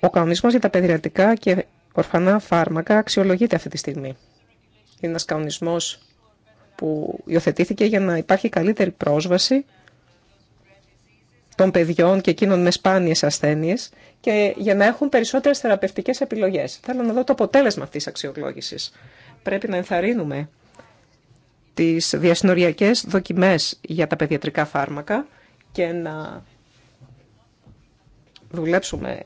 Ο κανονισμός για τα παιδιατρικά και ορφανά φάρμακα αξιολογείται αυτή τη στιγμή. Είναι ένας κανονισμός που υιοθετήθηκε για να υπάρχει καλύτερη πρόσβαση των παιδιών και εκείνων με σπάνιες ασθένειες και για να έχουν περισσότερες θεραπευτικές επιλογές. Θέλω να δω το αποτέλεσμα αυτής της αξιολόγησης. Πρέπει να ενθαρρύνουμε τις διασυνοριακές δοκιμές για τα παιδιατρικά φάρμακα και να δουλέψουμε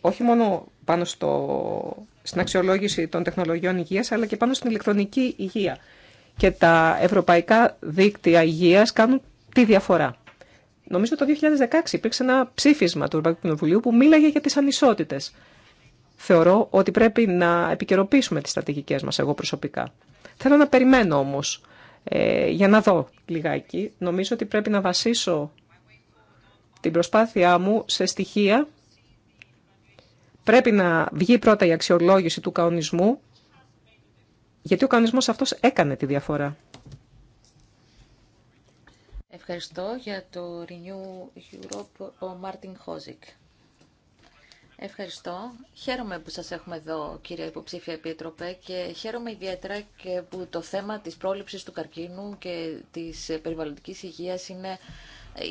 όχι μόνο πάνω στο, στην αξιολόγηση των τεχνολογιών υγείας, αλλά και πάνω στην ηλεκτρονική υγεία. Και τα ευρωπαϊκά δίκτυα υγείας κάνουν τη διαφορά. Νομίζω το 2016 υπήρξε ένα ψήφισμα του Ευρωπαϊκού Κοινοβουλίου που μίλαγε για τις ανισότητες θεωρώ ότι πρέπει να επικαιροποιήσουμε τις στρατηγικές μας εγώ προσωπικά. Θέλω να περιμένω όμως ε, για να δω λιγάκι. Νομίζω ότι πρέπει να βασίσω την προσπάθειά μου σε στοιχεία. Πρέπει να βγει πρώτα η αξιολόγηση του καονισμού, γιατί ο καονισμός αυτός έκανε τη διαφορά. Ευχαριστώ για το Renew Europe, ο Μάρτιν Χόζικ. Ευχαριστώ. Χαίρομαι που σας έχουμε εδώ, κύριε Υποψήφια Επίτροπε, και χαίρομαι ιδιαίτερα και που το θέμα της πρόληψης του καρκίνου και της περιβαλλοντικής υγείας είναι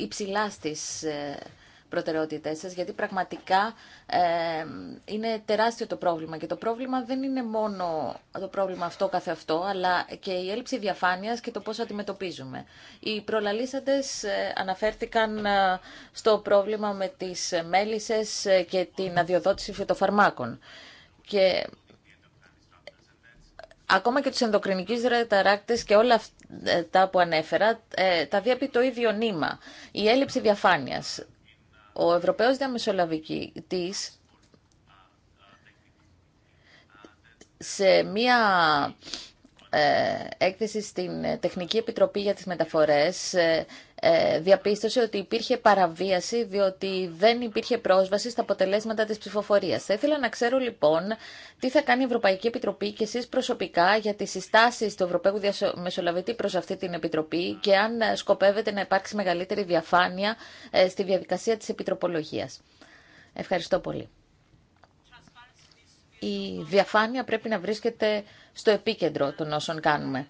υψηλά στις ε, γιατί πραγματικά είναι τεράστιο το πρόβλημα. Και το πρόβλημα δεν είναι μόνο το πρόβλημα αυτό καθε αυτό, αλλά και η έλλειψη διαφάνειας και το πώ αντιμετωπίζουμε. Οι προλαλήσαντες ε, αναφέρθηκαν ε, στο πρόβλημα με τις μέλισσες ε, και την αδειοδότηση φυτοφαρμάκων. Και ακόμα και τους ενδοκρινικούς ρεταράκτες και όλα αυτά που ανέφερα, τα διέπει το ίδιο νήμα. Η έλλειψη διαφάνειας. Ο Ευρωπαίος Διαμεσολαβητής σε μία ε, έκθεση στην Τεχνική Επιτροπή για τις Μεταφορές ε, ε, διαπίστωσε ότι υπήρχε παραβίαση διότι δεν υπήρχε πρόσβαση στα αποτελέσματα της ψηφοφορίας. Θα ήθελα να ξέρω λοιπόν τι θα κάνει η Ευρωπαϊκή Επιτροπή και εσείς προσωπικά για τις συστάσεις του Ευρωπαίου Μεσολαβητή προς αυτή την Επιτροπή και αν σκοπεύετε να υπάρξει μεγαλύτερη διαφάνεια στη διαδικασία της επιτροπολογίας. Ευχαριστώ πολύ η διαφάνεια πρέπει να βρίσκεται στο επίκεντρο των όσων κάνουμε.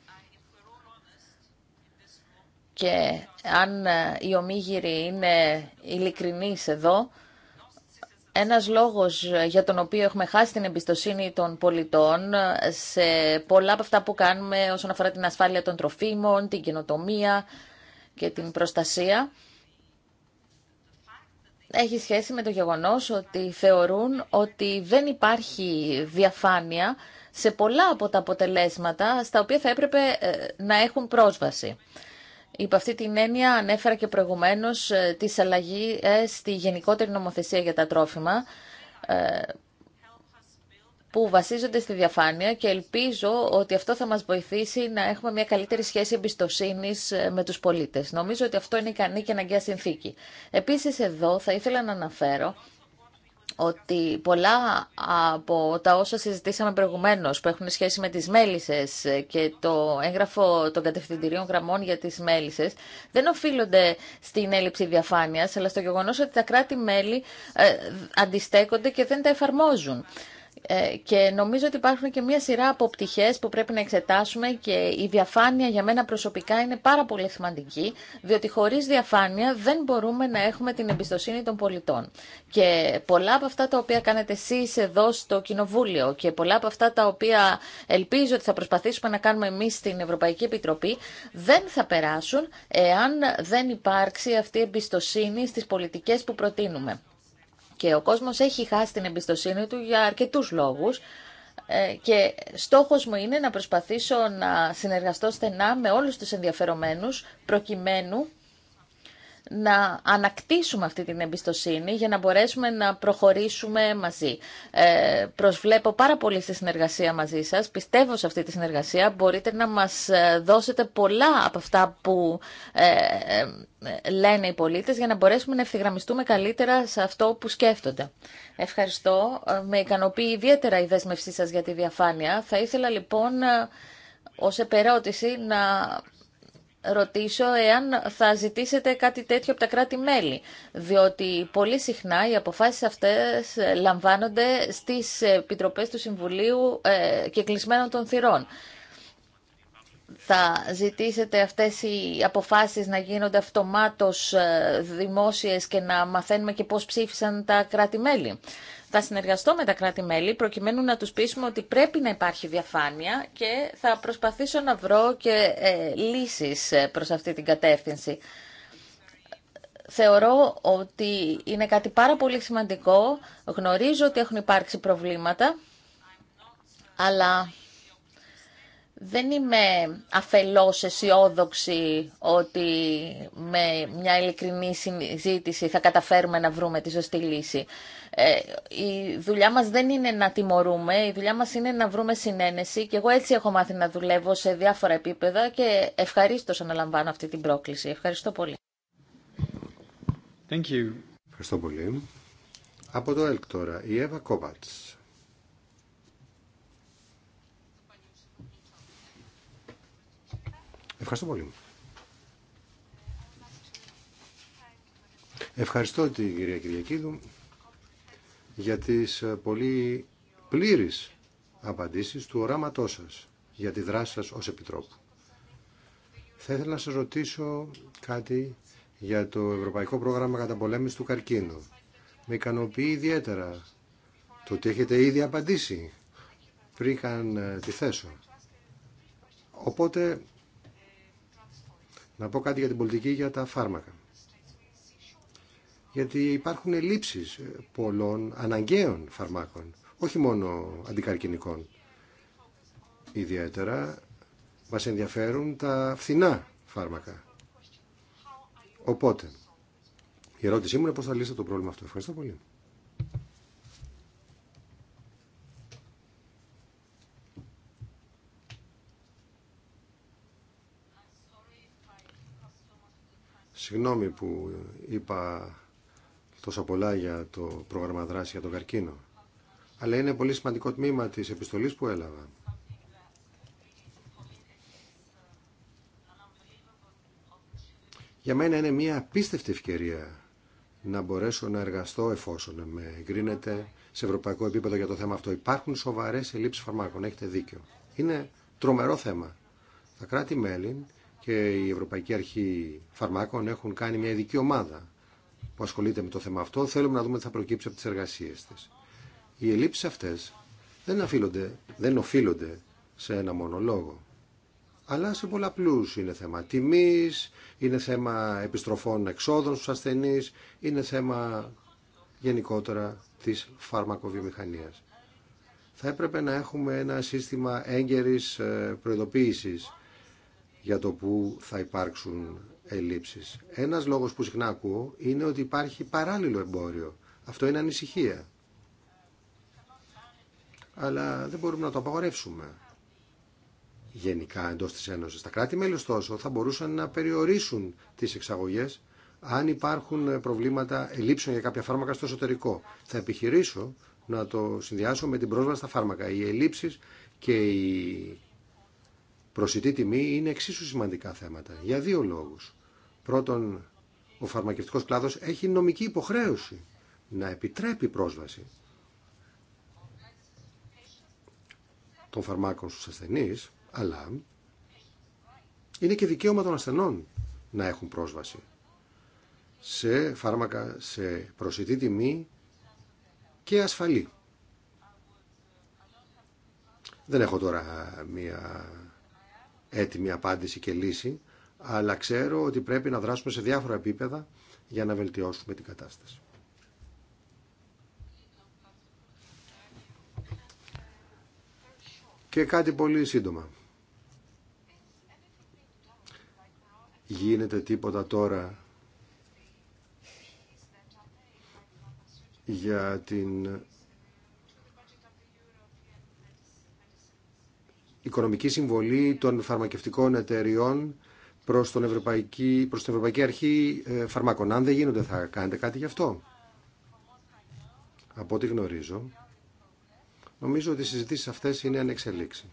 Και αν ε, οι ομίγυροι είναι ειλικρινείς εδώ, ένας λόγος ε, για τον οποίο έχουμε χάσει την εμπιστοσύνη των πολιτών ε, σε πολλά από αυτά που κάνουμε όσον αφορά την ασφάλεια των τροφίμων, την καινοτομία και την προστασία έχει σχέση με το γεγονός ότι θεωρούν ότι δεν υπάρχει διαφάνεια σε πολλά από τα αποτελέσματα στα οποία θα έπρεπε ε, να έχουν πρόσβαση. Υπ' αυτή την έννοια ανέφερα και προηγουμένως ε, τις αλλαγές στη γενικότερη νομοθεσία για τα τρόφιμα ε, που βασίζονται στη διαφάνεια και ελπίζω ότι αυτό θα μας βοηθήσει να έχουμε μια καλύτερη σχέση εμπιστοσύνης ε, με τους πολίτες. Νομίζω ότι αυτό είναι ικανή και αναγκαία συνθήκη. Επίσης εδώ θα ήθελα να αναφέρω ότι πολλά από τα όσα συζητήσαμε προηγουμένως που έχουν σχέση με τις μέλισσες και το έγγραφο των κατευθυντηρίων γραμμών για τις μέλισσες δεν οφείλονται στην έλλειψη διαφάνειας αλλά στο γεγονός ότι τα κράτη-μέλη ε, αντιστέκονται και δεν τα εφαρμόζουν. Ε, και νομίζω ότι υπάρχουν και μια σειρά από πτυχές που πρέπει να εξετάσουμε και η διαφάνεια για μένα προσωπικά είναι πάρα πολύ σημαντική, διότι χωρίς διαφάνεια δεν μπορούμε να έχουμε την εμπιστοσύνη των πολιτών. Και πολλά από αυτά τα οποία κάνετε εσείς εδώ στο Κοινοβούλιο και πολλά από αυτά τα οποία ελπίζω ότι θα προσπαθήσουμε να κάνουμε εμείς στην Ευρωπαϊκή Επιτροπή δεν θα περάσουν εάν δεν υπάρξει αυτή η εμπιστοσύνη στις πολιτικές που προτείνουμε. Και ο κόσμος έχει χάσει την εμπιστοσύνη του για αρκετούς λόγους ε, και στόχος μου είναι να προσπαθήσω να συνεργαστώ στενά με όλους τους ενδιαφερομένους προκειμένου να ανακτήσουμε αυτή την εμπιστοσύνη για να μπορέσουμε να προχωρήσουμε μαζί. Ε, προσβλέπω πάρα πολύ στη συνεργασία μαζί σας. Πιστεύω σε αυτή τη συνεργασία. Μπορείτε να μας ε, δώσετε πολλά από αυτά που ε, ε, λένε οι πολίτες για να μπορέσουμε να ευθυγραμμιστούμε καλύτερα σε αυτό που σκέφτονται. Ευχαριστώ. Ε, με ικανοποιεί ιδιαίτερα η δέσμευσή σας για τη διαφάνεια. Θα ήθελα λοιπόν ως επερώτηση να ρωτήσω εάν θα ζητήσετε κάτι τέτοιο από τα κράτη-μέλη, διότι πολύ συχνά οι αποφάσεις αυτές λαμβάνονται στις επιτροπές του Συμβουλίου ε, και κλεισμένων των θυρών. Θα ζητήσετε αυτές οι αποφάσεις να γίνονται αυτομάτως ε, δημόσιες και να μαθαίνουμε και πώς ψήφισαν τα κράτη-μέλη θα συνεργαστώ με τα κράτη-μέλη προκειμένου να τους πείσουμε ότι πρέπει να υπάρχει διαφάνεια και θα προσπαθήσω να βρω και ε, λύσεις ε, προς αυτή την κατεύθυνση. Θεωρώ ότι είναι κάτι πάρα πολύ σημαντικό. Γνωρίζω ότι έχουν υπάρξει προβλήματα, αλλά δεν είμαι αφελώς αισιόδοξη ότι με μια ειλικρινή συζήτηση θα καταφέρουμε να βρούμε τη σωστή λύση. Ε, η δουλειά μας δεν είναι να τιμωρούμε, η δουλειά μας είναι να βρούμε συνένεση και εγώ έτσι έχω μάθει να δουλεύω σε διάφορα επίπεδα και ευχαρίστως αναλαμβάνω αυτή την πρόκληση. Ευχαριστώ πολύ. Thank you. Ευχαριστώ πολύ. Από το ΕΛΚ τώρα, η Εύα Κόβατς. Ευχαριστώ πολύ. Ευχαριστώ την κυρία Κυριακίδου για τις ε, πολύ πλήρεις απαντήσεις του οράματός σας για τη δράση σας ως Επιτρόπου. Θα ήθελα να σας ρωτήσω κάτι για το Ευρωπαϊκό Πρόγραμμα Καταπολέμησης του Καρκίνου. Με ικανοποιεί ιδιαίτερα το ότι έχετε ήδη απαντήσει πριν καν ε, τη θέσω. Οπότε να πω κάτι για την πολιτική για τα φάρμακα. Γιατί υπάρχουν λήψεις ε, πολλών αναγκαίων φαρμάκων, όχι μόνο αντικαρκυνικών. Ιδιαίτερα μας ενδιαφέρουν τα φθηνά φάρμακα. Οπότε, η ερώτησή μου είναι πώς θα λύσετε το πρόβλημα αυτό. Ευχαριστώ πολύ. Συγγνώμη που είπα τόσα πολλά για το πρόγραμμα δράση για τον καρκίνο. Αλλά είναι πολύ σημαντικό τμήμα της επιστολής που έλαβα. Για μένα είναι μια απίστευτη ευκαιρία να μπορέσω να εργαστώ εφόσον με εγκρίνεται σε ευρωπαϊκό επίπεδο για το θέμα αυτό. Υπάρχουν σοβαρές ελλείψεις φαρμάκων, έχετε δίκιο. Είναι τρομερό θέμα. Τα κράτη-μέλη και η Ευρωπαϊκή Αρχή Φαρμάκων έχουν κάνει μια ειδική ομάδα που ασχολείται με το θέμα αυτό. Θέλουμε να δούμε τι θα προκύψει από τις εργασίες της. Οι ελλείψει αυτές δεν, δεν οφείλονται σε ένα μόνο λόγο, αλλά σε πολλαπλού είναι θέμα τιμή, είναι θέμα επιστροφών εξόδων στους ασθενείς, είναι θέμα γενικότερα της φαρμακοβιομηχανίας. Θα έπρεπε να έχουμε ένα σύστημα έγκαιρης ε, προειδοποίησης για το που θα υπάρξουν ελλείψεις. Ένας λόγος που συχνά ακούω είναι ότι υπάρχει παράλληλο εμπόριο. Αυτό είναι ανησυχία. Αλλά δεν μπορούμε να το απαγορεύσουμε γενικά εντός της Ένωσης. Τα κράτη-μέλη, ωστόσο, θα μπορούσαν να περιορίσουν τις εξαγωγές αν υπάρχουν προβλήματα ελλείψεων για κάποια φάρμακα στο εσωτερικό. Θα επιχειρήσω να το συνδυάσω με την πρόσβαση στα φάρμακα. Οι ελλείψεις και οι προσιτή τιμή είναι εξίσου σημαντικά θέματα. Για δύο λόγους. Πρώτον, ο φαρμακευτικός κλάδος έχει νομική υποχρέωση να επιτρέπει πρόσβαση των φαρμάκων στους ασθενείς, αλλά είναι και δικαίωμα των ασθενών να έχουν πρόσβαση σε φάρμακα σε προσιτή τιμή και ασφαλή. Δεν έχω τώρα μία έτοιμη απάντηση και λύση, αλλά ξέρω ότι πρέπει να δράσουμε σε διάφορα επίπεδα για να βελτιώσουμε την κατάσταση. Και κάτι πολύ σύντομα. Γίνεται τίποτα τώρα για την οικονομική συμβολή των φαρμακευτικών εταιριών προς, τον Ευρωπαϊκή, προς την Ευρωπαϊκή Αρχή ε, Φαρμάκων. Αν δεν γίνονται θα κάνετε κάτι γι' αυτό. Από ό,τι γνωρίζω, νομίζω ότι οι συζητήσεις αυτές είναι ανεξελίξη.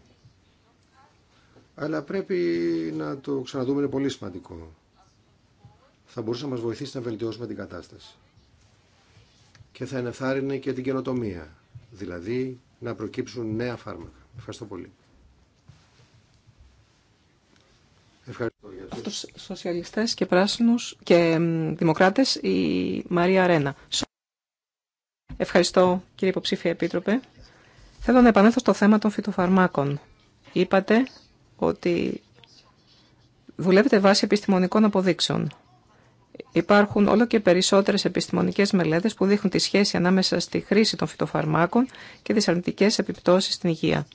Αλλά πρέπει να το ξαναδούμε, είναι πολύ σημαντικό. Θα μπορούσε να μας βοηθήσει να βελτιώσουμε την κατάσταση. Και θα ενεθάρρυνε και την καινοτομία, δηλαδή να προκύψουν νέα φάρμακα. Ευχαριστώ πολύ. Ευχαριστώ σοσιαλιστές και πράσινους και δημοκράτες, η Μαρία Αρένα. Ευχαριστώ κύριε υποψήφια επίτροπε. Θέλω να επανέλθω στο θέμα των φυτοφαρμάκων. Είπατε ότι δουλεύετε βάσει επιστημονικών αποδείξεων. Υπάρχουν όλο και περισσότερες επιστημονικές μελέτες που δείχνουν τη σχέση ανάμεσα στη χρήση των φυτοφαρμάκων και τις αρνητικές επιπτώσεις στην υγεία.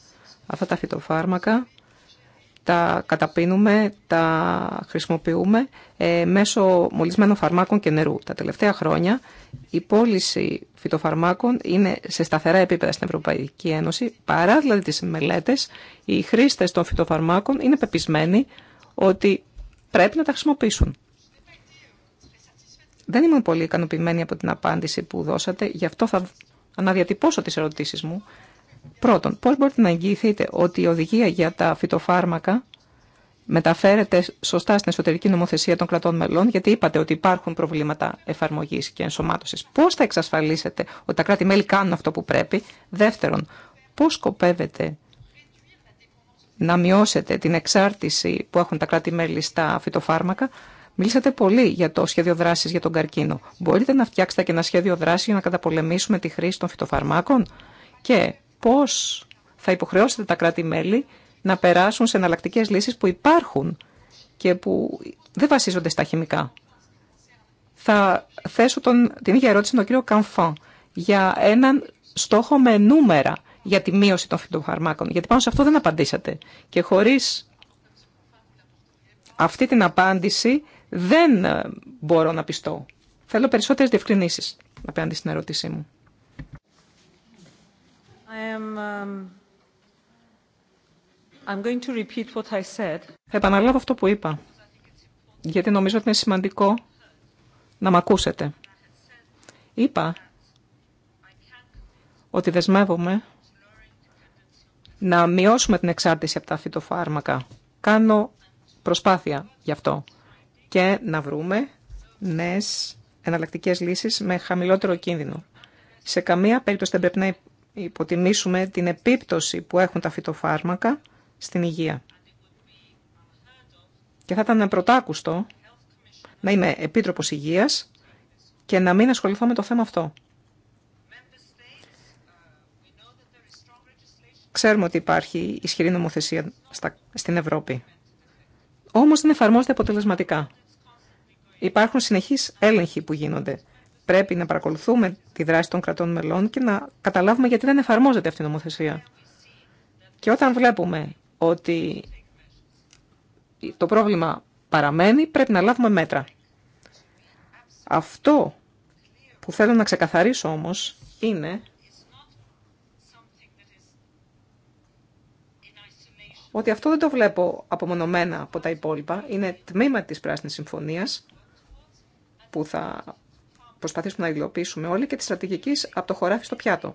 Αυτά τα φυτοφάρμακα τα καταπίνουμε, τα χρησιμοποιούμε ε, μέσω μολυσμένων φαρμάκων και νερού. Τα τελευταία χρόνια η πώληση φυτοφαρμάκων είναι σε σταθερά επίπεδα στην Ευρωπαϊκή Ένωση. Παρά δηλαδή τις μελέτες, οι χρήστες των φυτοφαρμάκων είναι πεπισμένοι ότι πρέπει να τα χρησιμοποιήσουν. Δεν ήμουν πολύ ικανοποιημένη από την απάντηση που δώσατε, γι' αυτό θα αναδιατυπώσω τις ερωτήσεις μου Πρώτον, πώς μπορείτε να εγγυηθείτε ότι η οδηγία για τα φυτοφάρμακα μεταφέρεται σωστά στην εσωτερική νομοθεσία των κρατών μελών, γιατί είπατε ότι υπάρχουν προβλήματα εφαρμογή και ενσωμάτωση. Πώ θα εξασφαλίσετε ότι τα κράτη-μέλη κάνουν αυτό που πρέπει. Δεύτερον, πώ σκοπεύετε να μειώσετε την εξάρτηση που έχουν τα κράτη-μέλη στα φυτοφάρμακα. Μίλησατε πολύ για το σχέδιο δράση για τον καρκίνο. Μπορείτε να φτιάξετε και ένα σχέδιο δράση για να καταπολεμήσουμε τη χρήση των φυτοφαρμάκων. Και πώς θα υποχρεώσετε τα κράτη-μέλη να περάσουν σε εναλλακτικέ λύσεις που υπάρχουν και που δεν βασίζονται στα χημικά. Θα θέσω τον, την ίδια ερώτηση τον κύριο Καμφάν για έναν στόχο με νούμερα για τη μείωση των φυτοφαρμάκων, γιατί πάνω σε αυτό δεν απαντήσατε. Και χωρίς αυτή την απάντηση δεν ε, μπορώ να πιστώ. Θέλω περισσότερες διευκρινήσεις απέναντι στην ερώτησή μου. Um, Θα επαναλάβω αυτό που είπα, γιατί νομίζω ότι είναι σημαντικό να μ' ακούσετε. Είπα ότι δεσμεύομαι να μειώσουμε την εξάρτηση από τα φυτοφάρμακα. Κάνω προσπάθεια γι' αυτό και να βρούμε νέες εναλλακτικές λύσεις με χαμηλότερο κίνδυνο. Σε καμία περίπτωση δεν πρέπει να υποτιμήσουμε την επίπτωση που έχουν τα φυτοφάρμακα στην υγεία. Και θα ήταν πρωτάκουστο να είμαι επίτροπος υγείας και να μην ασχοληθώ με το θέμα αυτό. Ξέρουμε ότι υπάρχει ισχυρή νομοθεσία στην Ευρώπη. Όμως δεν εφαρμόζεται αποτελεσματικά. Υπάρχουν συνεχείς έλεγχοι που γίνονται πρέπει να παρακολουθούμε τη δράση των κρατών μελών και να καταλάβουμε γιατί δεν εφαρμόζεται αυτή η νομοθεσία. Και όταν βλέπουμε ότι το πρόβλημα παραμένει, πρέπει να λάβουμε μέτρα. Αυτό που θέλω να ξεκαθαρίσω όμως είναι ότι αυτό δεν το βλέπω απομονωμένα από τα υπόλοιπα. Είναι τμήμα της Πράσινης Συμφωνίας που θα προσπαθήσουμε να υλοποιήσουμε όλοι και τη στρατηγική από το χωράφι στο πιάτο.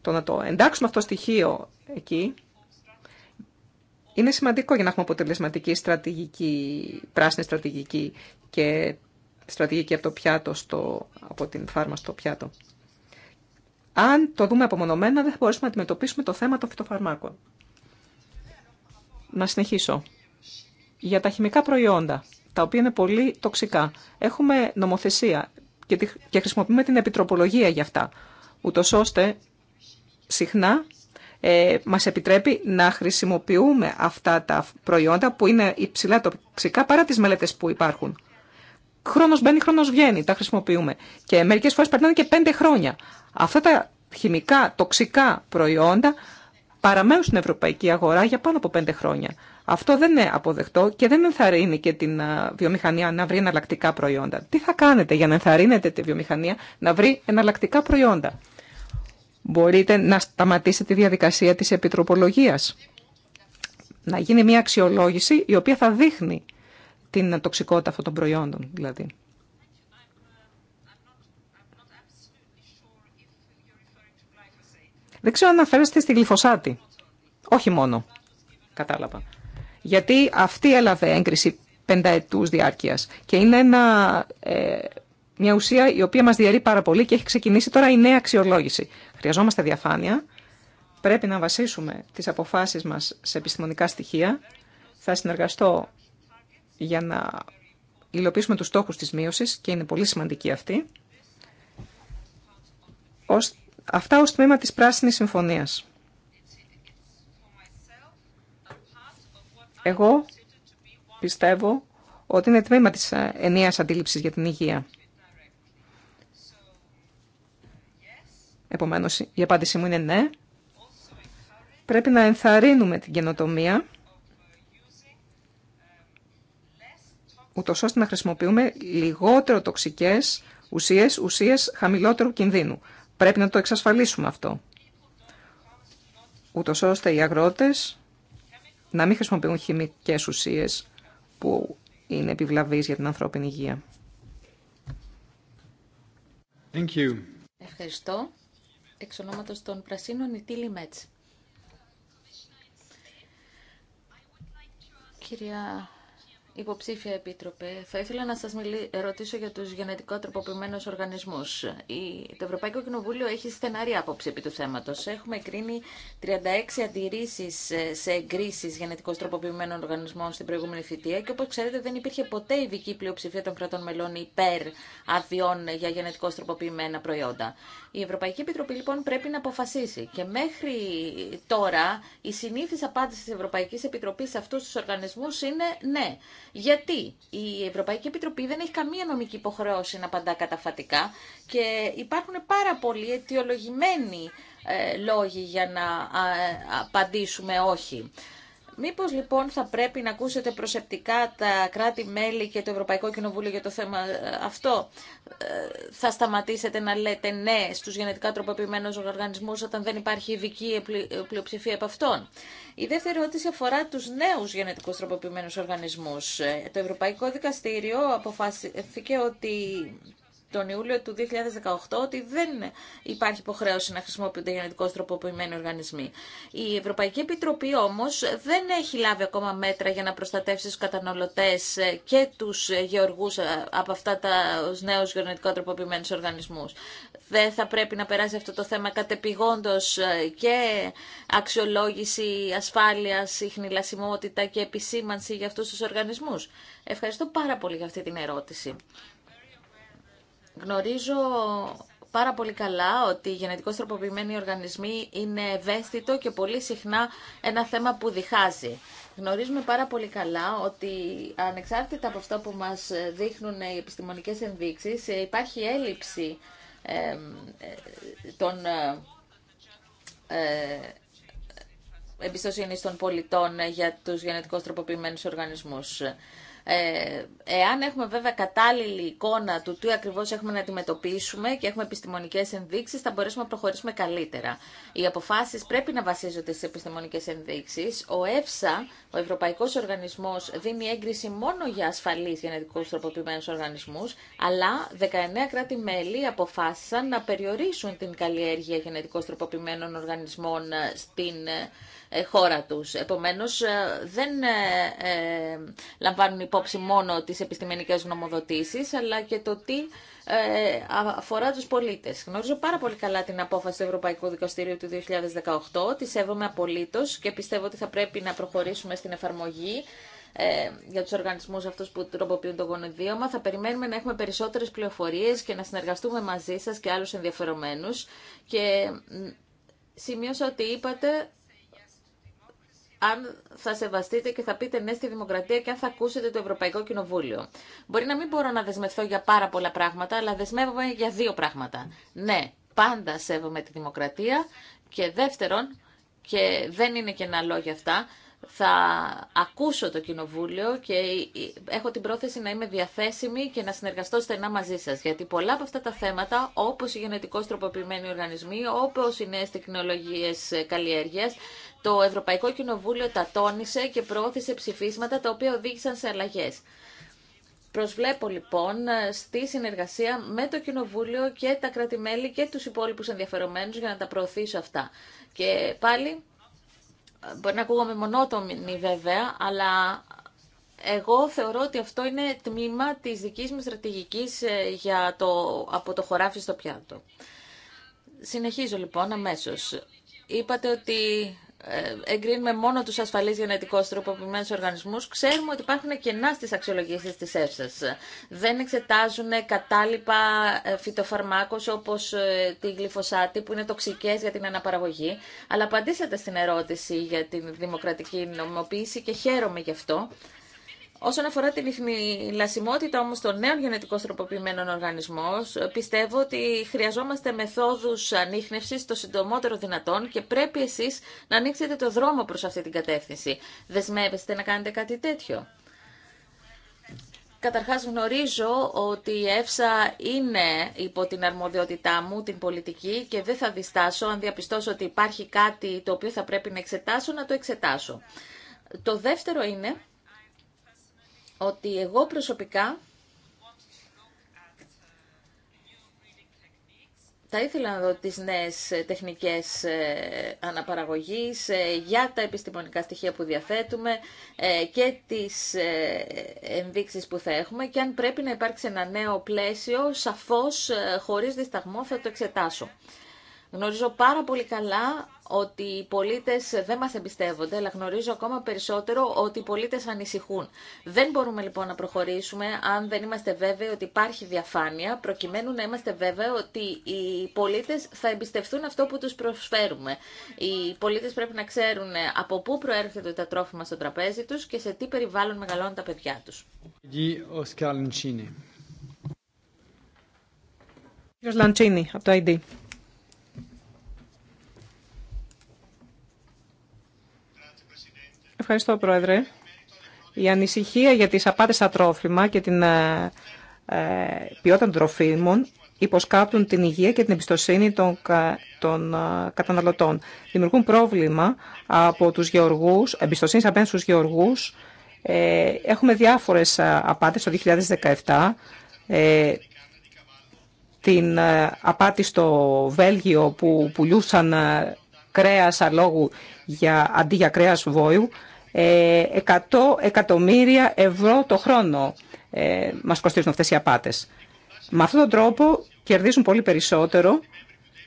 Το να το εντάξουμε αυτό το στοιχείο εκεί είναι σημαντικό για να έχουμε αποτελεσματική στρατηγική, πράσινη στρατηγική και στρατηγική από, το πιάτο στο, από την φάρμα στο πιάτο. Αν το δούμε απομονωμένα, δεν θα μπορέσουμε να αντιμετωπίσουμε το θέμα των φυτοφαρμάκων. Να συνεχίσω. Για τα χημικά προϊόντα, τα οποία είναι πολύ τοξικά, έχουμε νομοθεσία και χρησιμοποιούμε την επιτροπολογία για αυτά, ούτω ώστε συχνά ε, μας επιτρέπει να χρησιμοποιούμε αυτά τα προϊόντα που είναι υψηλά τοξικά παρά τις μελέτες που υπάρχουν. Χρόνος μπαίνει, χρόνος βγαίνει, τα χρησιμοποιούμε. Και μερικές φορές περνάνε και πέντε χρόνια. Αυτά τα χημικά, τοξικά προϊόντα παραμένουν στην ευρωπαϊκή αγορά για πάνω από πέντε χρόνια. Αυτό δεν είναι αποδεκτό και δεν ενθαρρύνει και την βιομηχανία να βρει εναλλακτικά προϊόντα. Τι θα κάνετε για να ενθαρρύνετε τη βιομηχανία να βρει εναλλακτικά προϊόντα. Μπορείτε να σταματήσετε τη διαδικασία της επιτροπολογίας. Να γίνει μια αξιολόγηση η οποία θα δείχνει την τοξικότητα αυτών των προϊόντων δηλαδή. Δεν ξέρω αν αναφέρεστε στη γλυφοσάτη. Όχι μόνο. Κατάλαβα γιατί αυτή έλαβε έγκριση πενταετούς διάρκειας και είναι ε, μια ουσία η οποία μας διαιρεί πάρα πολύ και έχει ξεκινήσει τώρα η νέα αξιολόγηση. Χρειαζόμαστε διαφάνεια, πρέπει να βασίσουμε τις αποφάσεις μας σε επιστημονικά στοιχεία, θα συνεργαστώ για να υλοποιήσουμε τους στόχους της μείωσης και είναι πολύ σημαντική αυτή. Αυτά ως τμήμα της Πράσινης Συμφωνίας. Εγώ πιστεύω ότι είναι τμήμα της ε, ενιαίας αντίληψης για την υγεία. Επομένως, η απάντησή μου είναι ναι. Πρέπει να ενθαρρύνουμε την καινοτομία, ούτως ώστε να χρησιμοποιούμε λιγότερο τοξικές ουσίες, ουσίες χαμηλότερου κινδύνου. Πρέπει να το εξασφαλίσουμε αυτό, ούτως ώστε οι αγρότες να μην χρησιμοποιούν χημικές ουσίες που είναι επιβλαβείς για την ανθρώπινη υγεία. Thank you. Ευχαριστώ. Εξ ονόματος των Πρασίνων, η Τίλη Μέτς. Κυρία υποψήφια επίτροπε, θα ήθελα να σας μιλή, ρωτήσω για τους γενετικά τροποποιημένους οργανισμούς. Η, το Ευρωπαϊκό Κοινοβούλιο έχει στεναρή άποψη επί του θέματος. Έχουμε κρίνει 36 αντιρρήσεις σε εγκρίσεις γενετικώς τροποποιημένων οργανισμών στην προηγούμενη θητεία και όπως ξέρετε δεν υπήρχε ποτέ ειδική πλειοψηφία των κρατών μελών υπέρ αδειών για γενετικώς τροποποιημένα προϊόντα. Η Ευρωπαϊκή Επιτροπή λοιπόν πρέπει να αποφασίσει και μέχρι τώρα η συνήθις απάντηση της Ευρωπαϊκής Επιτροπής σε αυτούς τους οργανισμούς είναι ναι. Γιατί η Ευρωπαϊκή Επιτροπή δεν έχει καμία νομική υποχρέωση να απαντά καταφατικά και υπάρχουν πάρα πολλοί αιτιολογημένοι ε, λόγοι για να ε, απαντήσουμε όχι. Μήπως λοιπόν θα πρέπει να ακούσετε προσεπτικά τα κράτη-μέλη και το Ευρωπαϊκό Κοινοβούλιο για το θέμα ε, αυτό. Ε, θα σταματήσετε να λέτε ναι στους γενετικά τροποποιημένους οργανισμούς όταν δεν υπάρχει ειδική πλειοψηφία από αυτόν. Η δεύτερη ερώτηση αφορά τους νέους γενετικούς τροποποιημένους οργανισμούς. Ε, το Ευρωπαϊκό Δικαστήριο αποφάσισε ότι τον Ιούλιο του 2018 ότι δεν υπάρχει υποχρέωση να χρησιμοποιούνται γενετικώ τροποποιημένοι οργανισμοί. Η Ευρωπαϊκή Επιτροπή όμω δεν έχει λάβει ακόμα μέτρα για να προστατεύσει του καταναλωτέ και του γεωργού από αυτά τα νέου γενετικά τροποποιημένου οργανισμού. Δεν θα πρέπει να περάσει αυτό το θέμα κατεπηγόντω και αξιολόγηση ασφάλεια, συχνηλασιμότητα και επισήμανση για αυτού του οργανισμού. Ευχαριστώ πάρα πολύ για αυτή την ερώτηση. Γνωρίζω πάρα πολύ καλά ότι οι γενετικώ τροποποιημένοι οργανισμοί είναι ευαίσθητο και πολύ συχνά ένα θέμα που διχάζει. Γνωρίζουμε πάρα πολύ καλά ότι ανεξάρτητα από αυτό που μας δείχνουν οι επιστημονικές ενδείξεις υπάρχει έλλειψη ε, των ε, ε των πολιτών για τους γενετικώς τροποποιημένους οργανισμούς. Ε, εάν έχουμε βέβαια κατάλληλη εικόνα του τι ακριβώ έχουμε να αντιμετωπίσουμε και έχουμε επιστημονικέ ενδείξει, θα μπορέσουμε να προχωρήσουμε καλύτερα. Οι αποφάσει πρέπει να βασίζονται στι επιστημονικέ ενδείξει. Ο ΕΦΣΑ, ο Ευρωπαϊκό Οργανισμό, δίνει έγκριση μόνο για ασφαλείς γενετικού τροποποιημένου οργανισμού, αλλά 19 κράτη-μέλη αποφάσισαν να περιορίσουν την καλλιέργεια γενετικώ τροποποιημένων οργανισμών στην ε, χώρα τους. Επομένως, ε, δεν ε, λαμβάνουν υπόψη μόνο τις επιστημονικές γνωμοδοτήσεις, αλλά και το τι αφορά τους πολίτες. Γνωρίζω πάρα πολύ καλά την απόφαση του Ευρωπαϊκού Δικαστηρίου του 2018, τη σέβομαι απολύτως και πιστεύω ότι θα πρέπει να προχωρήσουμε στην εφαρμογή για τους οργανισμούς αυτούς που τροποποιούν το γονιδίωμα. Θα περιμένουμε να έχουμε περισσότερες πληροφορίες και να συνεργαστούμε μαζί σας και άλλους ενδιαφερομένους. Και σημείωσα ότι είπατε αν θα σεβαστείτε και θα πείτε ναι στη δημοκρατία και αν θα ακούσετε το Ευρωπαϊκό Κοινοβούλιο. Μπορεί να μην μπορώ να δεσμευθώ για πάρα πολλά πράγματα, αλλά δεσμεύομαι για δύο πράγματα. Ναι, πάντα σέβομαι τη δημοκρατία και δεύτερον, και δεν είναι και κενά λόγια αυτά, θα ακούσω το Κοινοβούλιο και ε, ε, έχω την πρόθεση να είμαι διαθέσιμη και να συνεργαστώ στενά μαζί σας. Γιατί πολλά από αυτά τα θέματα, όπως οι γενετικώς τροποποιημένοι οργανισμοί, όπως οι νέες τεχνολογίες ε, καλλιέργειας, το Ευρωπαϊκό Κοινοβούλιο τα τόνισε και προώθησε ψηφίσματα τα οποία οδήγησαν σε αλλαγές. Προσβλέπω λοιπόν στη συνεργασία με το Κοινοβούλιο και τα κρατημέλη και τους υπόλοιπους ενδιαφερομένους για να τα προωθήσω αυτά. Και πάλι, μπορεί να ακούγομαι μονότομη βέβαια, αλλά εγώ θεωρώ ότι αυτό είναι τμήμα της δικής μου στρατηγικής ε, το, από το χωράφι στο πιάτο. Συνεχίζω λοιπόν αμέσως. Είπατε ότι ε, εγκρίνουμε μόνο τους ασφαλείς γενετικώ τροποποιημένου οργανισμού. ξέρουμε ότι υπάρχουν κενά στις αξιολογήσεις τη ΕΦΣΑ. Δεν εξετάζουν κατάλοιπα ε, φυτοφαρμάκους όπως ε, τη γλυφοσάτη που είναι τοξικές για την αναπαραγωγή. Αλλά απαντήσατε στην ερώτηση για την δημοκρατική νομοποίηση και χαίρομαι γι' αυτό. Όσον αφορά την λασιμότητα όμως των νέων γενετικώς τροποποιημένων οργανισμών, πιστεύω ότι χρειαζόμαστε μεθόδους ανείχνευσης το συντομότερο δυνατόν και πρέπει εσείς να ανοίξετε το δρόμο προς αυτή την κατεύθυνση. Δεσμεύεστε να κάνετε κάτι τέτοιο. Καταρχάς γνωρίζω ότι η ΕΦΣΑ είναι υπό την αρμοδιότητά μου, την πολιτική και δεν θα διστάσω αν διαπιστώσω ότι υπάρχει κάτι το οποίο θα πρέπει να εξετάσω, να το εξετάσω. Το δεύτερο είναι ότι εγώ προσωπικά θα ήθελα να δω τις νέες τεχνικές ε, αναπαραγωγής ε, για τα επιστημονικά στοιχεία που διαθέτουμε ε, και τις ενδείξεις που θα έχουμε και αν πρέπει να υπάρξει ένα νέο πλαίσιο, σαφώς χωρίς δισταγμό θα το εξετάσω. Γνωρίζω πάρα πολύ καλά ότι οι πολίτες δεν μας εμπιστεύονται, αλλά γνωρίζω ακόμα περισσότερο ότι οι πολίτες ανησυχούν. Δεν μπορούμε λοιπόν να προχωρήσουμε αν δεν είμαστε βέβαιοι ότι υπάρχει διαφάνεια, προκειμένου να είμαστε βέβαιοι ότι οι πολίτες θα εμπιστευτούν αυτό που τους προσφέρουμε. Οι πολίτες πρέπει να ξέρουν από πού προέρχεται τα τρόφιμα στο τραπέζι τους και σε τι περιβάλλον μεγαλώνουν τα παιδιά τους. Λαντσίνη, από ID. Ευχαριστώ, Πρόεδρε. Η ανησυχία για τις απάτες στα τρόφιμα και την ε, ε, ποιότητα των τροφίμων υποσκάπτουν την υγεία και την εμπιστοσύνη των, ε, καταναλωτών. Δημιουργούν πρόβλημα από τους γεωργούς, εμπιστοσύνη απέναντι στους γεωργούς. έχουμε διάφορες απάτες το 2017. την απάτη στο Βέλγιο που πουλούσαν κρέας αλόγου για, αντί για κρέας βόηου. 100 ε, εκατομμύρια ευρώ το χρόνο ε, μας κοστίζουν αυτές οι απάτες. Με αυτόν τον τρόπο κερδίζουν πολύ περισσότερο,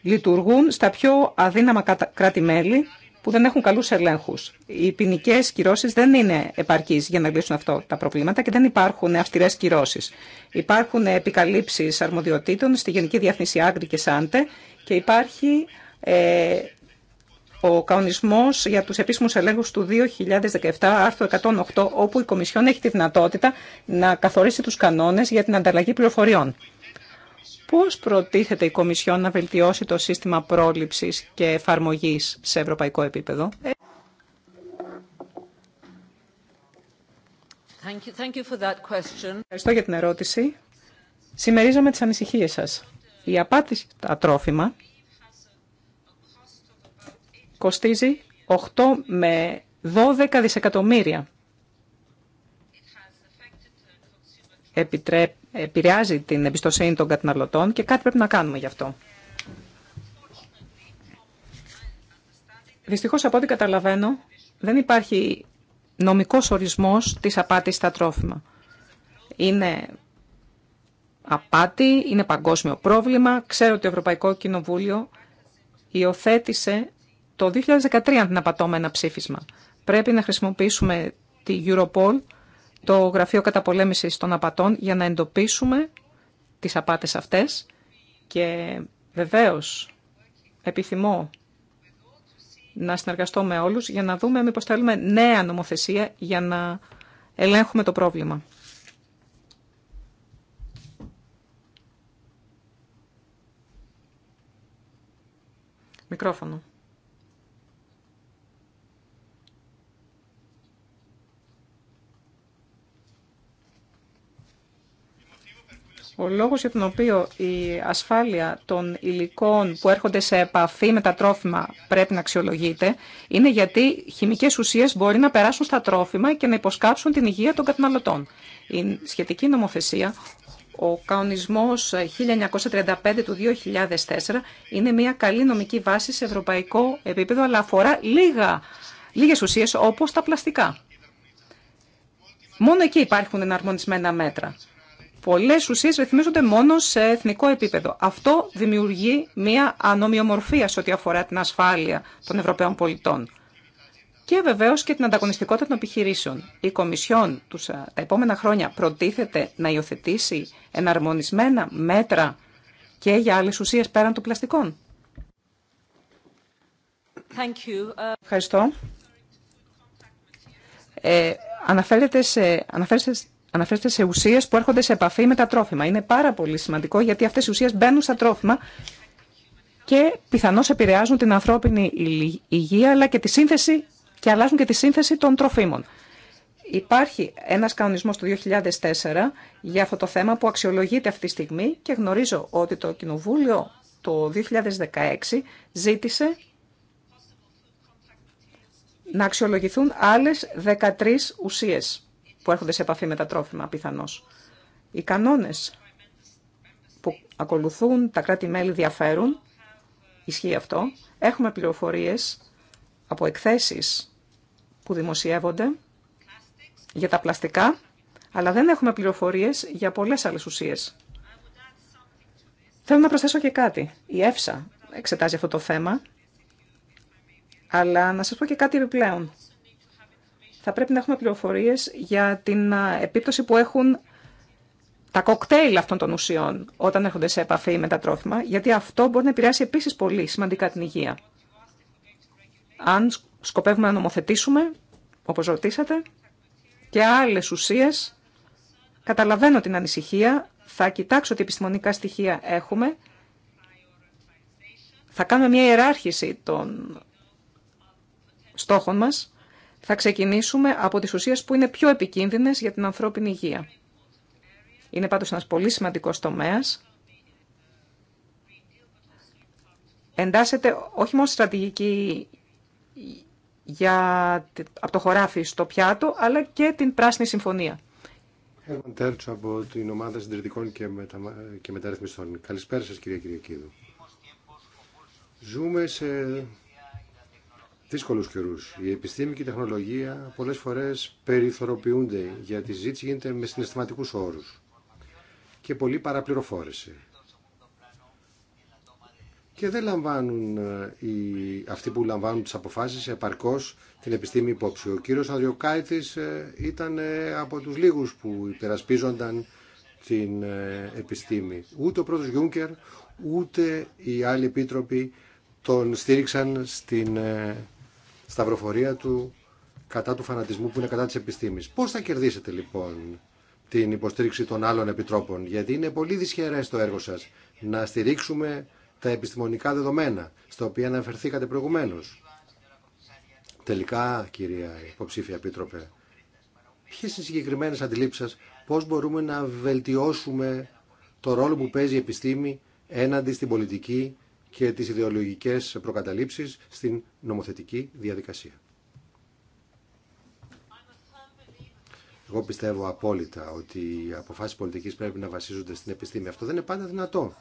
λειτουργούν στα πιο αδύναμα κράτη-μέλη που δεν έχουν καλούς ελέγχους. Οι ποινικέ κυρώσεις δεν είναι επαρκείς για να λύσουν αυτό τα προβλήματα και δεν υπάρχουν αυστηρές κυρώσεις. Υπάρχουν επικαλύψεις αρμοδιοτήτων στη Γενική Διεθνήση Άγκρη και Σάντε και υπάρχει ε, ο κανονισμός για τους επίσημους ελέγχους του 2017, άρθρο 108, όπου η Κομισιόν έχει τη δυνατότητα να καθορίσει τους κανόνες για την ανταλλαγή πληροφοριών. Πώς προτίθεται η Κομισιόν να βελτιώσει το σύστημα πρόληψης και εφαρμογή σε ευρωπαϊκό επίπεδο. Thank you, thank you for that question. Ευχαριστώ για την ερώτηση. Συμμερίζομαι τις ανησυχίες σας. Η απάτη στα τρόφιμα κοστίζει 8 με 12 δισεκατομμύρια. Επηρεάζει την εμπιστοσύνη των καταναλωτών και κάτι πρέπει να κάνουμε γι' αυτό. Δυστυχώς από ό,τι καταλαβαίνω δεν υπάρχει νομικός ορισμός της απάτης στα τρόφιμα. Είναι απάτη, είναι παγκόσμιο πρόβλημα. Ξέρω ότι το Ευρωπαϊκό Κοινοβούλιο υιοθέτησε το 2013, αν την ένα ψήφισμα, πρέπει να χρησιμοποιήσουμε τη Europol, το Γραφείο Καταπολέμησης των Απατών, για να εντοπίσουμε τις απάτες αυτές και βεβαίως επιθυμώ να συνεργαστώ με όλους για να δούμε μήπως θέλουμε νέα νομοθεσία για να ελέγχουμε το πρόβλημα. Μικρόφωνο. Ο λόγος για τον οποίο η ασφάλεια των υλικών που έρχονται σε επαφή με τα τρόφιμα πρέπει να αξιολογείται είναι γιατί χημικές ουσίες μπορεί να περάσουν στα τρόφιμα και να υποσκάψουν την υγεία των καταναλωτών. Η σχετική νομοθεσία, ο κανονισμός 1935 του 2004, είναι μια καλή νομική βάση σε ευρωπαϊκό επίπεδο, αλλά αφορά λίγα, λίγες ουσίες όπως τα πλαστικά. Μόνο εκεί υπάρχουν εναρμονισμένα μέτρα. Πολλέ ουσίε ρυθμίζονται μόνο σε εθνικό επίπεδο. Αυτό δημιουργεί μια ανομοιομορφία σε ό,τι αφορά την ασφάλεια των Ευρωπαίων πολιτών. Και βεβαίω και την ανταγωνιστικότητα των επιχειρήσεων. Η Κομισιόν τους, ε, τα επόμενα χρόνια προτίθεται να υιοθετήσει εναρμονισμένα μέτρα και για άλλε ουσίε πέραν των πλαστικών. Ε, Ευχαριστώ. Ε, σε, αναφέρεστε σε ουσίες που έρχονται σε επαφή με τα τρόφιμα. Είναι πάρα πολύ σημαντικό γιατί αυτές οι ουσίες μπαίνουν στα τρόφιμα και πιθανώ επηρεάζουν την ανθρώπινη υγεία αλλά και, τη σύνθεση, και αλλάζουν και τη σύνθεση των τροφίμων. Υπάρχει ένας κανονισμός του 2004 για αυτό το θέμα που αξιολογείται αυτή τη στιγμή και γνωρίζω ότι το Κοινοβούλιο το 2016 ζήτησε να αξιολογηθούν άλλες 13 ουσίες που έρχονται σε επαφή με τα τρόφιμα πιθανώ. Οι κανόνες που ακολουθούν, τα κράτη-μέλη διαφέρουν, ισχύει αυτό. Έχουμε πληροφορίες από εκθέσεις που δημοσιεύονται για τα πλαστικά, αλλά δεν έχουμε πληροφορίες για πολλέ άλλε ουσίες. Θέλω να προσθέσω και κάτι. Η ΕΦΣΑ εξετάζει αυτό το θέμα, αλλά να σας πω και κάτι επιπλέον θα πρέπει να έχουμε πληροφορίες για την επίπτωση που έχουν τα κοκτέιλ αυτών των ουσιών όταν έρχονται σε επαφή με τα τρόφιμα, γιατί αυτό μπορεί να επηρεάσει επίσης πολύ σημαντικά την υγεία. Αν σκοπεύουμε να νομοθετήσουμε, όπω ρωτήσατε, και άλλε ουσίες, καταλαβαίνω την ανησυχία, θα κοιτάξω τι επιστημονικά στοιχεία έχουμε, θα κάνουμε μια ιεράρχηση των στόχων μας, θα ξεκινήσουμε από τις ουσίες που είναι πιο επικίνδυνες για την ανθρώπινη υγεία. Είναι πάντως ένας πολύ σημαντικός τομέας. Εντάσσεται όχι μόνο στρατηγική για, από το χωράφι στο πιάτο, αλλά και την Πράσινη Συμφωνία. Έρμαν Τέρτσο από την ομάδα συντηρητικών και, μετα... και μεταρρυθμιστών. Καλησπέρα σας κυρία Κυριακίδου. Ζούμε σε δύσκολου καιρού. Η επιστήμη και η τεχνολογία πολλέ φορέ περιθωροποιούνται γιατί η συζήτηση γίνεται με συναισθηματικού όρου και πολλή παραπληροφόρηση. Και δεν λαμβάνουν ε, οι, αυτοί που λαμβάνουν τις αποφάσεις επαρκώς την επιστήμη υπόψη. Ο κύριος Ανδριοκάητης ε, ήταν ε, από τους λίγους που υπερασπίζονταν την επιστήμη. Ούτε ο πρώτος Γιούνκερ, ούτε οι άλλοι επίτροποι τον στήριξαν στην σταυροφορία του κατά του φανατισμού που είναι κατά της επιστήμης. Πώς θα κερδίσετε λοιπόν την υποστήριξη των άλλων επιτρόπων, γιατί είναι πολύ δυσχερές το έργο σας να στηρίξουμε τα επιστημονικά δεδομένα, στα οποία αναφερθήκατε προηγουμένως. Τελικά, κυρία υποψήφια επίτροπε, ποιες είναι οι συγκεκριμένε αντιλήψεις σας, πώς μπορούμε να βελτιώσουμε το ρόλο που παίζει η επιστήμη έναντι στην πολιτική και τις ιδεολογικές προκαταλήψεις στην νομοθετική διαδικασία. Εγώ πιστεύω απόλυτα ότι οι αποφάσεις πολιτικής πρέπει να βασίζονται στην επιστήμη. Αυτό δεν είναι πάντα δυνατό.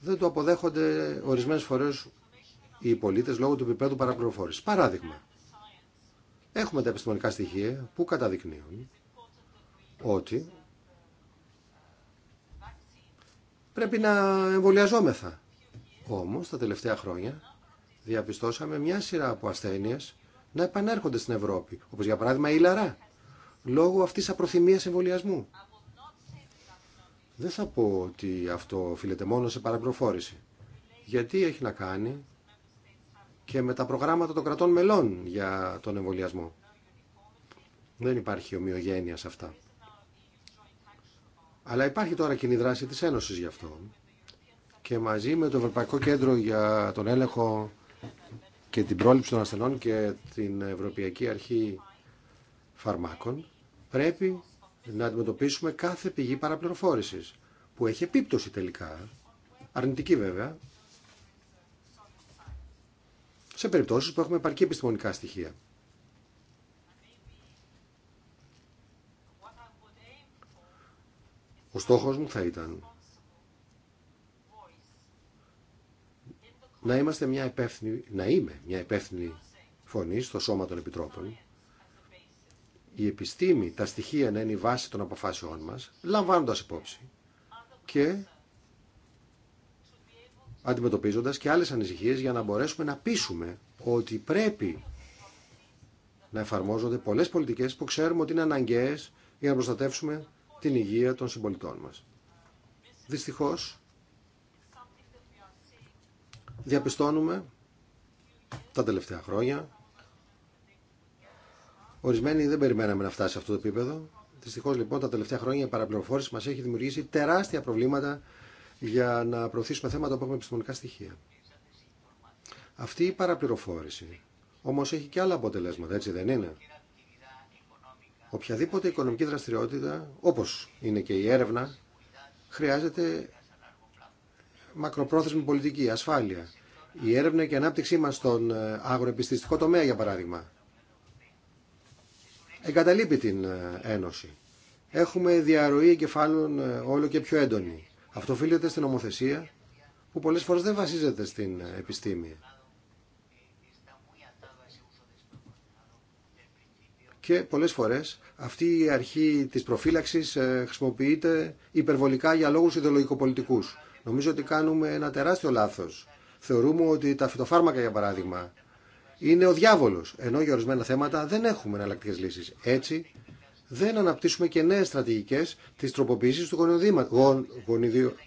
Δεν το αποδέχονται ορισμένες φορές οι πολίτες λόγω του επίπεδου παραπληροφόρησης. Παράδειγμα, έχουμε τα επιστημονικά στοιχεία που καταδεικνύουν ότι πρέπει να εμβολιαζόμεθα όμως τα τελευταία χρόνια διαπιστώσαμε μια σειρά από ασθένειες να επανέρχονται στην Ευρώπη, όπως για παράδειγμα η λαρά, λόγω αυτής απροθυμίας εμβολιασμού. Δεν θα πω ότι αυτό οφείλεται μόνο σε παραπροφόρηση. γιατί έχει να κάνει και με τα προγράμματα των κρατών μελών για τον εμβολιασμό. Δεν υπάρχει ομοιογένεια σε αυτά. Αλλά υπάρχει τώρα κοινή δράση της Ένωσης γι' αυτό και μαζί με το Ευρωπαϊκό Κέντρο για τον έλεγχο και την πρόληψη των ασθενών και την Ευρωπαϊκή Αρχή Φαρμάκων πρέπει να αντιμετωπίσουμε κάθε πηγή παραπληροφόρησης που έχει επίπτωση τελικά, αρνητική βέβαια, σε περιπτώσεις που έχουμε επαρκή επιστημονικά στοιχεία. Ο στόχος μου θα ήταν να, είμαστε μια να είμαι μια υπεύθυνη φωνή στο σώμα των επιτρόπων, η επιστήμη, τα στοιχεία να είναι η βάση των αποφάσεών μας, λαμβάνοντας υπόψη και αντιμετωπίζοντας και άλλες ανησυχίες για να μπορέσουμε να πείσουμε ότι πρέπει να εφαρμόζονται πολλές πολιτικές που ξέρουμε ότι είναι αναγκαίες για να προστατεύσουμε την υγεία των συμπολιτών μας. Δυστυχώς, διαπιστώνουμε τα τελευταία χρόνια. Ορισμένοι δεν περιμέναμε να φτάσει σε αυτό το επίπεδο. Δυστυχώ λοιπόν τα τελευταία χρόνια η παραπληροφόρηση μα έχει δημιουργήσει τεράστια προβλήματα για να προωθήσουμε θέματα που έχουμε επιστημονικά στοιχεία. Αυτή η παραπληροφόρηση όμω έχει και άλλα αποτελέσματα, έτσι δεν είναι. Οποιαδήποτε οικονομική δραστηριότητα, όπω είναι και η έρευνα, χρειάζεται μακροπρόθεσμη πολιτική, ασφάλεια. Η έρευνα και ανάπτυξή μας στον ε, αγροεπιστηστικό τομέα, για παράδειγμα, εγκαταλείπει την ε, Ένωση. Έχουμε διαρροή εγκεφάλων ε, όλο και πιο έντονη. Αυτό οφείλεται στην ομοθεσία που πολλές φορές δεν βασίζεται στην επιστήμη. Και πολλές φορές αυτή η αρχή της προφύλαξης χρησιμοποιείται υπερβολικά για λόγους ιδεολογικοπολιτικούς. Νομίζω ότι κάνουμε ένα τεράστιο λάθος. Θεωρούμε ότι τα φυτοφάρμακα, για παράδειγμα, είναι ο διάβολος, ενώ για ορισμένα θέματα δεν έχουμε εναλλακτικέ λύσει. Έτσι, δεν αναπτύσσουμε και νέε στρατηγικές της τροποποίηση του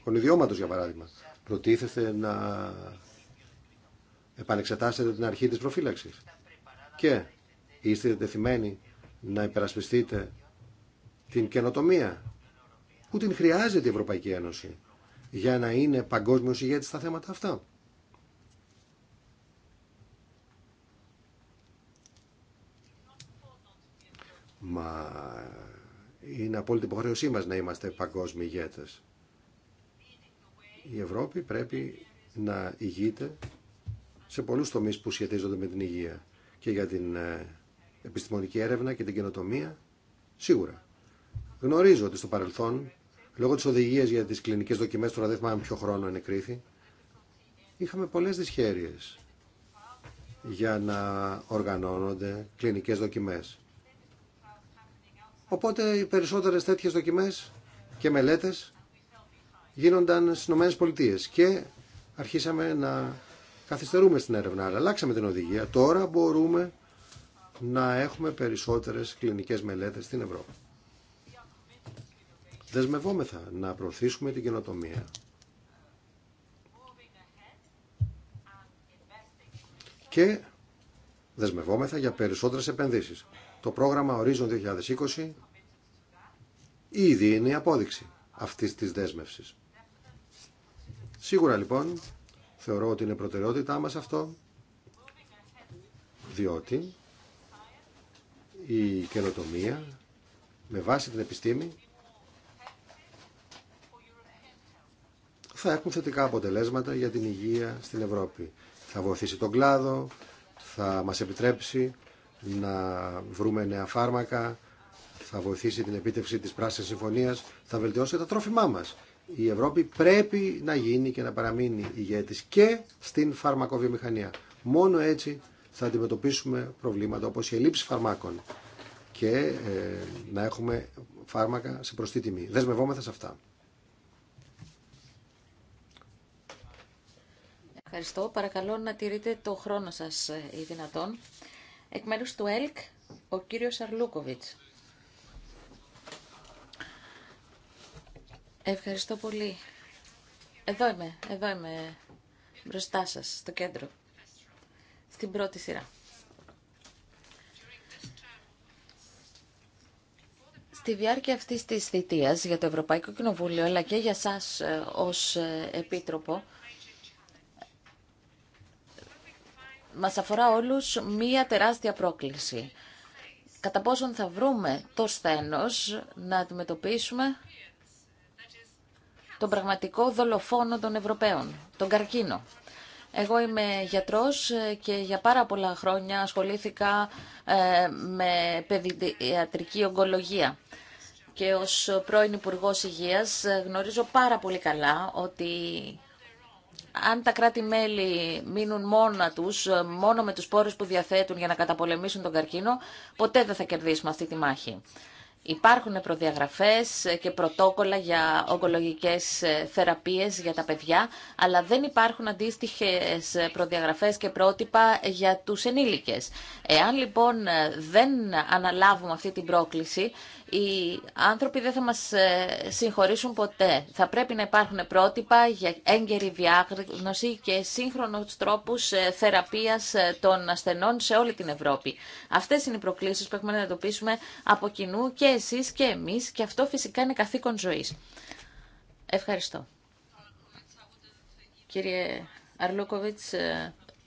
γονιδιώματο, για παράδειγμα. Προτίθεστε να επανεξετάσετε την αρχή της προφύλαξη. Και είστε τεθειμένοι να υπερασπιστείτε την καινοτομία που την χρειάζεται η Ευρωπαϊκή Ένωση για να είναι παγκόσμιος ηγέτη στα θέματα αυτά. Μα είναι απόλυτη υποχρέωσή μας να είμαστε παγκόσμιοι ηγέτες. Η Ευρώπη πρέπει να ηγείται σε πολλούς τομείς που σχετίζονται με την υγεία και για την ε, επιστημονική έρευνα και την καινοτομία, σίγουρα. Γνωρίζω ότι στο παρελθόν Λόγω τη οδηγία για τι κλινικέ δοκιμέ, τώρα δεν θυμάμαι ποιο χρόνο ενεκρίθη, είχαμε πολλέ δυσχέρειε για να οργανώνονται κλινικέ δοκιμέ. Οπότε οι περισσότερε τέτοιε δοκιμέ και μελέτε γίνονταν στι ΗΠΑ και αρχίσαμε να καθυστερούμε στην έρευνα. Αλλά αλλάξαμε την οδηγία. Τώρα μπορούμε να έχουμε περισσότερες κλινικές μελέτες στην Ευρώπη. Δεσμευόμεθα να προωθήσουμε την καινοτομία. Και δεσμευόμεθα για περισσότερες επενδύσεις. Το πρόγραμμα Horizon 2020 ήδη είναι η απόδειξη αυτής της δέσμευσης. Σίγουρα λοιπόν θεωρώ ότι είναι προτεραιότητά μας αυτό, διότι η καινοτομία με βάση την επιστήμη θα έχουν θετικά αποτελέσματα για την υγεία στην Ευρώπη. Θα βοηθήσει τον κλάδο, θα μας επιτρέψει να βρούμε νέα φάρμακα, θα βοηθήσει την επίτευξη της Πράσινης Συμφωνίας, θα βελτιώσει τα τρόφιμά μας. Η Ευρώπη πρέπει να γίνει και να παραμείνει ηγέτης και στην φαρμακοβιομηχανία. Μόνο έτσι θα αντιμετωπίσουμε προβλήματα όπως η ελλείψη φαρμάκων και ε, να έχουμε φάρμακα σε προστή τιμή. Δεσμευόμεθα σε αυτά. Ευχαριστώ. Παρακαλώ να τηρείτε το χρόνο σας ή ε, δυνατόν. Εκ μέρους του ΕΛΚ, ο κύριος Αρλούκοβιτς. Ευχαριστώ πολύ. Εδώ είμαι, εδώ είμαι μπροστά σας, στο κέντρο, στην πρώτη σειρά. Στη διάρκεια αυτής της θητείας για το Ευρωπαϊκό Κοινοβούλιο, αλλά και για σας ε, ως ε, Επίτροπο, μας αφορά όλους μία τεράστια πρόκληση. Κατά πόσον θα βρούμε το σθένος να αντιμετωπίσουμε τον πραγματικό δολοφόνο των Ευρωπαίων, τον καρκίνο. Εγώ είμαι γιατρός και για πάρα πολλά χρόνια ασχολήθηκα ε, με παιδιατρική ογκολογία. Και ως πρώην Υπουργός Υγείας γνωρίζω πάρα πολύ καλά ότι αν τα κράτη-μέλη μείνουν μόνα τους, μόνο με τους πόρους που διαθέτουν για να καταπολεμήσουν τον καρκίνο, ποτέ δεν θα κερδίσουμε αυτή τη μάχη. Υπάρχουν προδιαγραφές και πρωτόκολλα για ογκολογικές ε, θεραπείες για τα παιδιά, αλλά δεν υπάρχουν αντίστοιχες προδιαγραφές και πρότυπα για τους ενήλικες. Εάν λοιπόν ε, δεν αναλάβουμε αυτή την πρόκληση, οι άνθρωποι δεν θα μας ε, συγχωρήσουν ποτέ. Θα πρέπει να υπάρχουν πρότυπα για έγκαιρη διάγνωση και σύγχρονους τρόπους ε, θεραπείας ε, των ασθενών σε όλη την Ευρώπη. Αυτές είναι οι προκλήσεις που έχουμε να εντοπίσουμε από κοινού και εσείς και εμείς και αυτό φυσικά είναι καθήκον ζωής. Ευχαριστώ. Κύριε Αρλούκοβιτς,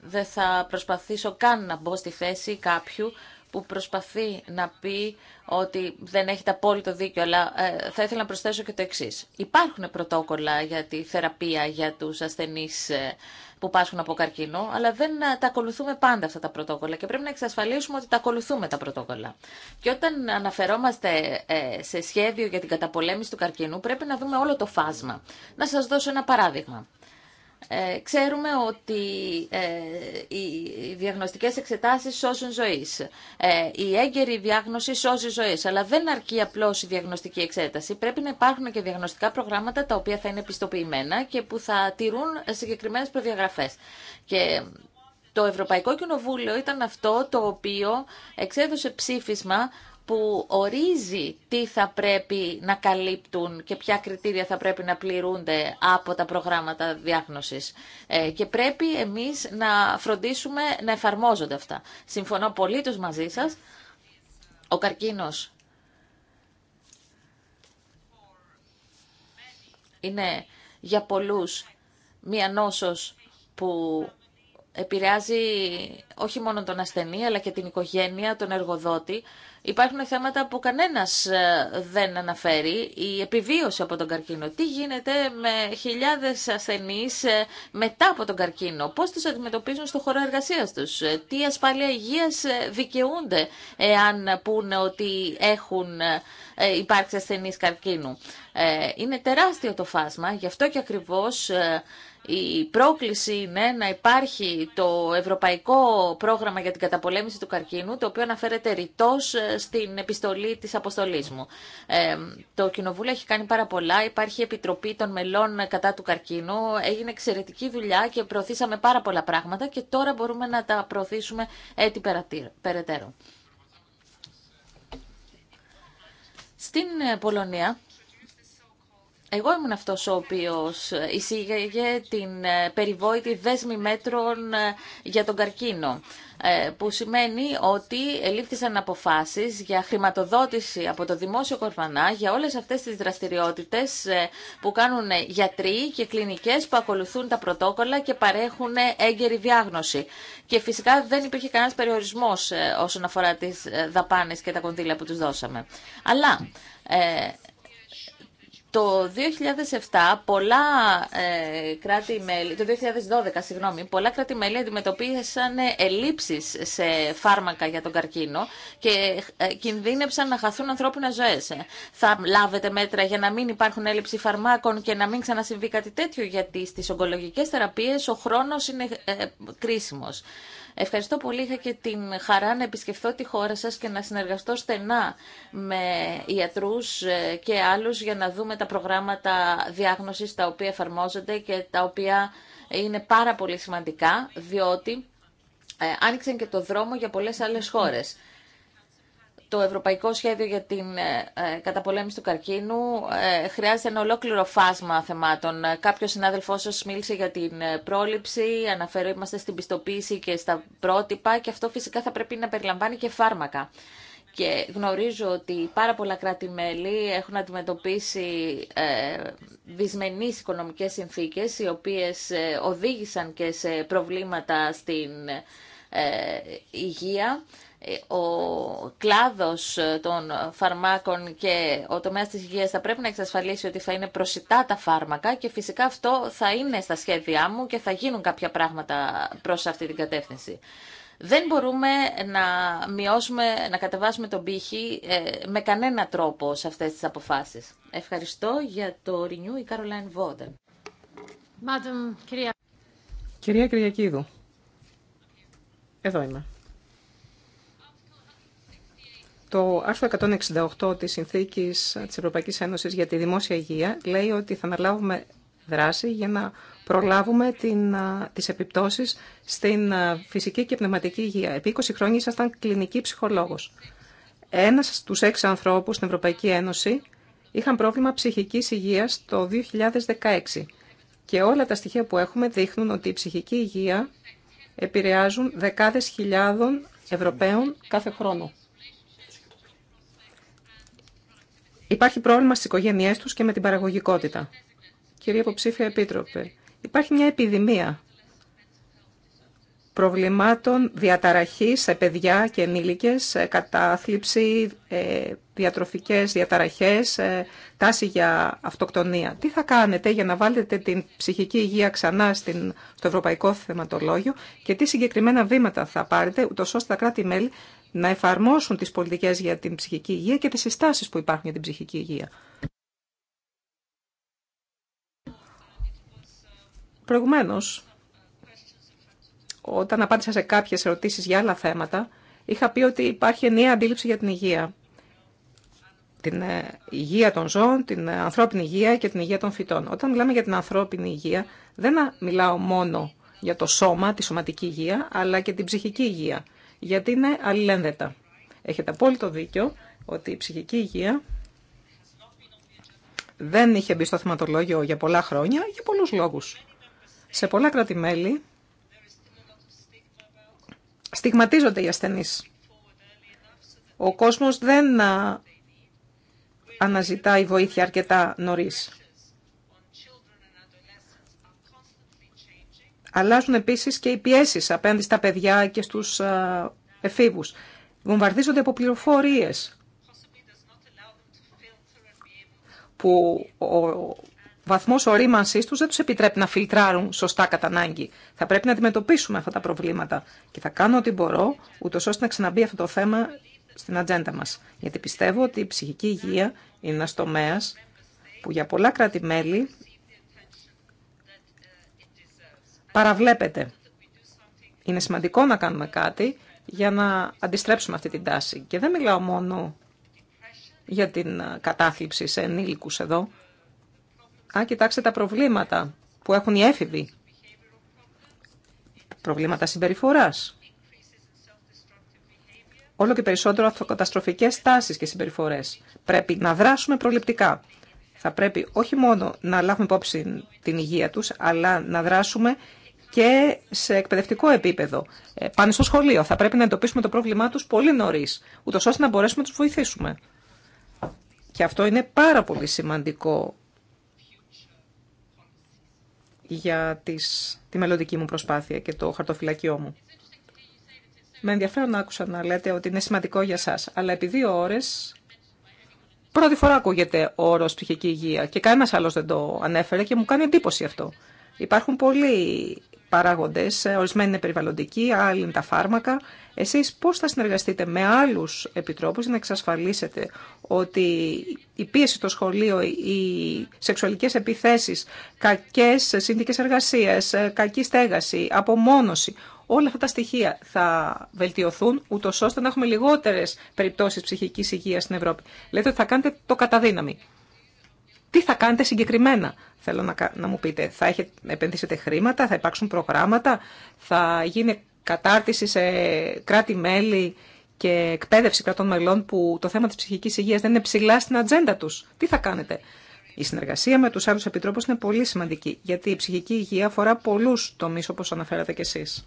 δεν θα προσπαθήσω καν να μπω στη θέση κάποιου που προσπαθεί να πει ότι δεν έχει τα απόλυτο δίκιο, αλλά ε, θα ήθελα να προσθέσω και το εξή. Υπάρχουν πρωτόκολλα για τη θεραπεία για τους ασθενείς ε, που πάσχουν από καρκίνο, αλλά δεν ε, τα ακολουθούμε πάντα αυτά τα πρωτόκολλα και πρέπει να εξασφαλίσουμε ότι τα ακολουθούμε τα πρωτόκολλα. Και όταν αναφερόμαστε σε σχέδιο για την καταπολέμηση του καρκίνου, πρέπει να δούμε όλο το φάσμα. Να σας δώσω ένα παράδειγμα. Ε, ξέρουμε ότι ε, οι διαγνωστικές εξετάσεις σώζουν ζωής. Ε, η έγκαιρη διάγνωση σώζει ζωές, αλλά δεν αρκεί απλώς η διαγνωστική εξέταση. Πρέπει να υπάρχουν και διαγνωστικά προγράμματα τα οποία θα είναι επιστοποιημένα και που θα τηρούν συγκεκριμένες προδιαγραφές. Και το Ευρωπαϊκό Κοινοβούλιο ήταν αυτό το οποίο εξέδωσε ψήφισμα που ορίζει τι θα πρέπει να καλύπτουν και ποια κριτήρια θα πρέπει να πληρούνται από τα προγράμματα διάγνωσης. Ε, και πρέπει εμείς να φροντίσουμε να εφαρμόζονται αυτά. Συμφωνώ πολύ τους μαζί σας. Ο καρκίνος είναι για πολλούς μία νόσος που επηρεάζει όχι μόνο τον ασθενή αλλά και την οικογένεια, τον εργοδότη Υπάρχουν θέματα που κανένας ε, δεν αναφέρει. Η επιβίωση από τον καρκίνο. Τι γίνεται με χιλιάδες ασθενείς ε, μετά από τον καρκίνο. Πώς τους αντιμετωπίζουν στο χώρο εργασίας τους. Ε, τι ασφάλεια υγείας δικαιούνται εάν πούνε ότι έχουν υπάρξει ασθενείς καρκίνου. Είναι τεράστιο το φάσμα. Γι' αυτό και ακριβώς η πρόκληση είναι να υπάρχει το Ευρωπαϊκό Πρόγραμμα για την Καταπολέμηση του Καρκίνου, το οποίο αναφέρεται ρητός ε, στην επιστολή της αποστολή μου. Ε, το Κοινοβούλιο έχει κάνει πάρα πολλά. Υπάρχει Επιτροπή των Μελών κατά του Καρκίνου. Έγινε εξαιρετική δουλειά και προωθήσαμε πάρα πολλά πράγματα και τώρα μπορούμε να τα προωθήσουμε έτσι περαιτέρω. Στην ε, Πολωνία εγώ ήμουν αυτός ο οποίος εισήγαγε την ε, περιβόητη δέσμη μέτρων ε, για τον καρκίνο ε, που σημαίνει ότι ελήφθησαν αποφάσεις για χρηματοδότηση από το δημόσιο κορφανά για όλες αυτές τις δραστηριότητες που κάνουν γιατροί και κλινικές που ακολουθούν τα πρωτόκολλα και παρέχουν έγκαιρη διάγνωση. Και φυσικά δεν υπήρχε κανένας περιορισμός όσον αφορά τις δαπάνες και τα κονδύλια που τους δώσαμε. Αλλά το 2007 πολλά ε, κρατη το 2012 συγγνώμη, πολλά κράτη-μέλη αντιμετωπίσαν ελλείψεις σε φάρμακα για τον καρκίνο και ε, κινδύνεψαν να χαθούν ανθρώπινα ζωές. Ε. Θα λάβετε μέτρα για να μην υπάρχουν έλλειψη φαρμάκων και να μην ξανασυμβεί κάτι τέτοιο γιατί στις ογκολογικές θεραπείες ο χρόνος είναι ε, ε κρίσιμος. Ευχαριστώ πολύ. Είχα και την χαρά να επισκεφθώ τη χώρα σας και να συνεργαστώ στενά με ιατρούς ε, και άλλους για να δούμε τα προγράμματα διάγνωσης τα οποία εφαρμόζονται και τα οποία είναι πάρα πολύ σημαντικά, διότι ε, άνοιξαν και το δρόμο για πολλές άλλες χώρες το Ευρωπαϊκό Σχέδιο για την ε, ε, Καταπολέμηση του Καρκίνου ε, χρειάζεται ένα ολόκληρο φάσμα θεμάτων. Κάποιος συνάδελφός σας μίλησε για την πρόληψη, αναφέρομαστε στην πιστοποίηση και στα πρότυπα και αυτό φυσικά θα πρέπει να περιλαμβάνει και φάρμακα. Και γνωρίζω ότι πάρα πολλά κράτη-μέλη έχουν αντιμετωπίσει δυσμενείς οικονομικές συνθήκες, οι οποίες οδήγησαν και σε προβλήματα στην υγεία. Ε, ο κλάδος ε, των φαρμάκων και ο τομέας της υγείας θα πρέπει να εξασφαλίσει ότι θα είναι προσιτά τα φάρμακα και φυσικά αυτό θα είναι στα σχέδιά μου και θα γίνουν κάποια πράγματα προς αυτή την κατεύθυνση. Δεν μπορούμε να μειώσουμε, να κατεβάσουμε τον πύχη ε, με κανένα τρόπο σε αυτές τις αποφάσεις. Ευχαριστώ για το Renew η Caroline Βόντεν. Κυρία Κυριακίδου, εδώ είμαι. Το άρθρο 168 της Συνθήκης της Ευρωπαϊκής Ένωσης για τη Δημόσια Υγεία λέει ότι θα αναλάβουμε δράση για να προλάβουμε την, τις επιπτώσεις στην φυσική και πνευματική υγεία. Επί 20 χρόνια ήσασταν κλινική ψυχολόγος. Ένας στους έξι ανθρώπους στην Ευρωπαϊκή Ένωση είχαν πρόβλημα ψυχικής υγείας το 2016 και όλα τα στοιχεία που έχουμε δείχνουν ότι η ψυχική υγεία επηρεάζουν δεκάδες χιλιάδων Ευρωπαίων κάθε χρόνο. Υπάρχει πρόβλημα στι οικογένειε του και με την παραγωγικότητα. Κυρία Υποψήφια Επίτροπε, υπάρχει μια επιδημία προβλημάτων διαταραχής σε παιδιά και ενήλικες, κατάθλιψη, ε, διατροφικές διαταραχές, ε, τάση για αυτοκτονία. Τι θα κάνετε για να βάλετε την ψυχική υγεία ξανά στο ευρωπαϊκό θεματολόγιο και τι συγκεκριμένα βήματα θα πάρετε, ούτως ώστε τα κράτη-μέλη να εφαρμόσουν τις πολιτικές για την ψυχική υγεία και τις συστάσεις που υπάρχουν για την ψυχική υγεία. Προηγουμένως, όταν απάντησα σε κάποιες ερωτήσεις για άλλα θέματα, είχα πει ότι υπάρχει νέα αντίληψη για την υγεία. Την ε, υγεία των ζώων, την ε, ανθρώπινη υγεία και την υγεία των φυτών. Όταν μιλάμε για την ανθρώπινη υγεία, δεν μιλάω μόνο για το σώμα, τη σωματική υγεία, αλλά και την ψυχική υγεία γιατί είναι αλληλένδετα. Έχετε απόλυτο δίκιο ότι η ψυχική υγεία δεν είχε μπει στο θεματολόγιο για πολλά χρόνια, για πολλούς λόγους. Σε πολλά κράτη-μέλη στιγματίζονται οι ασθενείς. Ο κόσμος δεν αναζητάει βοήθεια αρκετά νωρίς. Αλλάζουν επίσης και οι πιέσεις απέναντι στα παιδιά και στους εφήβους. Βομβαρδίζονται από πληροφορίες που ο βαθμός ορίμανσής τους δεν τους επιτρέπει να φιλτράρουν σωστά κατά ανάγκη. Θα πρέπει να αντιμετωπίσουμε αυτά τα προβλήματα και θα κάνω ό,τι μπορώ, ούτω ώστε να ξαναμπεί αυτό το θέμα στην ατζέντα μας. Γιατί πιστεύω ότι η ψυχική υγεία είναι ένα τομέα που για πολλά κράτη-μέλη Παραβλέπετε, Είναι σημαντικό να κάνουμε κάτι για να αντιστρέψουμε αυτή την τάση. Και δεν μιλάω μόνο για την κατάθλιψη σε ενήλικους εδώ. Α, κοιτάξτε τα προβλήματα που έχουν οι έφηβοι. Προβλήματα συμπεριφοράς. Όλο και περισσότερο αυτοκαταστροφικές τάσεις και συμπεριφορές. Πρέπει να δράσουμε προληπτικά. Θα πρέπει όχι μόνο να λάβουμε υπόψη την υγεία τους, αλλά να δράσουμε και σε εκπαιδευτικό επίπεδο. Ε, πάνε στο σχολείο. Θα πρέπει να εντοπίσουμε το πρόβλημά τους πολύ νωρίς, ούτω ώστε να μπορέσουμε να τους βοηθήσουμε. Και αυτό είναι πάρα πολύ σημαντικό για τις, τη μελλοντική μου προσπάθεια και το χαρτοφυλακιό μου. Με ενδιαφέρον άκουσα να λέτε ότι είναι σημαντικό για σας, αλλά επί δύο ώρες πρώτη φορά ακούγεται ο όρος ψυχική υγεία και κανένας άλλος δεν το ανέφερε και μου κάνει εντύπωση αυτό. Υπάρχουν πολλοί παράγοντες, ε, ορισμένοι είναι περιβαλλοντικοί, άλλοι είναι τα φάρμακα. Εσείς πώς θα συνεργαστείτε με άλλους επιτρόπους για να εξασφαλίσετε ότι η πίεση στο σχολείο, οι σεξουαλικές επιθέσεις, κακές σύνδικες εργασία, ε, κακή στέγαση, απομόνωση, όλα αυτά τα στοιχεία θα βελτιωθούν, ούτω ώστε να έχουμε λιγότερε περιπτώσει ψυχική υγεία στην Ευρώπη. Λέτε ότι θα κάνετε το καταδύναμη. Τι θα κάνετε συγκεκριμένα, θέλω να, να μου πείτε. Θα έχετε, επενδύσετε χρήματα, θα υπάρξουν προγράμματα, θα γίνει κατάρτιση σε κράτη-μέλη και εκπαίδευση κρατών μελών που το θέμα της ψυχικής υγείας δεν είναι ψηλά στην ατζέντα τους. Τι θα κάνετε. Η συνεργασία με τους άλλους επιτρόπους είναι πολύ σημαντική, γιατί η ψυχική υγεία αφορά πολλούς τομείς όπως αναφέρατε κι εσείς.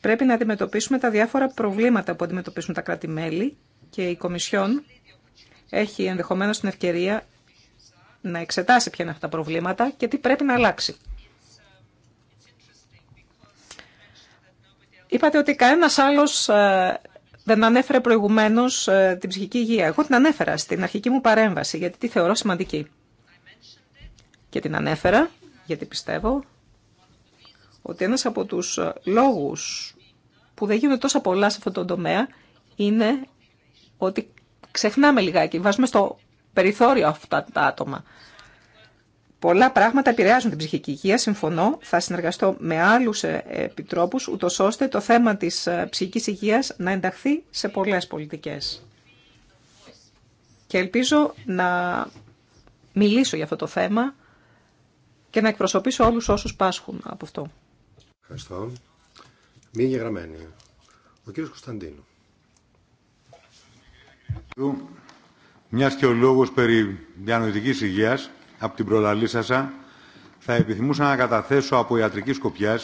Πρέπει να αντιμετωπίσουμε τα διάφορα προβλήματα που αντιμετωπίσουν τα κράτη-μέλη και η Κομισιόν έχει ενδεχομένως την ευκαιρία να εξετάσει ποια είναι αυτά τα προβλήματα και τι πρέπει να αλλάξει. Είπατε ότι κανένα άλλο ε, δεν ανέφερε προηγουμένω ε, την ψυχική υγεία. Εγώ την ανέφερα στην αρχική μου παρέμβαση, γιατί τη θεωρώ σημαντική. Και την ανέφερα, γιατί πιστεύω ότι ένας από τους ε, λόγους που δεν γίνονται τόσα πολλά σε αυτό τον τομέα είναι ότι ξεχνάμε λιγάκι, βάζουμε στο περιθώριο αυτά τα άτομα. Πολλά πράγματα επηρεάζουν την ψυχική υγεία, συμφωνώ. Θα συνεργαστώ με άλλους ε, επιτρόπους, ούτω ώστε το θέμα της ε, ψυχικής υγείας να ενταχθεί σε πολλές πολιτικές. Και ελπίζω να μιλήσω για αυτό το θέμα και να εκπροσωπήσω όλους όσους πάσχουν από αυτό. Ευχαριστώ. Μη γεγραμμένη. Ο κύριος Κωνσταντίνου. Μιας και ο λόγο περί διανοητικής υγείας, από την προλαλήσασα, θα επιθυμούσα να καταθέσω από ιατρική σκοπιά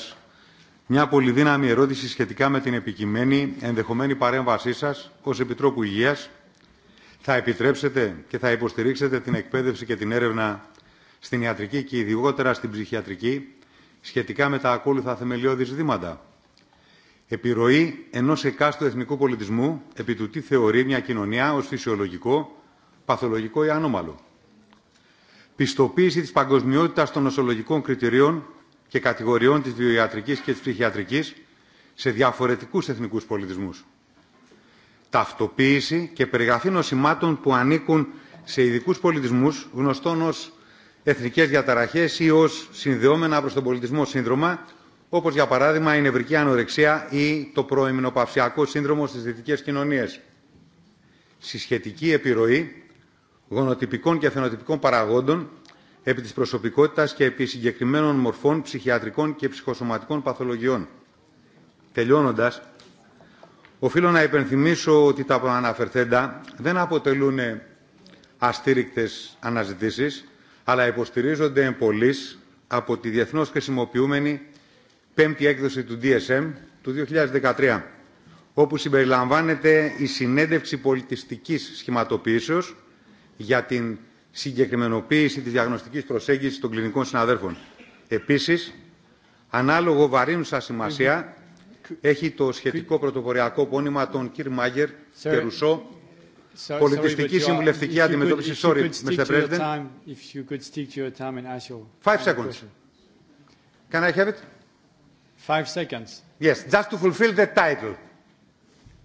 μια πολυδύναμη ερώτηση σχετικά με την επικειμένη ενδεχομένη παρέμβασή σα ως Επιτρόπου Υγείας. Θα επιτρέψετε και θα υποστηρίξετε την εκπαίδευση και την έρευνα στην ιατρική και ειδικότερα στην ψυχιατρική σχετικά με τα ακόλουθα θεμελιώδη ζητήματα επιρροή ενός εκάστου εθνικού πολιτισμού επί του τι θεωρεί μια κοινωνία ω φυσιολογικό, παθολογικό ή ανώμαλο. Πιστοποίηση τη παγκοσμιότητα των νοσολογικών κριτηρίων και κατηγοριών τη βιοιατρική και της ψυχιατρικής σε διαφορετικού εθνικού πολιτισμού. Ταυτοποίηση και περιγραφή νοσημάτων που ανήκουν σε ειδικού πολιτισμού, γνωστών ω εθνικέ διαταραχέ ή ω συνδεόμενα προ τον πολιτισμό σύνδρομα όπω για παράδειγμα η νευρική ανορεξία ή το προεμινοπαυσιακό σύνδρομο στι δυτικέ κοινωνίε. Συσχετική επιρροή γονοτυπικών και φαινοτυπικών παραγόντων επί της προσωπικότητας και επί συγκεκριμένων μορφών ψυχιατρικών και ψυχοσωματικών παθολογιών. Τελειώνοντας, οφείλω να υπενθυμίσω ότι τα αναφερθέντα δεν αποτελούν αστήρικτες αναζητήσεις, αλλά υποστηρίζονται πολλοί από τη διεθνώς χρησιμοποιούμενη πέμπτη έκδοση του DSM του 2013, όπου συμπεριλαμβάνεται η συνέντευξη πολιτιστικής σχηματοποίησεως για την συγκεκριμενοποίηση της διαγνωστικής προσέγγισης των κλινικών συναδέρφων. Επίσης, ανάλογο βαρύνουσα σημασία mm-hmm. έχει το σχετικό πρωτοποριακό πόνημα των κ. Μάγκερ και Ρουσό πολιτιστική συμβουλευτική αντιμετώπιση. Sorry, Mr. President. Five seconds. Can I have it? Five seconds. Yes, just to fulfill the title.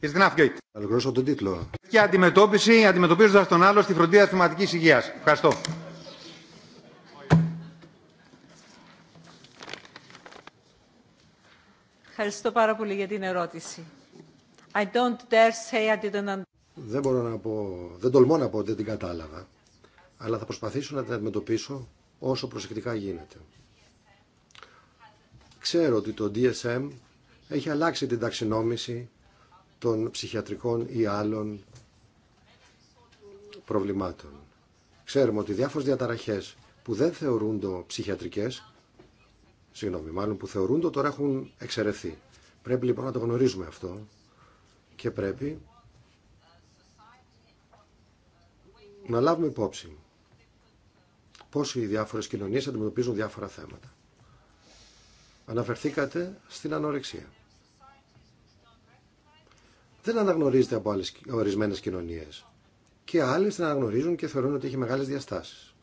It's enough Ολοκληρώσω τον τίτλο. Και αντιμετώπιση αντιμετωπίζοντα τον άλλο στη φροντίδα θεματική υγεία. Ευχαριστώ. Ευχαριστώ πάρα πολύ για την ερώτηση. I don't dare say I didn't... Δεν μπορώ να πω, δεν τολμώ να πω ότι δεν την κατάλαβα, αλλά θα προσπαθήσω να την αντιμετωπίσω όσο προσεκτικά γίνεται. Ξέρω ότι το DSM έχει αλλάξει την ταξινόμηση των ψυχιατρικών ή άλλων προβλημάτων. Ξέρουμε ότι διάφορες διαταραχές που δεν θεωρούνται ψυχιατρικές, συγγνώμη, μάλλον που θεωρούνται τώρα έχουν εξαιρεθεί. Πρέπει λοιπόν να το γνωρίζουμε αυτό και πρέπει να λάβουμε υπόψη πώς οι διάφορες κοινωνίες αντιμετωπίζουν διάφορα θέματα. Αναφερθήκατε στην ανορεξία. Δεν αναγνωρίζεται από άλλες, ορισμένες κοινωνίες. Και άλλες την αναγνωρίζουν και θεωρούν ότι έχει μεγάλες διαστάσεις.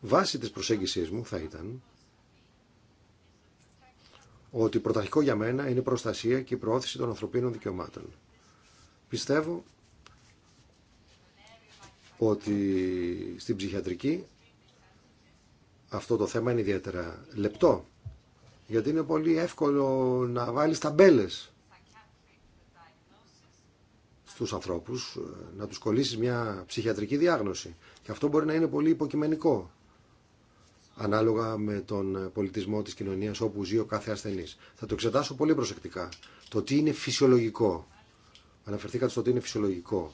Βάση της προσέγγισής μου θα ήταν ότι πρωταρχικό για μένα είναι η προστασία και η προώθηση των ανθρωπίνων δικαιωμάτων. Πιστεύω ότι στην ψυχιατρική αυτό το θέμα είναι ιδιαίτερα λεπτό γιατί είναι πολύ εύκολο να βάλεις ταμπέλες στους ανθρώπους, να τους κολλήσεις μια ψυχιατρική διάγνωση. Και αυτό μπορεί να είναι πολύ υποκειμενικό, ανάλογα με τον πολιτισμό της κοινωνίας όπου ζει ο κάθε ασθενής. Θα το εξετάσω πολύ προσεκτικά. Το τι είναι φυσιολογικό. Αναφερθήκατε στο τι είναι φυσιολογικό.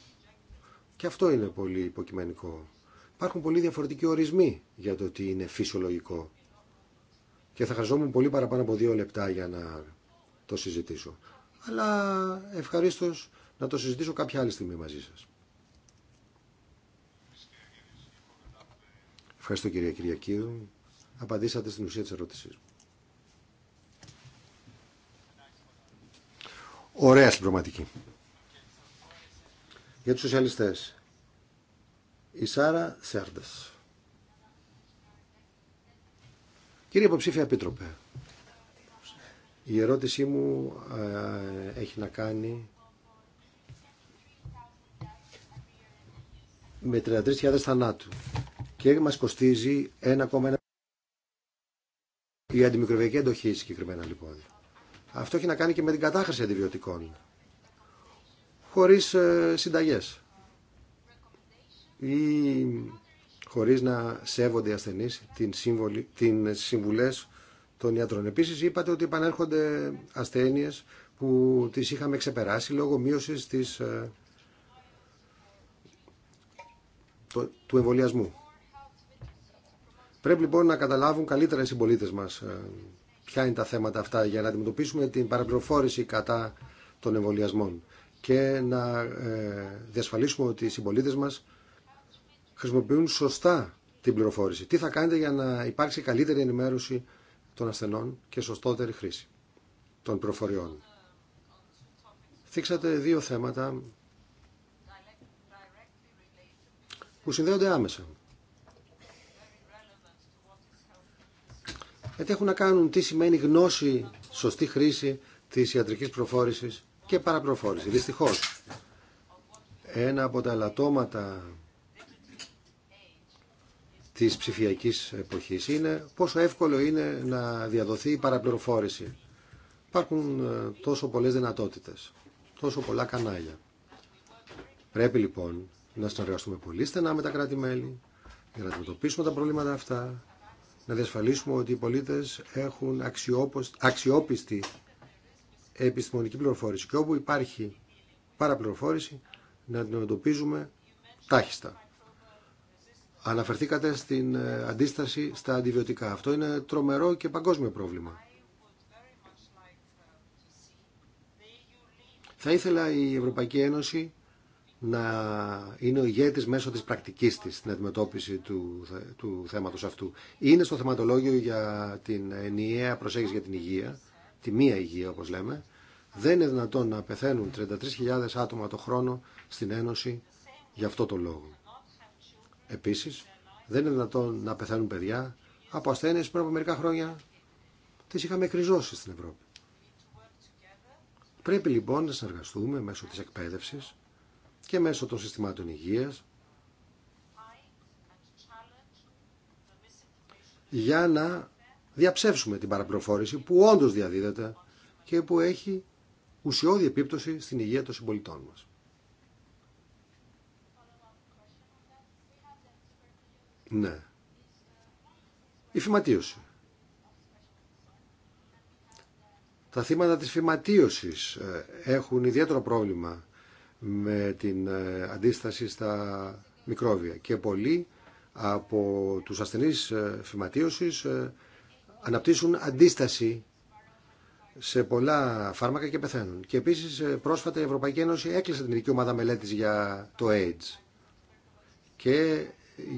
Και αυτό είναι πολύ υποκειμενικό. Υπάρχουν πολύ διαφορετικοί ορισμοί για το ότι είναι φυσιολογικό. Και θα χρειαζόμουν πολύ παραπάνω από δύο λεπτά για να το συζητήσω. Αλλά ευχαρίστω να το συζητήσω κάποια άλλη στιγμή μαζί σας. Ευχαριστώ κυρία Κυριακίδου. Απαντήσατε στην ουσία της ερώτησης. Ωραία συμπροματική. Για τους σοσιαλιστές. Η Σάρα Σέρντας. Κύριε υποψήφια επίτροπε, η ερώτησή μου ε, έχει να κάνει με 33.000 θανάτου και μας κοστίζει 1,1 η αντιμικροβιακή εντοχή συγκεκριμένα λοιπόν. Αυτό έχει να κάνει και με την κατάχρηση αντιβιωτικών χωρίς ε, συνταγές ή χωρίς να σέβονται οι ασθενείς την σύμβολη, την συμβουλές των ιατρών. Επίσης είπατε ότι επανέρχονται ασθένειες που τις είχαμε ξεπεράσει λόγω μείωσης της, ε, το, του εμβολιασμού. Πρέπει λοιπόν να καταλάβουν καλύτερα οι συμπολίτε μα ε, ποια είναι τα θέματα αυτά για να αντιμετωπίσουμε την παραπληροφόρηση κατά των εμβολιασμών και να ε, διασφαλίσουμε ότι οι συμπολίτε μας χρησιμοποιούν σωστά την πληροφόρηση. Τι θα κάνετε για να υπάρξει καλύτερη ενημέρωση των ασθενών και σωστότερη χρήση των πληροφοριών. Θίξατε δύο θέματα που συνδέονται άμεσα. Έτσι έχουν να κάνουν τι σημαίνει γνώση, σωστή χρήση της ιατρικής προφόρησης και παραπληροφόρηση. Δυστυχώς, ένα από τα λατώματα της ψηφιακής εποχής είναι πόσο εύκολο είναι να διαδοθεί η παραπληροφόρηση. Υπάρχουν ε, τόσο πολλές δυνατότητες, τόσο πολλά κανάλια. Πρέπει λοιπόν να συνεργαστούμε πολύ στενά με τα κράτη-μέλη για να αντιμετωπίσουμε τα προβλήματα αυτά, να διασφαλίσουμε ότι οι πολίτες έχουν αξιόπιστη επιστημονική πληροφόρηση και όπου υπάρχει παραπληροφόρηση να την εντοπίζουμε τάχιστα. Αναφερθήκατε στην ε, αντίσταση στα αντιβιωτικά. Αυτό είναι τρομερό και παγκόσμιο πρόβλημα. Θα ήθελα η Ευρωπαϊκή Ένωση να είναι ο ηγέτης μέσω της πρακτικής της στην αντιμετώπιση του, του θέματος αυτού. Είναι στο θεματολόγιο για την ενιαία προσέγγιση για την υγεία τη μία υγεία όπως λέμε, δεν είναι δυνατόν να πεθαίνουν 33.000 άτομα το χρόνο στην Ένωση για αυτό το λόγο. Επίσης, δεν είναι δυνατόν να πεθαίνουν παιδιά από ασθένειε πριν από μερικά χρόνια τις είχαμε κρυζώσει στην Ευρώπη. Πρέπει λοιπόν να συνεργαστούμε μέσω της εκπαίδευσης και μέσω των συστημάτων υγείας για να διαψεύσουμε την παραπληροφόρηση που όντω διαδίδεται και που έχει ουσιώδη επίπτωση στην υγεία των συμπολιτών μας. Ναι. Η φυματίωση. Τα θύματα της φυματίωσης ε, έχουν ιδιαίτερο πρόβλημα με την ε, αντίσταση στα μικρόβια και πολλοί από τους ασθενείς ε, φυματίωσης αναπτύσσουν αντίσταση σε πολλά φάρμακα και πεθαίνουν. Και επίσης ε, πρόσφατα η Ευρωπαϊκή Ένωση έκλεισε την ειδική ομάδα μελέτης για το AIDS και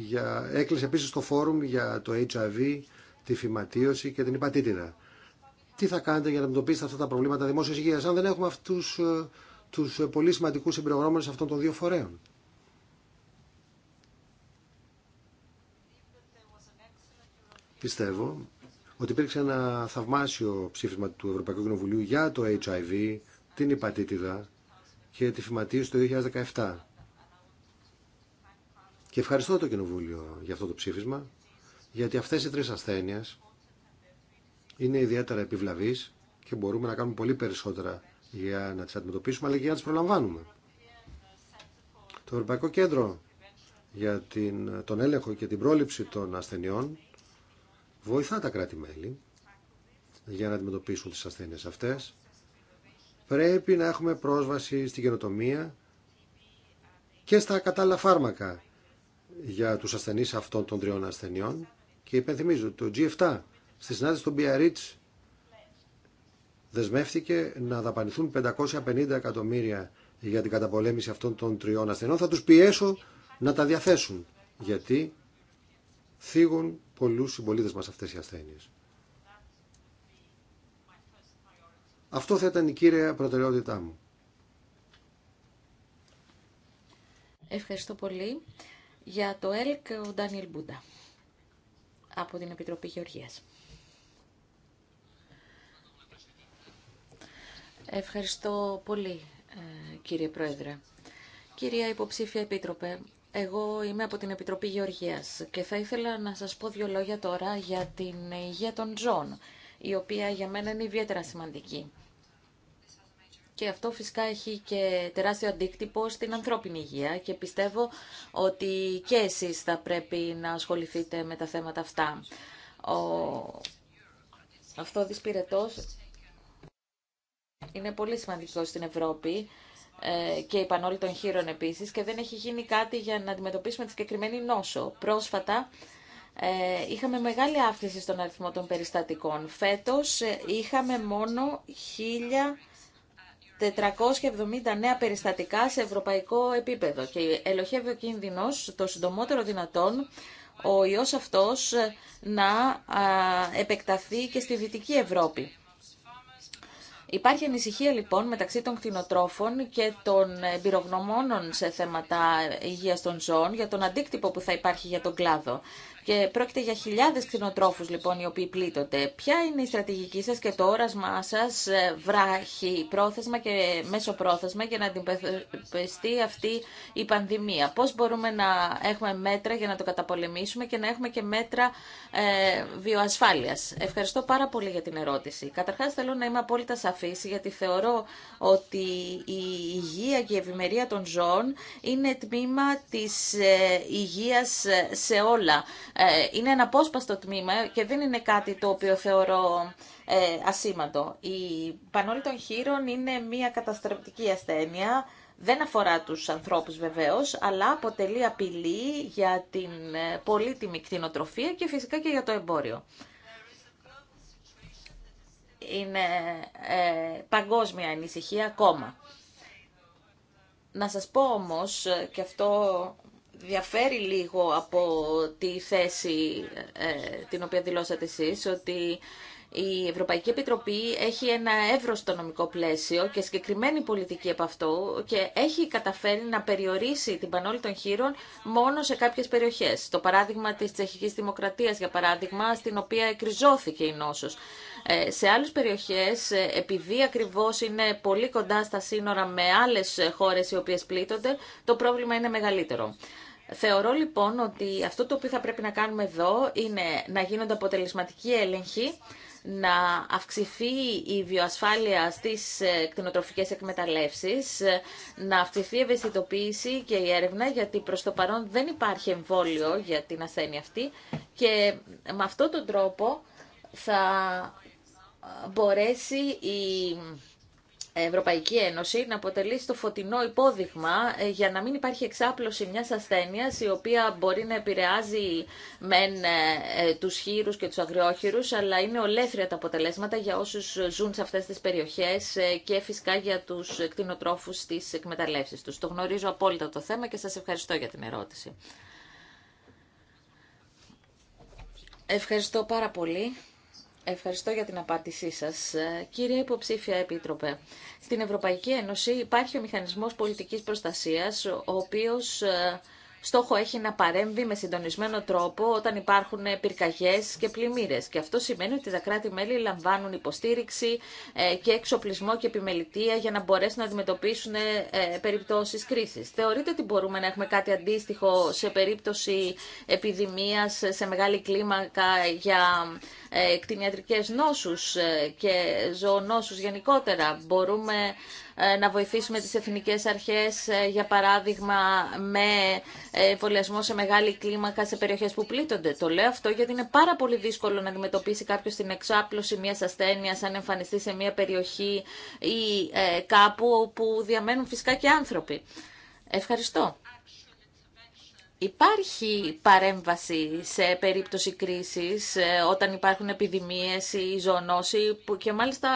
για, έκλεισε επίσης το φόρουμ για το HIV, τη φυματίωση και την υπατήτηδα. Τι θα κάνετε για να αντιμετωπίσετε αυτά τα προβλήματα δημόσιας υγείας αν δεν έχουμε αυτούς ε, τους ε, πολύ σημαντικούς συμπληρογνώμενους αυτών των δύο φορέων. Πιστεύω ότι υπήρξε ένα θαυμάσιο ψήφισμα του Ευρωπαϊκού Κοινοβουλίου για το HIV, την υπατήτηδα και τη φυματίωση το 2017. Και ευχαριστώ το Κοινοβούλιο για αυτό το ψήφισμα, γιατί αυτές οι τρεις ασθένειες είναι ιδιαίτερα επιβλαβείς και μπορούμε να κάνουμε πολύ περισσότερα για να τις αντιμετωπίσουμε, αλλά και για να τις προλαμβάνουμε. Το Ευρωπαϊκό Κέντρο για την, τον έλεγχο και την πρόληψη των ασθενειών βοηθά τα κράτη-μέλη για να αντιμετωπίσουν τις ασθένειες αυτές. Πρέπει να έχουμε πρόσβαση στην καινοτομία και στα κατάλληλα φάρμακα για τους ασθενείς αυτών των τριών ασθενειών. Και υπενθυμίζω, το G7 στη συνάντηση του Biarritz δεσμεύτηκε να δαπανηθούν 550 εκατομμύρια για την καταπολέμηση αυτών των τριών ασθενών. Θα τους πιέσω να τα διαθέσουν, γιατί θίγουν πολλούς συμπολίτε μας αυτές οι ασθένειες. Αυτό θα ήταν η κύρια προτεραιότητά μου. Ευχαριστώ πολύ. Για το ΕΛΚ, ο Ντάνιελ Μπούντα, από την Επιτροπή Γεωργίας. Ευχαριστώ πολύ, ε, κύριε Πρόεδρε. Κυρία Υποψήφια Επίτροπε, εγώ είμαι από την Επιτροπή Γεωργίας και θα ήθελα να σας πω δύο λόγια τώρα για την υγεία των ζώων, η οποία για μένα είναι ιδιαίτερα σημαντική. Και αυτό φυσικά έχει και τεράστιο αντίκτυπο στην ανθρώπινη υγεία και πιστεύω ότι και εσείς θα πρέπει να ασχοληθείτε με τα θέματα αυτά. Ο... Αυτό δυσπυρετός είναι πολύ σημαντικό στην Ευρώπη ε, και η πανόλη των χείρων επίση, και δεν έχει γίνει κάτι για να αντιμετωπίσουμε τη συγκεκριμένη νόσο. Πρόσφατα ε, είχαμε μεγάλη αύξηση στον αριθμό των περιστατικών. Φέτος ε, είχαμε μόνο 1.470 νέα περιστατικά σε ευρωπαϊκό επίπεδο και ελοχεύει ο κίνδυνο, το συντομότερο δυνατόν ο ιός αυτός να επεκταθεί και στη Δυτική Ευρώπη. Υπάρχει ανησυχία λοιπόν μεταξύ των κτηνοτρόφων και των εμπειρογνωμόνων σε θέματα υγείας των ζώων για τον αντίκτυπο που θα υπάρχει για τον κλάδο. Και πρόκειται για χιλιάδες κτηνοτρόφους λοιπόν οι οποίοι πλήττονται. Ποια είναι η στρατηγική σας και το όρασμά σας ε, βράχει πρόθεσμα και μέσο πρόθεσμα για να αντιμετωπιστεί αυτή η πανδημία. Πώς μπορούμε να έχουμε μέτρα για να το καταπολεμήσουμε και να έχουμε και μέτρα ε, βιοασφάλειας. Ευχαριστώ πάρα πολύ για την ερώτηση. Καταρχάς θέλω να είμαι απόλυτα σαφής γιατί θεωρώ ότι η υγεία και η ευημερία των ζώων είναι τμήμα της ε, υγείας ε, σε όλα ε, είναι ένα απόσπαστο τμήμα και δεν είναι κάτι το οποίο θεωρώ ε, ασήμαντο. Η πανόλη των χείρων είναι μια καταστρεπτική ασθένεια. Δεν αφορά τους ανθρώπους βεβαίως, αλλά αποτελεί απειλή για την ε, πολύτιμη κτηνοτροφία και φυσικά και για το εμπόριο. Είναι παγκόσμια ανησυχία ακόμα. Να σας πω όμως, και αυτό διαφέρει λίγο από τη θέση ε, την οποία δηλώσατε εσείς, ότι η Ευρωπαϊκή Επιτροπή έχει ένα εύρωστο νομικό πλαίσιο και συγκεκριμένη πολιτική από αυτό και έχει καταφέρει να περιορίσει την πανόλη των χείρων μόνο σε κάποιες περιοχές. Το παράδειγμα της Τσεχικής Δημοκρατίας, για παράδειγμα, στην οποία εκριζώθηκε η νόσος. Ε, σε άλλες περιοχές, ε, επειδή ακριβώς είναι πολύ κοντά στα σύνορα με άλλες χώρες οι οποίες πλήττονται, το πρόβλημα είναι μεγαλύτερο. Θεωρώ λοιπόν ότι αυτό το οποίο θα πρέπει να κάνουμε εδώ είναι να γίνονται αποτελεσματικοί έλεγχοι, να αυξηθεί η βιοασφάλεια στις ε, κτηνοτροφικές εκμεταλλεύσεις, να αυξηθεί η ευαισθητοποίηση και η έρευνα, γιατί προς το παρόν δεν υπάρχει εμβόλιο για την ασθένεια αυτή και με αυτόν τον τρόπο θα μπορέσει η Ευρωπαϊκή Ένωση να αποτελεί στο φωτεινό υπόδειγμα ε, για να μην υπάρχει εξάπλωση μιας ασθένειας η οποία μπορεί να επηρεάζει μεν ε, ε, τους χείρους και τους αγριόχειρους αλλά είναι ολέθρια τα αποτελέσματα για όσους ζουν σε αυτές τις περιοχές και φυσικά για τους κτηνοτρόφους της εκμεταλλεύσεις τους. Το γνωρίζω απόλυτα το θέμα και σας ευχαριστώ για την ερώτηση. Ευχαριστώ πάρα πολύ. Ευχαριστώ για την απάντησή σας. Ε, κύριε Υποψήφια Επίτροπε, στην Ευρωπαϊκή Ένωση υπάρχει ο μηχανισμός πολιτικής προστασίας, ο οποίος ε, στόχο έχει να παρέμβει με συντονισμένο τρόπο όταν υπάρχουν πυρκαγιές και πλημμύρες. Και αυτό σημαίνει ότι τα κράτη-μέλη λαμβάνουν υποστήριξη ε, και εξοπλισμό και επιμελητία για να μπορέσουν να αντιμετωπίσουν περιπτώσεις κρίσης. Θεωρείτε ότι μπορούμε να έχουμε κάτι αντίστοιχο σε περίπτωση επιδημία, σε μεγάλη κλίμακα για ε, κτηνιατρικές νόσους ε, και ζωονόσους γενικότερα. Μπορούμε ε, να βοηθήσουμε τις εθνικές αρχές, για παράδειγμα, με εμβολιασμό σε μεγάλη κλίμακα σε περιοχές που πλήττονται. Το λέω αυτό γιατί είναι πάρα πολύ δύσκολο να αντιμετωπίσει κάποιος την εξάπλωση μιας ασθένειας αν εμφανιστεί σε μια περιοχή ή κάπου όπου διαμένουν φυσικά και άνθρωποι. Ευχαριστώ. Υπάρχει παρέμβαση σε περίπτωση κρίσης, ε, όταν υπάρχουν επιδημίες ή ζωνώση, που και μάλιστα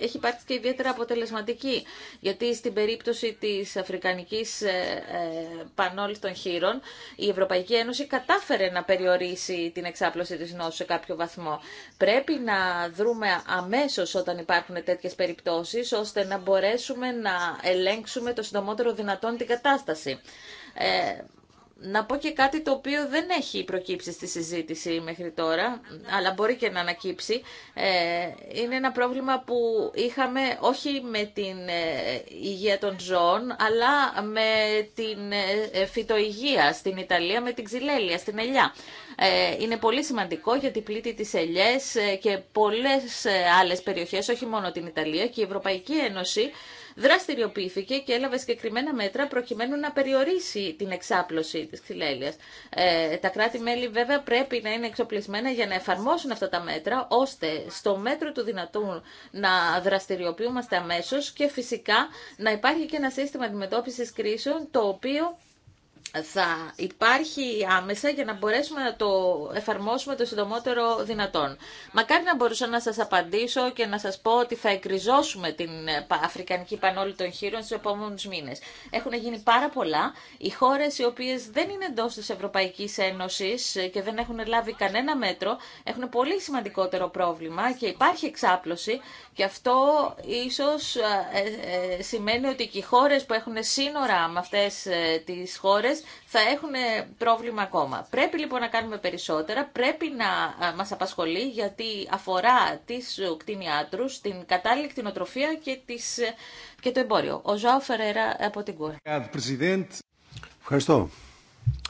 έχει υπάρξει και ιδιαίτερα αποτελεσματική. Γιατί στην περίπτωση της Αφρικανικής ε, ε, Πανόλης των Χείρων, η Ευρωπαϊκή Ένωση κατάφερε να περιορίσει την εξάπλωση της νόσου σε κάποιο βαθμό. Πρέπει να δρούμε αμέσως όταν υπάρχουν τέτοιες περιπτώσεις, ώστε να μπορέσουμε να ελέγξουμε το συντομότερο δυνατόν την κατάσταση να πω και κάτι το οποίο δεν έχει προκύψει στη συζήτηση μέχρι τώρα, αλλά μπορεί και να ανακύψει. Ε, είναι ένα πρόβλημα που είχαμε όχι με την ε, υγεία των ζώων, αλλά με την ε, φυτοϊγεία στην Ιταλία, με την ξυλέλεια, στην ελιά. Είναι πολύ σημαντικό γιατί πλήττει τις ελιές και πολλές άλλες περιοχές, όχι μόνο την Ιταλία και η Ευρωπαϊκή Ένωση δραστηριοποιήθηκε και έλαβε συγκεκριμένα μέτρα προκειμένου να περιορίσει την εξάπλωση της ξυλέλεια. Ε, τα κράτη-μέλη βέβαια πρέπει να είναι εξοπλισμένα για να εφαρμόσουν αυτά τα μέτρα, ώστε στο μέτρο του δυνατού να δραστηριοποιούμαστε αμέσως και φυσικά να υπάρχει και ένα σύστημα αντιμετώπιση κρίσεων το οποίο θα υπάρχει άμεσα για να μπορέσουμε να το εφαρμόσουμε το συντομότερο δυνατόν. Μακάρι να μπορούσα να σας απαντήσω και να σας πω ότι θα εκριζώσουμε την ε, Αφρικανική Πανόλη των Χείρων στους επόμενους μήνες. Έχουν γίνει πάρα πολλά. Οι χώρες οι οποίες δεν είναι εντό της Ευρωπαϊκής Ένωσης ε, και δεν έχουν λάβει κανένα μέτρο έχουν πολύ σημαντικότερο πρόβλημα και υπάρχει εξάπλωση και αυτό ίσως ε, σημαίνει ότι και οι χώρες που έχουν σύνορα με αυτές τις χώρες θα έχουν πρόβλημα ακόμα. Πρέπει λοιπόν να κάνουμε περισσότερα, πρέπει να μας απασχολεί γιατί αφορά τις ε, κτηνιάτρους, την κατάλληλη κτηνοτροφία και, τις, ε, και το εμπόριο. Ο Ζωάο Φερέρα από την Κούρα. Ευχαριστώ.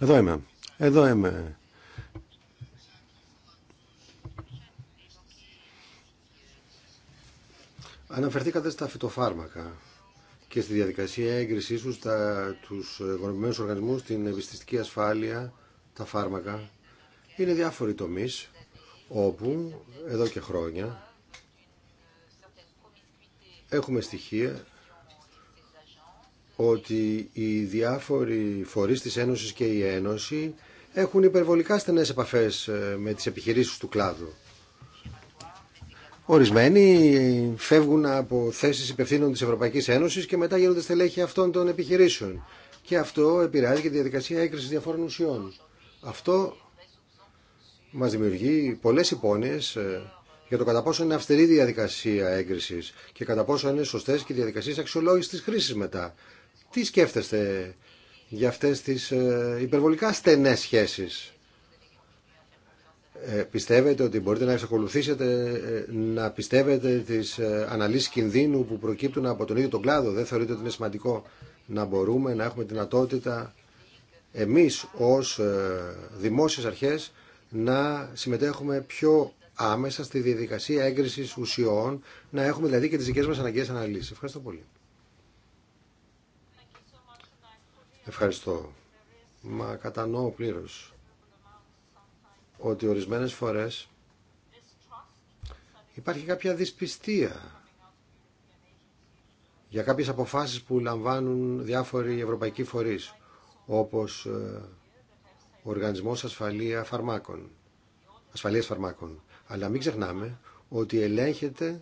Εδώ είμαι. Εδώ είμαι. Αναφερθήκατε στα φυτοφάρμακα και στη διαδικασία έγκρισή του τους γνωμημένους οργανισμούς, την ευαισθητική ασφάλεια, τα φάρμακα. Είναι διάφοροι τομείς όπου εδώ και χρόνια έχουμε στοιχεία ότι οι διάφοροι φορείς της Ένωσης και η Ένωση έχουν υπερβολικά στενές επαφές ε, με τις επιχειρήσεις του κλάδου. Ορισμένοι φεύγουν από θέσεις υπευθύνων της Ευρωπαϊκής Ένωσης και μετά γίνονται στελέχη αυτών των επιχειρήσεων. Και αυτό επηρεάζει και τη διαδικασία έγκρισης διαφόρων ουσιών. Αυτό μας δημιουργεί πολλές υπόνοιες ε, για το κατά πόσο είναι αυστηρή διαδικασία έγκρισης και κατά πόσο είναι σωστές και διαδικασίες αξιολόγησης της χρήσης μετά. Τι σκέφτεστε για αυτές τις ε, υπερβολικά στενές σχέσεις ε, πιστεύετε ότι μπορείτε να εξακολουθήσετε ε, να πιστεύετε τις ε, αναλύσεις κινδύνου που προκύπτουν από τον ίδιο τον κλάδο. Δεν θεωρείτε ότι είναι σημαντικό να μπορούμε να έχουμε δυνατότητα εμείς ως δημόσιες αρχές να συμμετέχουμε πιο άμεσα στη διαδικασία έγκρισης ουσιών, να έχουμε δηλαδή και τις δικές μας αναγκαίες αναλύσεις. Ευχαριστώ πολύ. Ευχαριστώ. Μα κατανοώ πλήρως ότι ορισμένες φορές υπάρχει κάποια δυσπιστία για κάποιες αποφάσεις που λαμβάνουν διάφοροι ευρωπαϊκοί φορείς, όπως ο ε, Οργανισμός Ασφαλεία Φαρμάκων, Ασφαλείας Φαρμάκων. Αλλά μην ξεχνάμε ότι ελέγχεται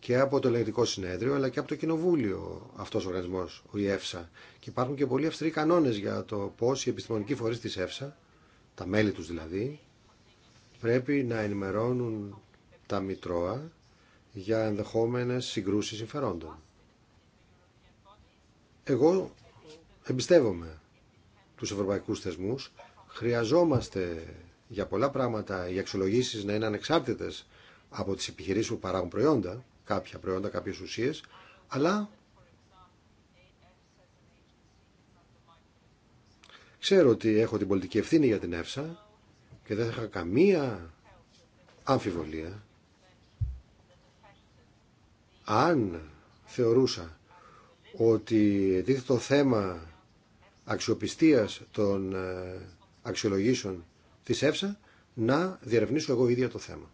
και από το ελεγκτικό συνέδριο, αλλά και από το κοινοβούλιο αυτός ο οργανισμός, η ΕΦΣΑ. Και υπάρχουν και πολύ αυστηροί κανόνες για το πώς οι επιστημονικοί φορείς της ΕΦΣΑ, τα μέλη τους δηλαδή, πρέπει να ενημερώνουν τα Μητρώα για ενδεχόμενες συγκρούσεις συμφερόντων. Εγώ εμπιστεύομαι τους ευρωπαϊκούς θεσμούς. Χρειαζόμαστε για πολλά πράγματα οι αξιολογήσει να είναι ανεξάρτητες από τις επιχειρήσεις που παράγουν προϊόντα, κάποια προϊόντα, κάποιες ουσίες, αλλά ξέρω ότι έχω την πολιτική ευθύνη για την ΕΦΣΑ και δεν θα είχα καμία αμφιβολία αν θεωρούσα ότι τίθε το θέμα αξιοπιστίας των ε, αξιολογήσεων της ΕΦΣΑ να διερευνήσω εγώ ίδια το θέμα.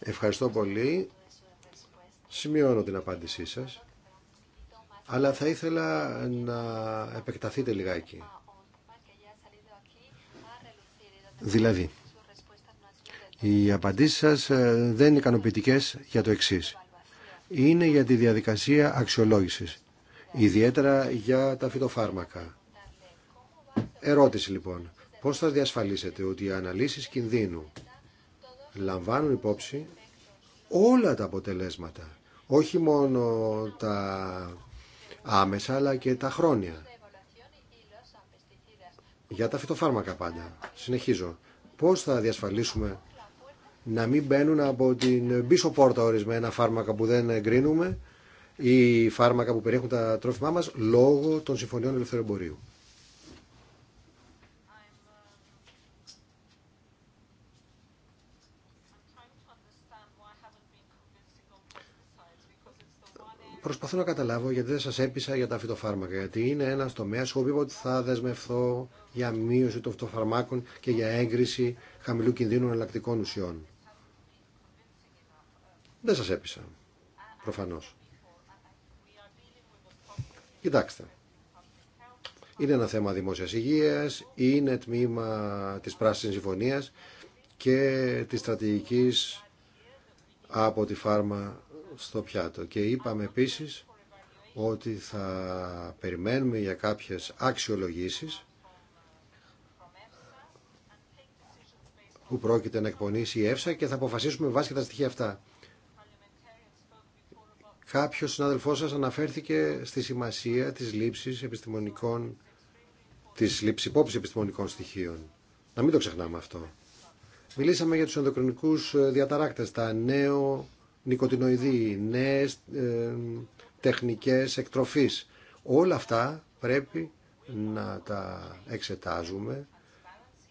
Ευχαριστώ πολύ. Σημειώνω την απάντησή σας. Αλλά θα ήθελα να επεκταθείτε λιγάκι. Δηλαδή, οι απαντήσεις σας ε, δεν είναι ικανοποιητικές για το εξής. Είναι για τη διαδικασία αξιολόγησης, ιδιαίτερα για τα φυτοφάρμακα. Ερώτηση λοιπόν, πώς θα διασφαλίσετε ότι οι αναλύσεις κινδύνου λαμβάνουν υπόψη όλα τα αποτελέσματα, όχι μόνο τα άμεσα αλλά και τα χρόνια. Για τα φυτοφάρμακα πάντα. Συνεχίζω. Πώς θα διασφαλίσουμε να μην μπαίνουν από την πίσω πόρτα ορισμένα φάρμακα που δεν εγκρίνουμε ή φάρμακα που περιέχουν τα τρόφιμά μας λόγω των συμφωνιών ελευθερομπορίου. προσπαθώ να καταλάβω γιατί δεν σας έπεισα για τα φυτοφάρμακα. Γιατί είναι ένα τομέα που είπα ότι θα δεσμευθώ για μείωση των φυτοφαρμάκων και για έγκριση χαμηλού κινδύνου εναλλακτικών ουσιών. Δεν σας έπεισα, προφανώς. Κοιτάξτε, είναι ένα θέμα δημόσιας υγείας, είναι τμήμα της Πράσινης Συμφωνίας και της στρατηγικής από τη φάρμα στο πιάτο. Και είπαμε επίσης ότι θα περιμένουμε για κάποιες αξιολογήσεις που πρόκειται να εκπονήσει η ΕΦΣΑ και θα αποφασίσουμε βάσει τα στοιχεία αυτά. Κάποιος συνάδελφός σας αναφέρθηκε στη σημασία της λήψης επιστημονικών, της λήψης υπόψης επιστημονικών στοιχείων. Να μην το ξεχνάμε αυτό. Μιλήσαμε για τους ενδοκρινικούς διαταράκτες, τα νέο νοικοτινοειδή, νέες ε, τεχνικές εκτροφής. Όλα αυτά πρέπει να τα εξετάζουμε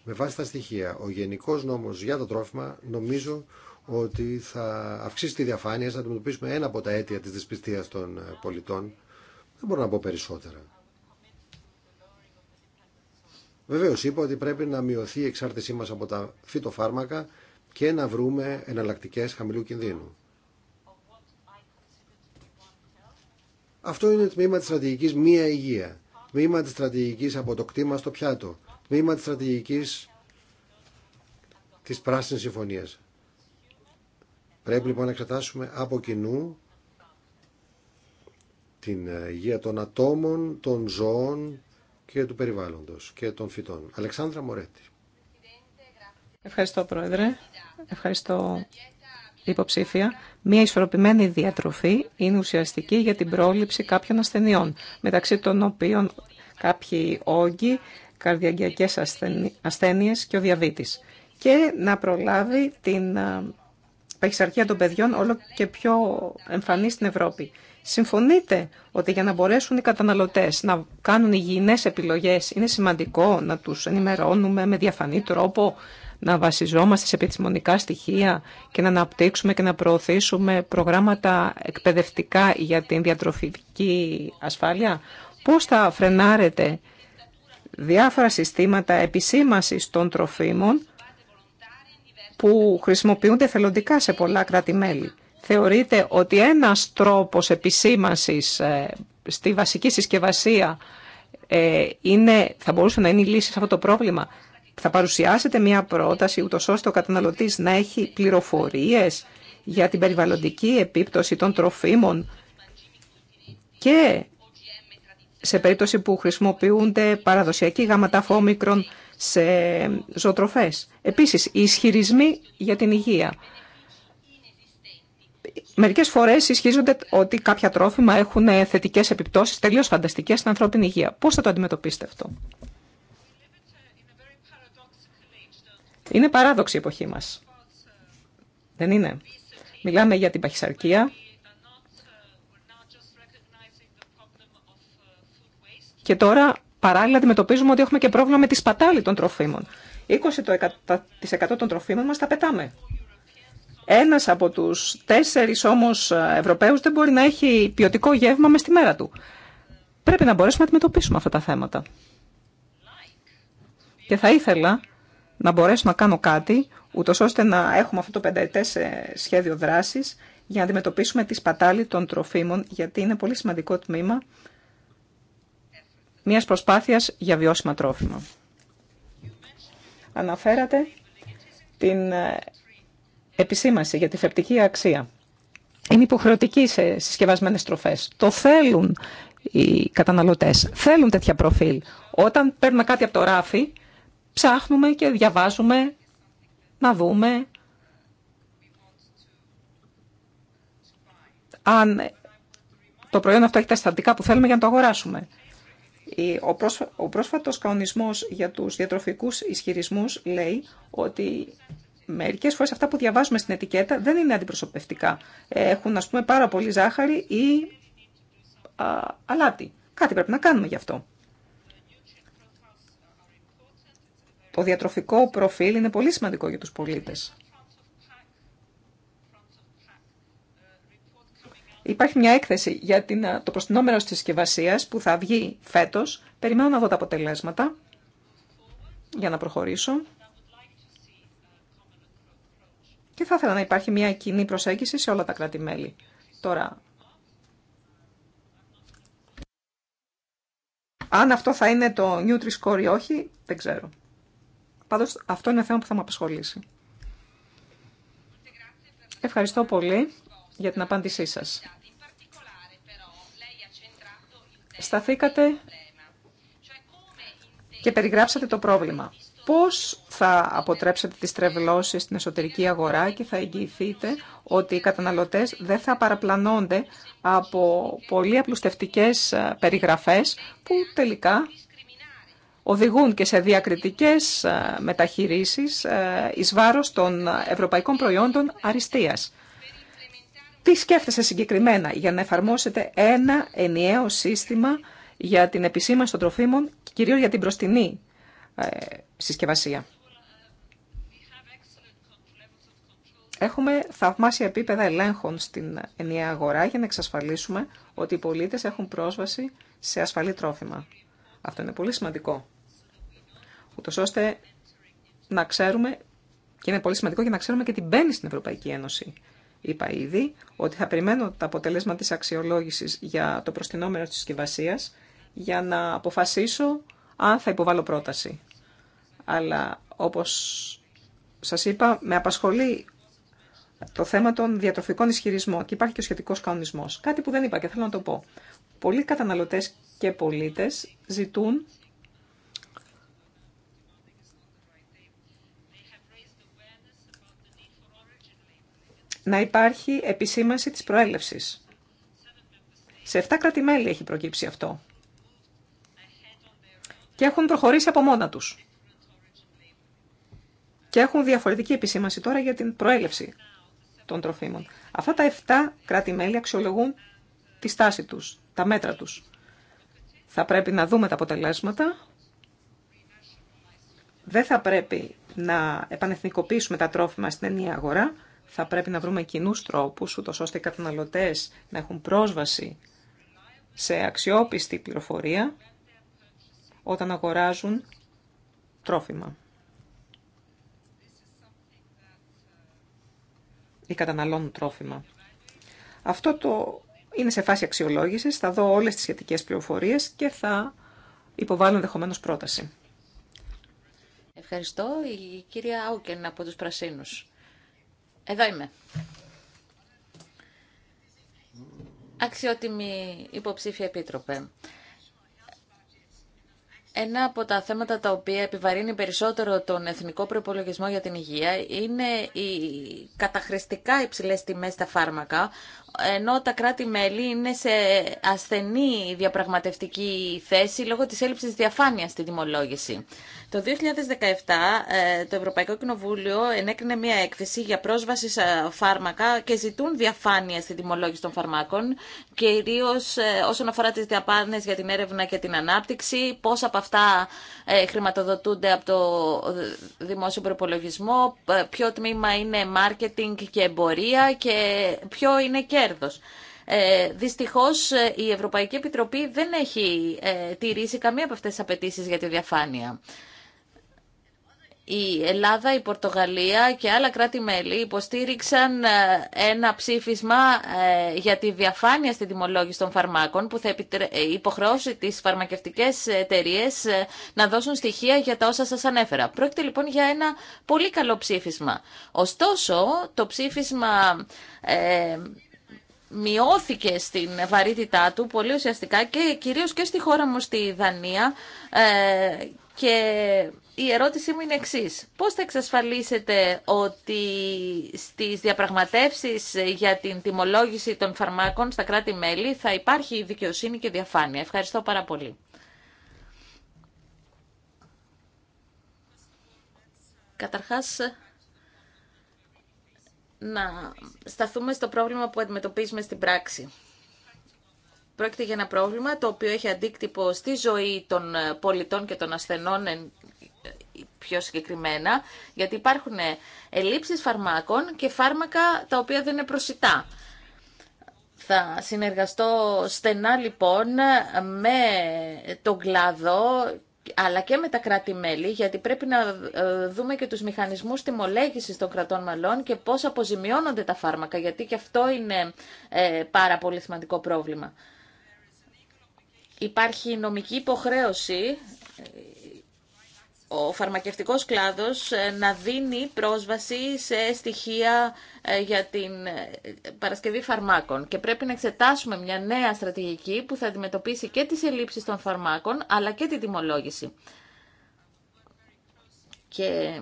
με βάση τα στοιχεία. Ο Γενικός Νόμος για το Τρόφιμα νομίζω ότι θα αυξήσει τη διαφάνεια, θα αντιμετωπίσουμε ένα από τα αίτια της δυσπιστίας των πολιτών. Δεν μπορώ να πω περισσότερα. Βεβαίω είπα ότι πρέπει να μειωθεί η εξάρτησή μας από τα φυτοφάρμακα και να βρούμε εναλλακτικέ χαμηλού κινδύνου. Αυτό είναι το τμήμα της στρατηγικής μία υγεία. Τμήμα της στρατηγικής από το κτήμα στο πιάτο. Τμήμα της στρατηγικής της πράσινης συμφωνίας. Πρέπει λοιπόν να εξετάσουμε από κοινού την ε, υγεία των ατόμων, των ζώων και του περιβάλλοντος και των φυτών. Αλεξάνδρα Μορέτη. Ευχαριστώ Πρόεδρε. Ευχαριστώ υποψήφια, μια ισορροπημένη διατροφή είναι ουσιαστική για την πρόληψη κάποιων ασθενειών, μεταξύ των οποίων κάποιοι όγκοι, καρδιαγγειακές ασθένειες και ο διαβήτης. Και να προλάβει την ε, παχυσαρκία των παιδιών όλο και πιο εμφανή στην Ευρώπη. Συμφωνείτε ότι για να μπορέσουν οι καταναλωτές να κάνουν υγιεινές επιλογές είναι σημαντικό να τους ενημερώνουμε με διαφανή τρόπο, να βασιζόμαστε σε επιστημονικά στοιχεία και να αναπτύξουμε και να προωθήσουμε προγράμματα εκπαιδευτικά για την διατροφική ασφάλεια. Πώς θα φρενάρετε διάφορα συστήματα επισήμασης των τροφίμων που χρησιμοποιούνται θελοντικά σε πολλά κράτη-μέλη. Θεωρείτε ότι ένας τρόπος επισήμασης ε, στη βασική συσκευασία ε, είναι, θα μπορούσε να είναι η λύση σε αυτό το πρόβλημα. Θα παρουσιάσετε μια πρόταση ούτως ώστε ο καταναλωτής να έχει πληροφορίες για την περιβαλλοντική επίπτωση των τροφίμων και σε περίπτωση που χρησιμοποιούνται παραδοσιακοί γάματα φόμικρον σε ζωοτροφές. Επίσης, οι ισχυρισμοί για την υγεία. Μερικές φορές ισχύζονται ότι κάποια τρόφιμα έχουν θετικές επιπτώσεις τελείως φανταστικές στην ανθρώπινη υγεία. Πώς θα το αντιμετωπίσετε αυτό. Είναι παράδοξη η εποχή μας. Δεν είναι. Μιλάμε για την παχυσαρκία και τώρα παράλληλα αντιμετωπίζουμε ότι έχουμε και πρόβλημα με τη σπατάλη των τροφίμων. 20% των τροφίμων μας τα πετάμε. Ένας από τους τέσσερις όμως Ευρωπαίους δεν μπορεί να έχει ποιοτικό γεύμα με στη μέρα του. Πρέπει να μπορέσουμε να αντιμετωπίσουμε αυτά τα θέματα. Και θα ήθελα να μπορέσω να κάνω κάτι, ούτω ώστε να έχουμε αυτό το πενταετέ ε, σχέδιο δράση για να αντιμετωπίσουμε τη σπατάλη των τροφίμων, γιατί είναι πολύ σημαντικό τμήμα μιας προσπάθειας για βιώσιμα τρόφιμα. Αναφέρατε την ε, επισήμαση για τη θρεπτική αξία. Είναι υποχρεωτική σε συσκευασμένες τροφές. Το θέλουν οι καταναλωτές. Θέλουν τέτοια προφίλ. Όταν παίρνουν κάτι από το ράφι, ψάχνουμε και διαβάζουμε να δούμε αν το προϊόν αυτό έχει τα συστατικά που θέλουμε για να το αγοράσουμε. Ο πρόσφατος καονισμός για τους διατροφικούς ισχυρισμούς λέει ότι μερικές φορές αυτά που διαβάζουμε στην ετικέτα δεν είναι αντιπροσωπευτικά. Έχουν, ας πούμε, πάρα πολύ ζάχαρη ή αλάτι. Κάτι πρέπει να κάνουμε γι' αυτό. το διατροφικό προφίλ είναι πολύ σημαντικό για τους πολίτες. Υπάρχει μια έκθεση για την, το προστινό μέρος της συσκευασία που θα βγει φέτος. Περιμένω να δω τα αποτελέσματα για να προχωρήσω. Και θα ήθελα να υπάρχει μια κοινή προσέγγιση σε όλα τα κράτη-μέλη. Τώρα, αν αυτό θα είναι το Nutri-Score ή όχι, δεν ξέρω. Πάντως αυτό είναι ένα θέμα που θα με απασχολήσει. Ευχαριστώ πολύ για την απάντησή σας. Σταθήκατε και περιγράψατε το πρόβλημα. Πώς θα αποτρέψετε τις τρευλώσεις στην εσωτερική αγορά και θα εγγυηθείτε ότι οι καταναλωτές δεν θα παραπλανώνται από πολύ απλουστευτικές ε, περιγραφές που τελικά οδηγούν και σε διακριτικές ε, μεταχειρήσεις ε, εις βάρος των ευρωπαϊκών προϊόντων αριστείας. Τι σκέφτεσαι συγκεκριμένα για να εφαρμόσετε ένα ενιαίο σύστημα για την επισήμανση των τροφίμων και κυρίως για την προστινή ε, συσκευασία. Έχουμε θαυμάσια επίπεδα ελέγχων στην ενιαία αγορά για να εξασφαλίσουμε ότι οι πολίτες έχουν πρόσβαση σε ασφαλή τρόφιμα. Αυτό είναι πολύ σημαντικό ούτως ώστε να ξέρουμε, και είναι πολύ σημαντικό για να ξέρουμε και τι μπαίνει στην Ευρωπαϊκή Ένωση. Είπα ήδη ότι θα περιμένω τα αποτελέσματα της αξιολόγησης για το προστινόμενο της συσκευασία για να αποφασίσω αν θα υποβάλω πρόταση. Αλλά όπως σας είπα, με απασχολεί το θέμα των διατροφικών ισχυρισμών και υπάρχει και ο σχετικό κανονισμό. Κάτι που δεν είπα και θέλω να το πω. Πολλοί καταναλωτές και πολίτες ζητούν να υπάρχει επισήμανση της προέλευσης. Σε 7 κρατημέλη έχει προκύψει αυτό. Και έχουν προχωρήσει από μόνα τους. Και έχουν διαφορετική επισήμανση τώρα για την προέλευση των τροφίμων. Αυτά τα 7 κρατη αξιολογούν τη στάση τους, τα μέτρα τους. Θα πρέπει να δούμε τα αποτελέσματα. Δεν θα πρέπει να επανεθνικοποιήσουμε τα τρόφιμα στην ενιαία αγορά θα πρέπει να βρούμε κοινού τρόπου, ούτως ώστε οι καταναλωτές να έχουν πρόσβαση σε αξιόπιστη πληροφορία όταν αγοράζουν τρόφιμα. Ή καταναλώνουν τρόφιμα. Αυτό το είναι σε φάση αξιολόγησης, θα δω όλες τις σχετικές πληροφορίες και θα υποβάλω ενδεχομένω πρόταση. Ευχαριστώ. Η κυρία Άουκεν από τους Πρασίνους. Εδώ είμαι. Αξιότιμη υποψήφια επίτροπε. Ένα από τα θέματα τα οποία επιβαρύνει περισσότερο τον εθνικό προπολογισμό για την υγεία είναι οι καταχρηστικά υψηλές τιμές στα φάρμακα, ενώ τα κράτη-μέλη είναι σε ασθενή διαπραγματευτική θέση λόγω της έλλειψης διαφάνειας στη δημολόγηση. Το 2017 ε, το Ευρωπαϊκό Κοινοβούλιο ενέκρινε μια έκθεση για πρόσβαση σε φάρμακα και ζητούν διαφάνεια στη δημολόγηση των φαρμάκων, κυρίω ε, όσον αφορά τι διαπάνε για την έρευνα και την ανάπτυξη, πώ από αυτά ε, χρηματοδοτούνται από το δημόσιο προπολογισμό, ποιο τμήμα είναι marketing και εμπορία και ποιο είναι και κέρδος. Ε, δυστυχώς ε, η Ευρωπαϊκή Επιτροπή δεν έχει ε, τηρήσει καμία από αυτές τις απαιτήσει για τη διαφάνεια. Η Ελλάδα, η Πορτογαλία και άλλα κράτη-μέλη υποστήριξαν ε, ένα ψήφισμα ε, για τη διαφάνεια στη τιμολόγηση των φαρμάκων που θα υποχρεώσει τις φαρμακευτικές εταιρείε να δώσουν στοιχεία για τα όσα σας ανέφερα. Πρόκειται λοιπόν για ένα πολύ καλό ψήφισμα. Ωστόσο, το ψήφισμα... Ε, μειώθηκε στην βαρύτητά του πολύ ουσιαστικά και κυρίως και στη χώρα μου στη Δανία ε, και η ερώτησή μου είναι εξή. Πώς θα εξασφαλίσετε ότι στις διαπραγματεύσεις για την τιμολόγηση των φαρμάκων στα κράτη-μέλη θα υπάρχει δικαιοσύνη και διαφάνεια. Ευχαριστώ πάρα πολύ. Καταρχάς, να σταθούμε στο πρόβλημα που αντιμετωπίζουμε στην πράξη. Πρόκειται για ένα πρόβλημα το οποίο έχει αντίκτυπο στη ζωή των ε, πολιτών και των ασθενών ε, πιο συγκεκριμένα, γιατί υπάρχουν ε, ελλείψεις φαρμάκων και φάρμακα τα οποία δεν είναι προσιτά. Θα συνεργαστώ στενά λοιπόν με τον κλάδο αλλά και με τα κράτη-μέλη, γιατί πρέπει να ε, δούμε και τους μηχανισμούς τιμολέγησης των κρατών μελών και πώς αποζημιώνονται τα φάρμακα, γιατί και αυτό είναι ε, πάρα πολύ σημαντικό πρόβλημα. Υπάρχει νομική υποχρέωση ο φαρμακευτικός κλάδος ε, να δίνει πρόσβαση σε στοιχεία ε, για την ε, παρασκευή φαρμάκων και πρέπει να εξετάσουμε μια νέα στρατηγική που θα αντιμετωπίσει και τις ελλείψεις των φαρμάκων αλλά και την τιμολόγηση. Και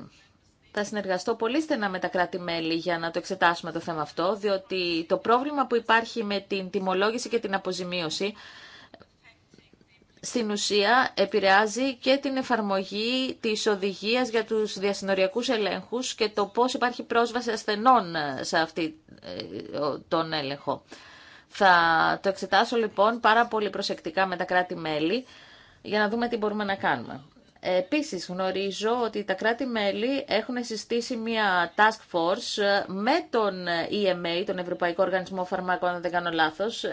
θα συνεργαστώ πολύ στενά με τα κράτη-μέλη για να το εξετάσουμε το θέμα αυτό, διότι το πρόβλημα που υπάρχει με την τιμολόγηση και την αποζημίωση στην ουσία επηρεάζει και την εφαρμογή της οδηγίας για τους διασυνοριακούς ελέγχους και το πώς υπάρχει πρόσβαση ασθενών σε αυτή ε, τον έλεγχο. Θα το εξετάσω λοιπόν πάρα πολύ προσεκτικά με τα κράτη-μέλη για να δούμε τι μπορούμε να κάνουμε. Επίσης γνωρίζω ότι τα κράτη-μέλη έχουν συστήσει μια task force με τον EMA, τον Ευρωπαϊκό Οργανισμό Φαρμάκων, αν δεν κάνω λάθος,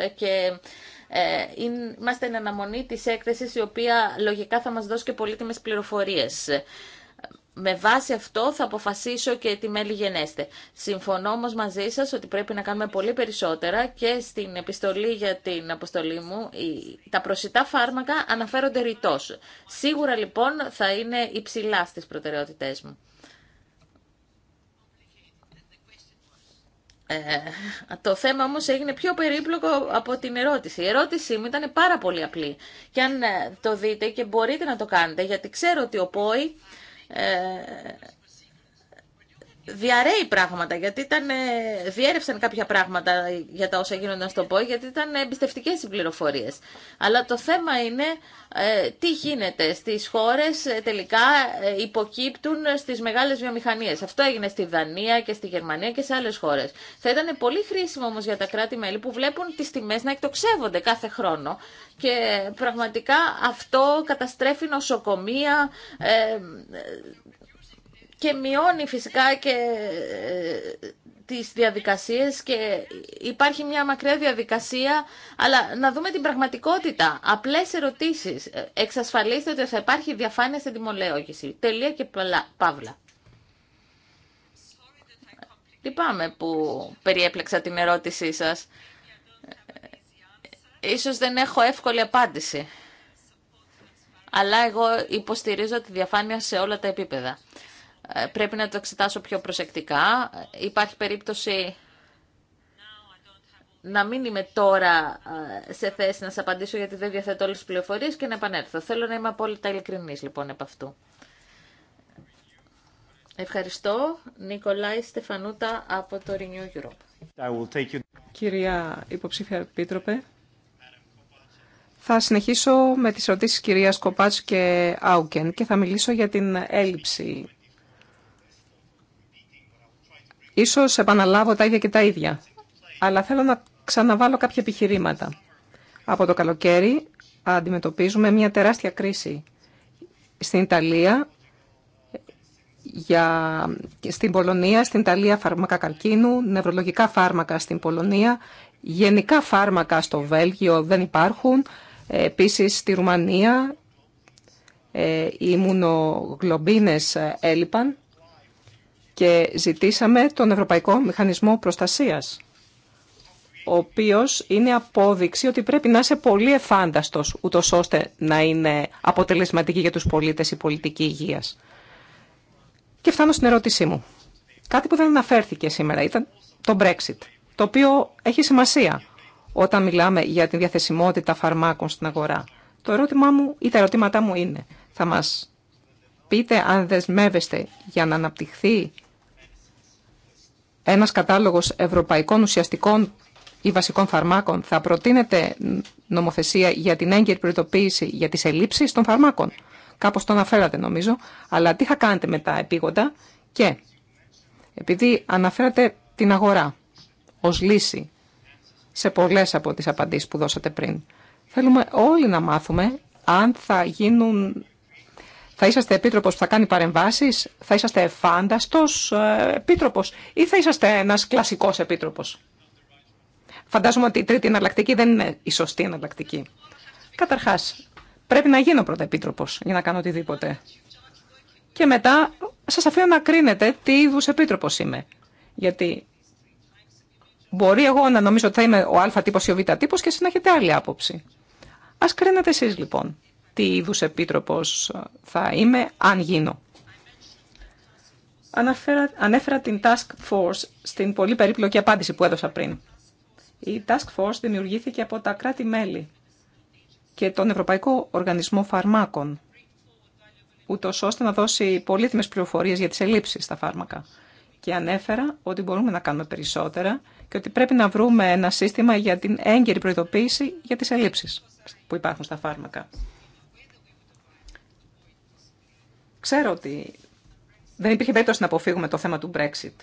ε, είμαστε εν αναμονή της έκθεσης η οποία λογικά θα μας δώσει και πολύτιμες πληροφορίες. Με βάση αυτό θα αποφασίσω και τι μέλη γενέστε. Συμφωνώ όμω μαζί σας ότι πρέπει να κάνουμε πολύ περισσότερα και στην επιστολή για την αποστολή μου τα προσιτά φάρμακα αναφέρονται ρητός. Σίγουρα λοιπόν θα είναι υψηλά στις προτεραιότητές μου. Ε, το θέμα όμως έγινε πιο περίπλοκο από την ερώτηση. Η ερώτησή μου ήταν πάρα πολύ απλή. Και αν ε, το δείτε και μπορείτε να το κάνετε, γιατί ξέρω ότι ο Πόη ε, διαρρέει πράγματα, γιατί ήταν, ε, διέρευσαν κάποια πράγματα για τα όσα γίνονταν στο ΠΟΕ, γιατί ήταν εμπιστευτικέ οι πληροφορίε. Αλλά το θέμα είναι ε, τι γίνεται. Στι χώρε ε, τελικά υποκύπτουν στι μεγάλε βιομηχανίε. Αυτό έγινε στη Δανία και στη Γερμανία και σε άλλε χώρε. Θα ήταν πολύ χρήσιμο όμω για τα κράτη-μέλη που βλέπουν τι τιμέ να εκτοξεύονται κάθε χρόνο. Και πραγματικά αυτό καταστρέφει νοσοκομεία, και μειώνει φυσικά και ε, τις διαδικασίες και υπάρχει μια μακριά διαδικασία, αλλά να δούμε την πραγματικότητα. Απλές ερωτήσεις. Ε, εξασφαλίστε ότι θα υπάρχει διαφάνεια στην τιμολέωγηση. Τελεία και παύλα. Λυπάμαι που περιέπλεξα την ερώτησή σας. Ε, ίσως δεν έχω εύκολη απάντηση. Αλλά εγώ υποστηρίζω τη διαφάνεια σε όλα τα επίπεδα. Ε, πρέπει να το εξετάσω πιο προσεκτικά. Υπάρχει περίπτωση να μην είμαι τώρα ε, σε θέση να σας απαντήσω γιατί δεν διαθέτω όλες τις πληροφορίες και να επανέλθω. Θέλω να είμαι απόλυτα ειλικρινής λοιπόν επ' αυτού. Ευχαριστώ. Νικολάη Στεφανούτα από το Renew Europe. Κυρία Υποψήφια Επίτροπε, θα συνεχίσω με τις ερωτήσεις κυρίας Κοπάτς και Άουκεν και θα μιλήσω για την έλλειψη Ίσως επαναλάβω τα ίδια και τα ίδια, αλλά θέλω να ξαναβάλω κάποια επιχειρήματα. Από το καλοκαίρι αντιμετωπίζουμε μια τεράστια κρίση στην Ιταλία, για... στην Πολωνία, στην Ιταλία φάρμακα καρκίνου, νευρολογικά φάρμακα στην Πολωνία, γενικά φάρμακα στο Βέλγιο δεν υπάρχουν, επίσης στη Ρουμανία ε, οι μουνογλομπίνες έλειπαν και ζητήσαμε τον Ευρωπαϊκό Μηχανισμό Προστασίας, ο οποίος είναι απόδειξη ότι πρέπει να είσαι πολύ εφάνταστος, ούτω ώστε να είναι αποτελεσματική για τους πολίτες η πολιτική υγείας. Και φτάνω στην ερώτησή μου. Κάτι που δεν αναφέρθηκε σήμερα ήταν το Brexit, το οποίο έχει σημασία όταν μιλάμε για τη διαθεσιμότητα φαρμάκων στην αγορά. Το ερώτημά μου ή τα ερωτήματά μου είναι, θα μας πείτε αν δεσμεύεστε για να αναπτυχθεί ένας κατάλογος ευρωπαϊκών ουσιαστικών ή βασικών φαρμάκων, θα προτείνεται νομοθεσία για την έγκαιρη προειδοποίηση για τις ελλείψεις των φαρμάκων. Κάπως το αναφέρατε νομίζω, αλλά τι θα κάνετε με τα επίγοντα και επειδή αναφέρατε την αγορά ως λύση σε πολλές από τις απαντήσεις που δώσατε πριν. Θέλουμε όλοι να μάθουμε αν θα γίνουν θα είσαστε επίτροπο που θα κάνει παρεμβάσει, θα είσαστε εφάνταστο ε, επίτροπο Ή θα είστε ένα κλασικό επίτροπο. Φαντάζομαι ότι η τρίτη εναλλακτική δεν είναι η σωστή εναλλακτική. Καταρχά, πρέπει να γίνω πρώτα επίτροπο για να κάνω οτιδήποτε. Και μετά σα αφήνω να κρίνετε τι είδου επίτροπο είμαι. Γιατί μπορεί εγώ να νομίζω ότι θα είμαι ο Α τύπο ή ο Β τύπο και εσεί να έχετε άλλη άποψη. Α κρίνετε εσεί λοιπόν τι είδους επίτροπος θα είμαι αν γίνω. Αναφέρα, ανέφερα την Task Force στην πολύ περίπλοκη απάντηση που έδωσα πριν. Η Task Force δημιουργήθηκε από τα κράτη-μέλη και τον Ευρωπαϊκό Οργανισμό Φαρμάκων, ούτω ώστε να δώσει πολύτιμες πληροφορίες για τις ελλείψεις στα φάρμακα. Και ανέφερα ότι μπορούμε να κάνουμε περισσότερα και ότι πρέπει να βρούμε ένα σύστημα για την έγκαιρη προειδοποίηση για τις ελλείψεις που υπάρχουν στα φάρμακα. Ξέρω ότι δεν υπήρχε περίπτωση να αποφύγουμε το θέμα του Brexit.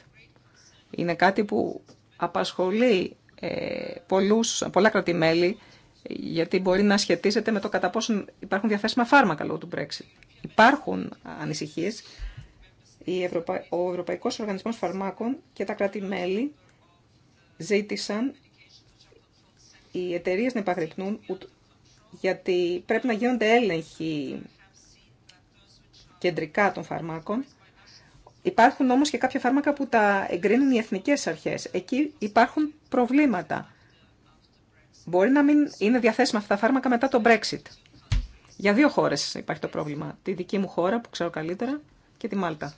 Είναι κάτι που απασχολεί ε, πολλούς, πολλά κρατημέλη γιατί μπορεί να σχετίζεται με το κατά πόσο υπάρχουν διαθέσιμα φάρμακα λόγω του Brexit. Υπάρχουν ανησυχίες. Ο Ευρωπαϊκός Οργανισμός Φαρμάκων και τα κρατημέλη μελη ζήτησαν οι εταιρείε να υπαγρυπνούν γιατί πρέπει να γίνονται έλεγχοι κεντρικά των φαρμάκων. Υπάρχουν όμως και κάποια φάρμακα που τα εγκρίνουν οι εθνικές αρχές. Εκεί υπάρχουν προβλήματα. Μπορεί να μην είναι διαθέσιμα αυτά τα φάρμακα μετά το Brexit. Για δύο χώρες υπάρχει το πρόβλημα. Τη δική μου χώρα που ξέρω καλύτερα και τη Μάλτα.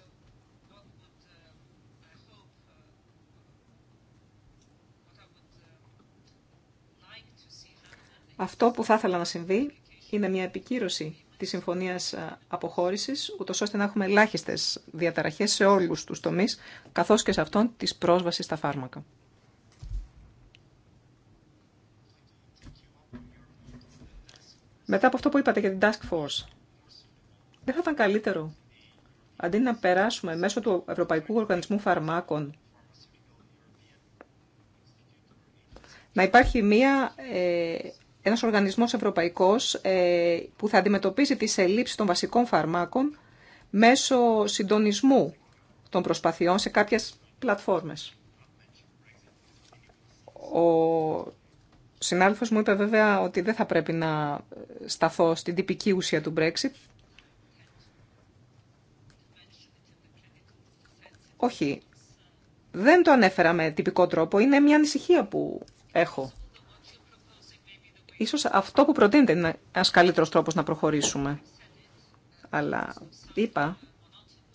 Αυτό που θα ήθελα να συμβεί είναι μια επικύρωση της συμφωνίας ε, αποχώρησης, ούτως ώστε να έχουμε ελάχιστε διαταραχές σε όλους τους τομείς, καθώς και σε αυτόν της πρόσβασης στα φάρμακα. Μετά από αυτό που είπατε για την Task Force, δεν θα ήταν καλύτερο αντί να περάσουμε μέσω του Ευρωπαϊκού Οργανισμού Φαρμάκων να υπάρχει μία ε, ένας οργανισμός ευρωπαϊκός ε, που θα αντιμετωπίζει τη ελλείψεις των βασικών φαρμάκων μέσω συντονισμού των προσπαθειών σε κάποιες πλατφόρμες. Ο συνάδελφος μου είπε βέβαια ότι δεν θα πρέπει να σταθώ στην τυπική ουσία του Brexit. Όχι, δεν το ανέφερα με τυπικό τρόπο, είναι μια ανησυχία που έχω. Ίσως αυτό που προτείνεται είναι ένα καλύτερο τρόπος να προχωρήσουμε. Αλλά είπα,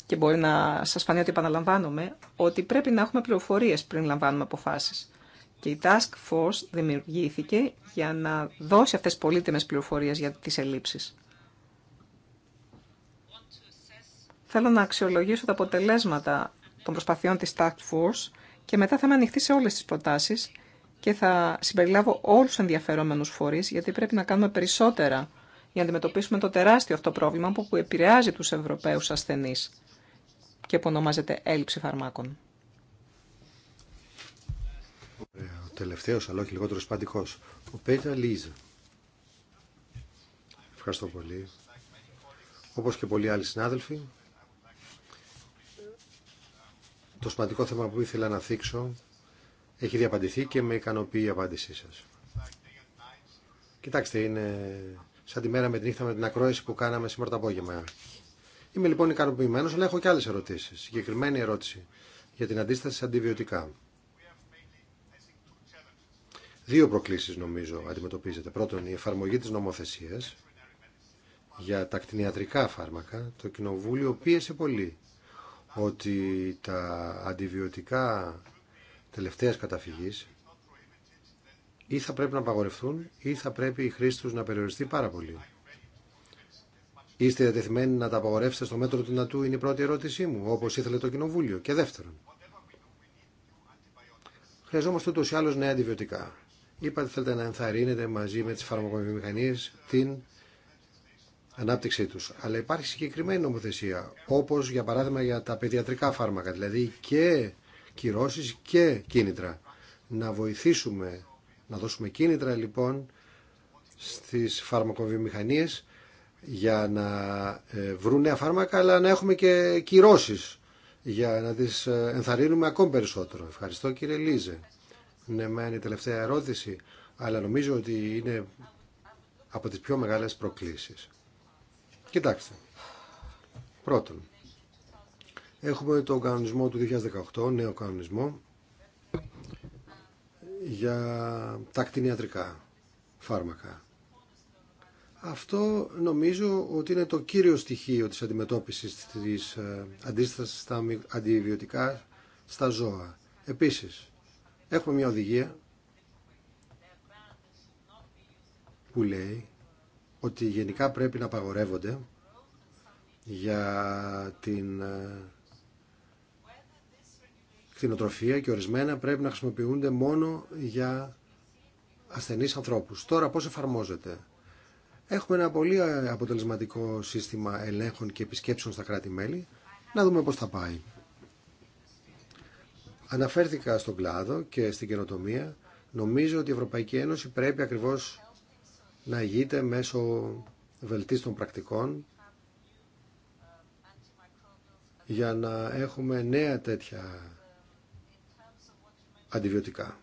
και μπορεί να σας φανεί ότι επαναλαμβάνομαι, ότι πρέπει να έχουμε πληροφορίες πριν λαμβάνουμε αποφάσεις. Και η Task Force δημιουργήθηκε για να δώσει αυτές τις πολύτιμες πληροφορίες για τις ελλείψεις. Θέλω να αξιολογήσω τα αποτελέσματα των προσπαθειών της Task Force και μετά θα είμαι ανοιχτή σε όλες τις προτάσεις και θα συμπεριλάβω όλους τους ενδιαφερόμενους φορείς γιατί πρέπει να κάνουμε περισσότερα για να αντιμετωπίσουμε το τεράστιο αυτό πρόβλημα που επηρεάζει τους Ευρωπαίους ασθενείς και που ονομάζεται έλλειψη φαρμάκων. Ε, ο τελευταίος, αλλά όχι λιγότερο σπαντικός, ο Πέτρα Λίζα. Ευχαριστώ πολύ. Όπως και πολλοί άλλοι συνάδελφοι, το σημαντικό θέμα που ήθελα να θίξω έχει διαπαντηθεί και με ικανοποιεί η απάντησή σα. Κοιτάξτε, είναι σαν τη μέρα με τη νύχτα με την ακρόαση που κάναμε σήμερα το απόγευμα. Είμαι λοιπόν ικανοποιημένο αλλά έχω και άλλε ερωτήσει. Συγκεκριμένη ερώτηση για την αντίσταση σε αντιβιωτικά. Δύο προκλήσει νομίζω αντιμετωπίζεται. Πρώτον, η εφαρμογή τη νομοθεσία για τα κτηνιατρικά φάρμακα. Το Κοινοβούλιο πίεσε πολύ ότι τα αντιβιωτικά τελευταίας καταφυγής ή θα πρέπει να απαγορευτούν ή θα πρέπει η χρήση τους να περιοριστεί πάρα πολύ. Είστε διατεθειμένοι να τα απαγορεύσετε στο μέτρο του δυνατού είναι η πρώτη ερώτησή μου, όπως ήθελε το Κοινοβούλιο. Και δεύτερον, χρειαζόμαστε ούτως ή άλλως νέα αντιβιωτικά. Είπατε θέλετε να ενθαρρύνετε μαζί με τις φαρμακοβιομηχανίες την ανάπτυξή τους. Αλλά υπάρχει συγκεκριμένη νομοθεσία, όπως για παράδειγμα για τα παιδιατρικά φάρμακα, δηλαδή και κυρώσεις και κίνητρα. Να βοηθήσουμε, να δώσουμε κίνητρα λοιπόν στις φαρμακοβιομηχανίες για να ε, βρουν νέα φάρμακα, αλλά να έχουμε και κυρώσεις για να τις ε, ενθαρρύνουμε ακόμη περισσότερο. Ευχαριστώ κύριε Λίζε. Ναι, με η τελευταία ερώτηση, αλλά νομίζω ότι είναι από τις πιο μεγάλες προκλήσεις. Κοιτάξτε. Πρώτον, Έχουμε τον κανονισμό του 2018, νέο κανονισμό, για τα κτηνιατρικά φάρμακα. Αυτό νομίζω ότι είναι το κύριο στοιχείο της αντιμετώπισης της ε, αντίστασης στα αντιβιωτικά στα ζώα. Επίσης, έχουμε μια οδηγία που λέει ότι γενικά πρέπει να απαγορεύονται για την ε, κτηνοτροφία και ορισμένα πρέπει να χρησιμοποιούνται μόνο για ασθενείς ανθρώπους. Τώρα πώς εφαρμόζεται. Έχουμε ένα πολύ αποτελεσματικό σύστημα ελέγχων και επισκέψεων στα κράτη-μέλη. Να δούμε πώς θα πάει. Αναφέρθηκα στον κλάδο και στην καινοτομία. Νομίζω ότι η Ευρωπαϊκή Ένωση πρέπει ακριβώς να ηγείται μέσω βελτίστων πρακτικών για να έχουμε νέα τέτοια αντιβιωτικά.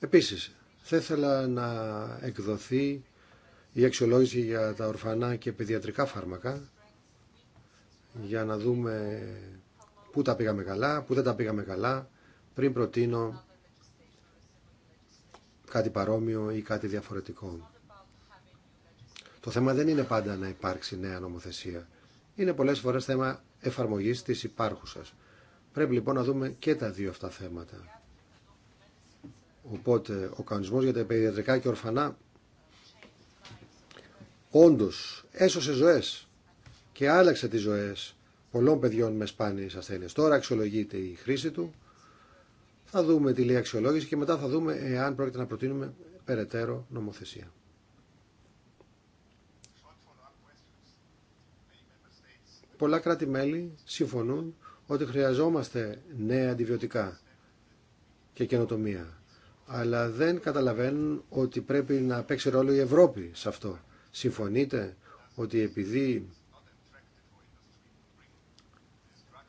Επίσης, θα ήθελα να εκδοθεί η αξιολόγηση για τα ορφανά και παιδιατρικά φάρμακα για να δούμε πού τα πήγαμε καλά, πού δεν τα πήγαμε καλά πριν προτείνω κάτι παρόμοιο ή κάτι διαφορετικό. Το θέμα δεν είναι πάντα να υπάρξει νέα νομοθεσία είναι πολλές φορές θέμα εφαρμογής της υπάρχουσας. Πρέπει λοιπόν να δούμε και τα δύο αυτά θέματα. Οπότε ο κανονισμός για τα παιδιατρικά και ορφανά όντως έσωσε ζωές και άλλαξε τις ζωές πολλών παιδιών με σπάνιες ασθένειες. Τώρα αξιολογείται η χρήση του. Θα δούμε τη λέει αξιολόγηση και μετά θα δούμε εάν πρόκειται να προτείνουμε περαιτέρω νομοθεσία. Πολλά κράτη-μέλη συμφωνούν ότι χρειαζόμαστε νέα αντιβιωτικά και καινοτομία. Αλλά δεν καταλαβαίνουν ότι πρέπει να παίξει ρόλο η Ευρώπη σε αυτό. Συμφωνείτε ότι επειδή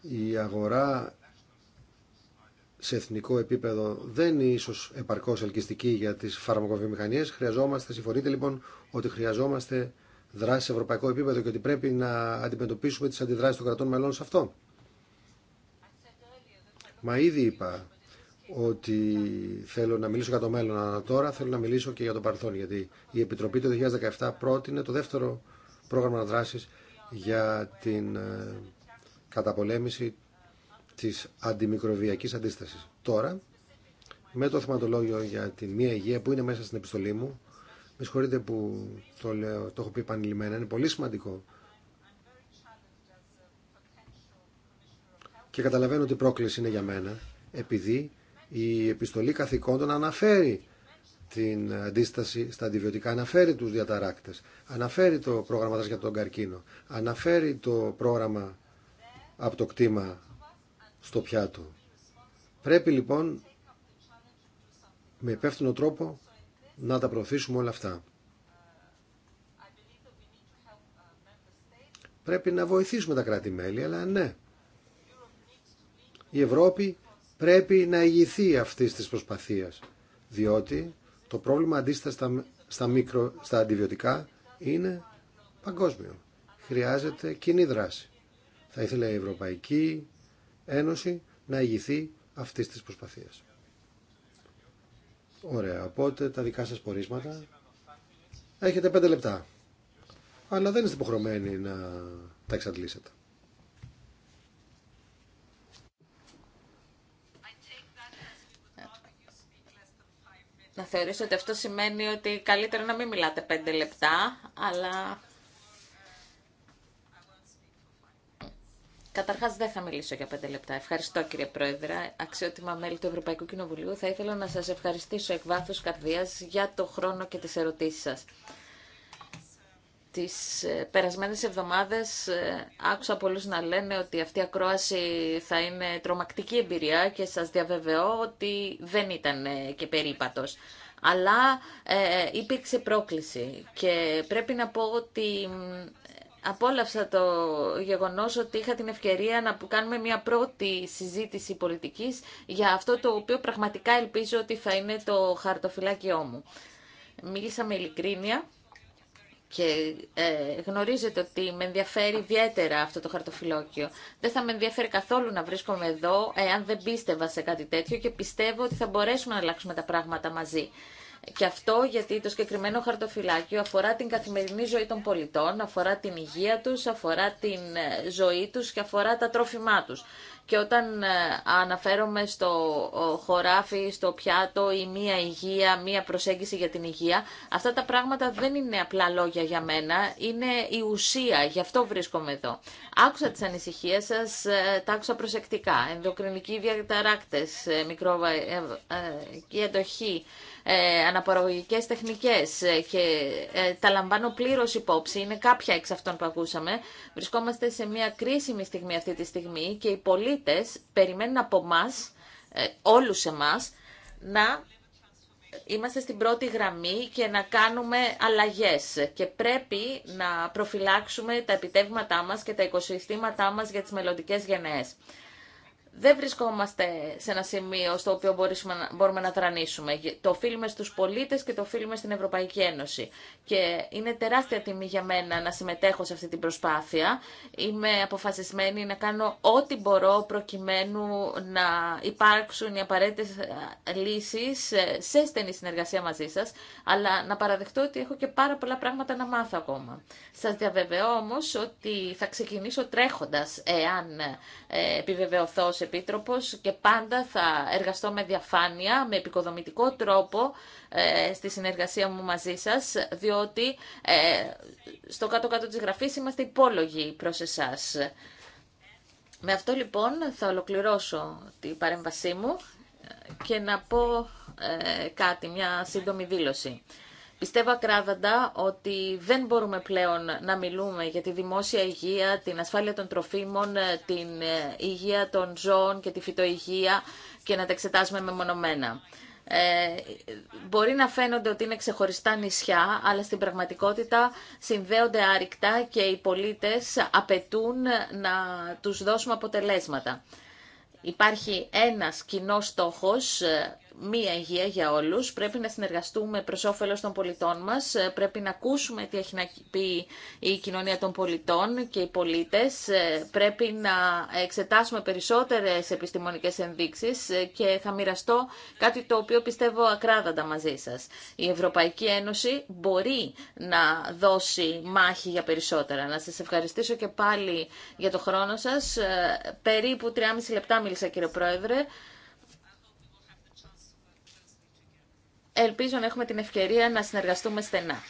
η αγορά σε εθνικό επίπεδο δεν είναι ίσως επαρκώς ελκυστική για τις φαρμακοβιομηχανίες, χρειαζόμαστε, συμφωνείτε λοιπόν, ότι χρειαζόμαστε δράση σε ευρωπαϊκό επίπεδο και ότι πρέπει να αντιμετωπίσουμε τις αντιδράσεις των κρατών μελών σε αυτό. Μα ήδη είπα ότι θέλω να μιλήσω για το μέλλον, αλλά τώρα θέλω να μιλήσω και για το παρελθόν, γιατί η Επιτροπή το 2017 πρότεινε το δεύτερο πρόγραμμα δράσης για την ε, καταπολέμηση της αντιμικροβιακής αντίστασης. Τώρα, με το θεματολόγιο για τη μία υγεία που είναι μέσα στην επιστολή μου, με συγχωρείτε που το το έχω πει επανειλημμένα, είναι πολύ σημαντικό. Και καταλαβαίνω ότι η πρόκληση είναι για μένα, επειδή η επιστολή καθηκόντων αναφέρει την αντίσταση στα αντιβιωτικά, αναφέρει τους διαταράκτες, αναφέρει το πρόγραμμα για τον καρκίνο, αναφέρει το πρόγραμμα από το κτήμα στο πιάτο. Πρέπει λοιπόν με υπεύθυνο τρόπο να τα προωθήσουμε όλα αυτά. Πρέπει να βοηθήσουμε τα κράτη-μέλη, αλλά ναι. Η Ευρώπη πρέπει να ηγηθεί αυτής της προσπαθία, διότι το πρόβλημα αντίσταση στα, μικρο, στα αντιβιωτικά είναι παγκόσμιο. Χρειάζεται κοινή δράση. Θα ήθελε η Ευρωπαϊκή Ένωση να ηγηθεί αυτής της προσπαθίας. Ωραία, οπότε τα δικά σας πορίσματα. Έχετε πέντε λεπτά. Αλλά δεν είστε υποχρεωμένοι να τα εξαντλήσετε. Να θεωρήσω ότι αυτό σημαίνει ότι καλύτερα να μην μιλάτε πέντε λεπτά, αλλά Καταρχάς δεν θα μιλήσω για πέντε λεπτά. Ευχαριστώ κύριε Πρόεδρε, αξιότιμα μέλη του Ευρωπαϊκού Κοινοβουλίου. Θα ήθελα να σας ευχαριστήσω εκ βάθους καρδίας για το χρόνο και τις ερωτήσεις σας. Τις ε, περασμένες εβδομάδες ε, άκουσα πολλούς να λένε ότι αυτή η ακρόαση θα είναι τρομακτική εμπειρία και σας διαβεβαιώ ότι δεν ήταν ε, και περίπατος. Αλλά ε, υπήρξε πρόκληση και πρέπει να πω ότι απόλαυσα το γεγονός ότι είχα την ευκαιρία να κάνουμε μια πρώτη συζήτηση πολιτικής για αυτό το οποίο πραγματικά ελπίζω ότι θα είναι το χαρτοφυλάκιό μου. Μίλησα με ειλικρίνεια και ε, γνωρίζετε ότι με ενδιαφέρει ιδιαίτερα αυτό το χαρτοφυλόκιο. Δεν θα με ενδιαφέρει καθόλου να βρίσκομαι εδώ εάν δεν πίστευα σε κάτι τέτοιο και πιστεύω ότι θα μπορέσουμε να αλλάξουμε τα πράγματα μαζί. Και αυτό γιατί το συγκεκριμένο χαρτοφυλάκιο αφορά την καθημερινή ζωή των πολιτών, αφορά την υγεία τους, αφορά την ε, ζωή τους και αφορά τα τρόφιμά τους. Και όταν ε, αναφέρομαι στο χωράφι, στο πιάτο ή μία υγεία, μία προσέγγιση για την υγεία, αυτά τα πράγματα δεν είναι απλά λόγια για μένα, είναι η ουσία, γι' αυτό βρίσκομαι εδώ. Άκουσα τις ανησυχίες σας, ε, τα άκουσα προσεκτικά. Ενδοκρινικοί διαταράκτες, ε, μικρόβα και εντοχή, αναπαραγωγικές τεχνικές και τα λαμβάνω πλήρως υπόψη, είναι κάποια εξ αυτών που ακούσαμε. Βρισκόμαστε σε μια κρίσιμη στιγμή αυτή τη στιγμή και οι πολλοί πολίτες περιμένουν από εμά, όλους εμάς, να είμαστε στην πρώτη γραμμή και να κάνουμε αλλαγές και πρέπει να προφυλάξουμε τα επιτεύγματά μας και τα οικοσυστήματά μας για τις μελλοντικέ γενναίες δεν βρισκόμαστε σε ένα σημείο στο οποίο μπορούμε να τρανίσουμε. Το οφείλουμε στους πολίτες και το οφείλουμε στην Ευρωπαϊκή Ένωση. Και είναι τεράστια τιμή για μένα να συμμετέχω σε αυτή την προσπάθεια. Είμαι αποφασισμένη να κάνω ό,τι μπορώ προκειμένου να υπάρξουν οι απαραίτητες ε, λύσεις ε, σε στενή συνεργασία μαζί σας, αλλά να παραδεχτώ ότι έχω και πάρα πολλά πράγματα να μάθω ακόμα. Σας διαβεβαιώ όμως ότι θα ξεκινήσω τρέχοντας εάν ε, επιβεβαιωθώ σε και πάντα θα εργαστώ με διαφάνεια, με επικοδομητικό τρόπο ε, στη συνεργασία μου μαζί σας, διότι ε, στο κάτω-κάτω της γραφής είμαστε υπόλογοι προς εσάς. Με αυτό λοιπόν θα ολοκληρώσω την παρέμβασή μου και να πω ε, κάτι, μια σύντομη δήλωση. Πιστεύω ακράδαντα ότι δεν μπορούμε πλέον να μιλούμε για τη δημόσια υγεία, την ασφάλεια των τροφίμων, την ε, υγεία των ζώων και τη φυτοϊγεία και να τα εξετάζουμε μεμονωμένα. Ε, μπορεί να φαίνονται ότι είναι ξεχωριστά νησιά, αλλά στην πραγματικότητα συνδέονται άρρηκτα και οι πολίτες απαιτούν να τους δώσουμε αποτελέσματα. Υπάρχει ένας κοινός στόχος ε, μία υγεία για όλους. Πρέπει να συνεργαστούμε προ όφελο των πολιτών μας. Πρέπει να ακούσουμε τι έχει να πει η κοινωνία των πολιτών και οι πολίτες. Πρέπει να εξετάσουμε περισσότερες επιστημονικές ενδείξεις και θα μοιραστώ κάτι το οποίο πιστεύω ακράδαντα μαζί σας. Η Ευρωπαϊκή Ένωση μπορεί να δώσει μάχη για περισσότερα. Να σα ευχαριστήσω και πάλι για το χρόνο σα. Περίπου 3,5 λεπτά μίλησα κύριε Πρόεδρε. Ελπίζω να έχουμε την ευκαιρία να συνεργαστούμε στενά.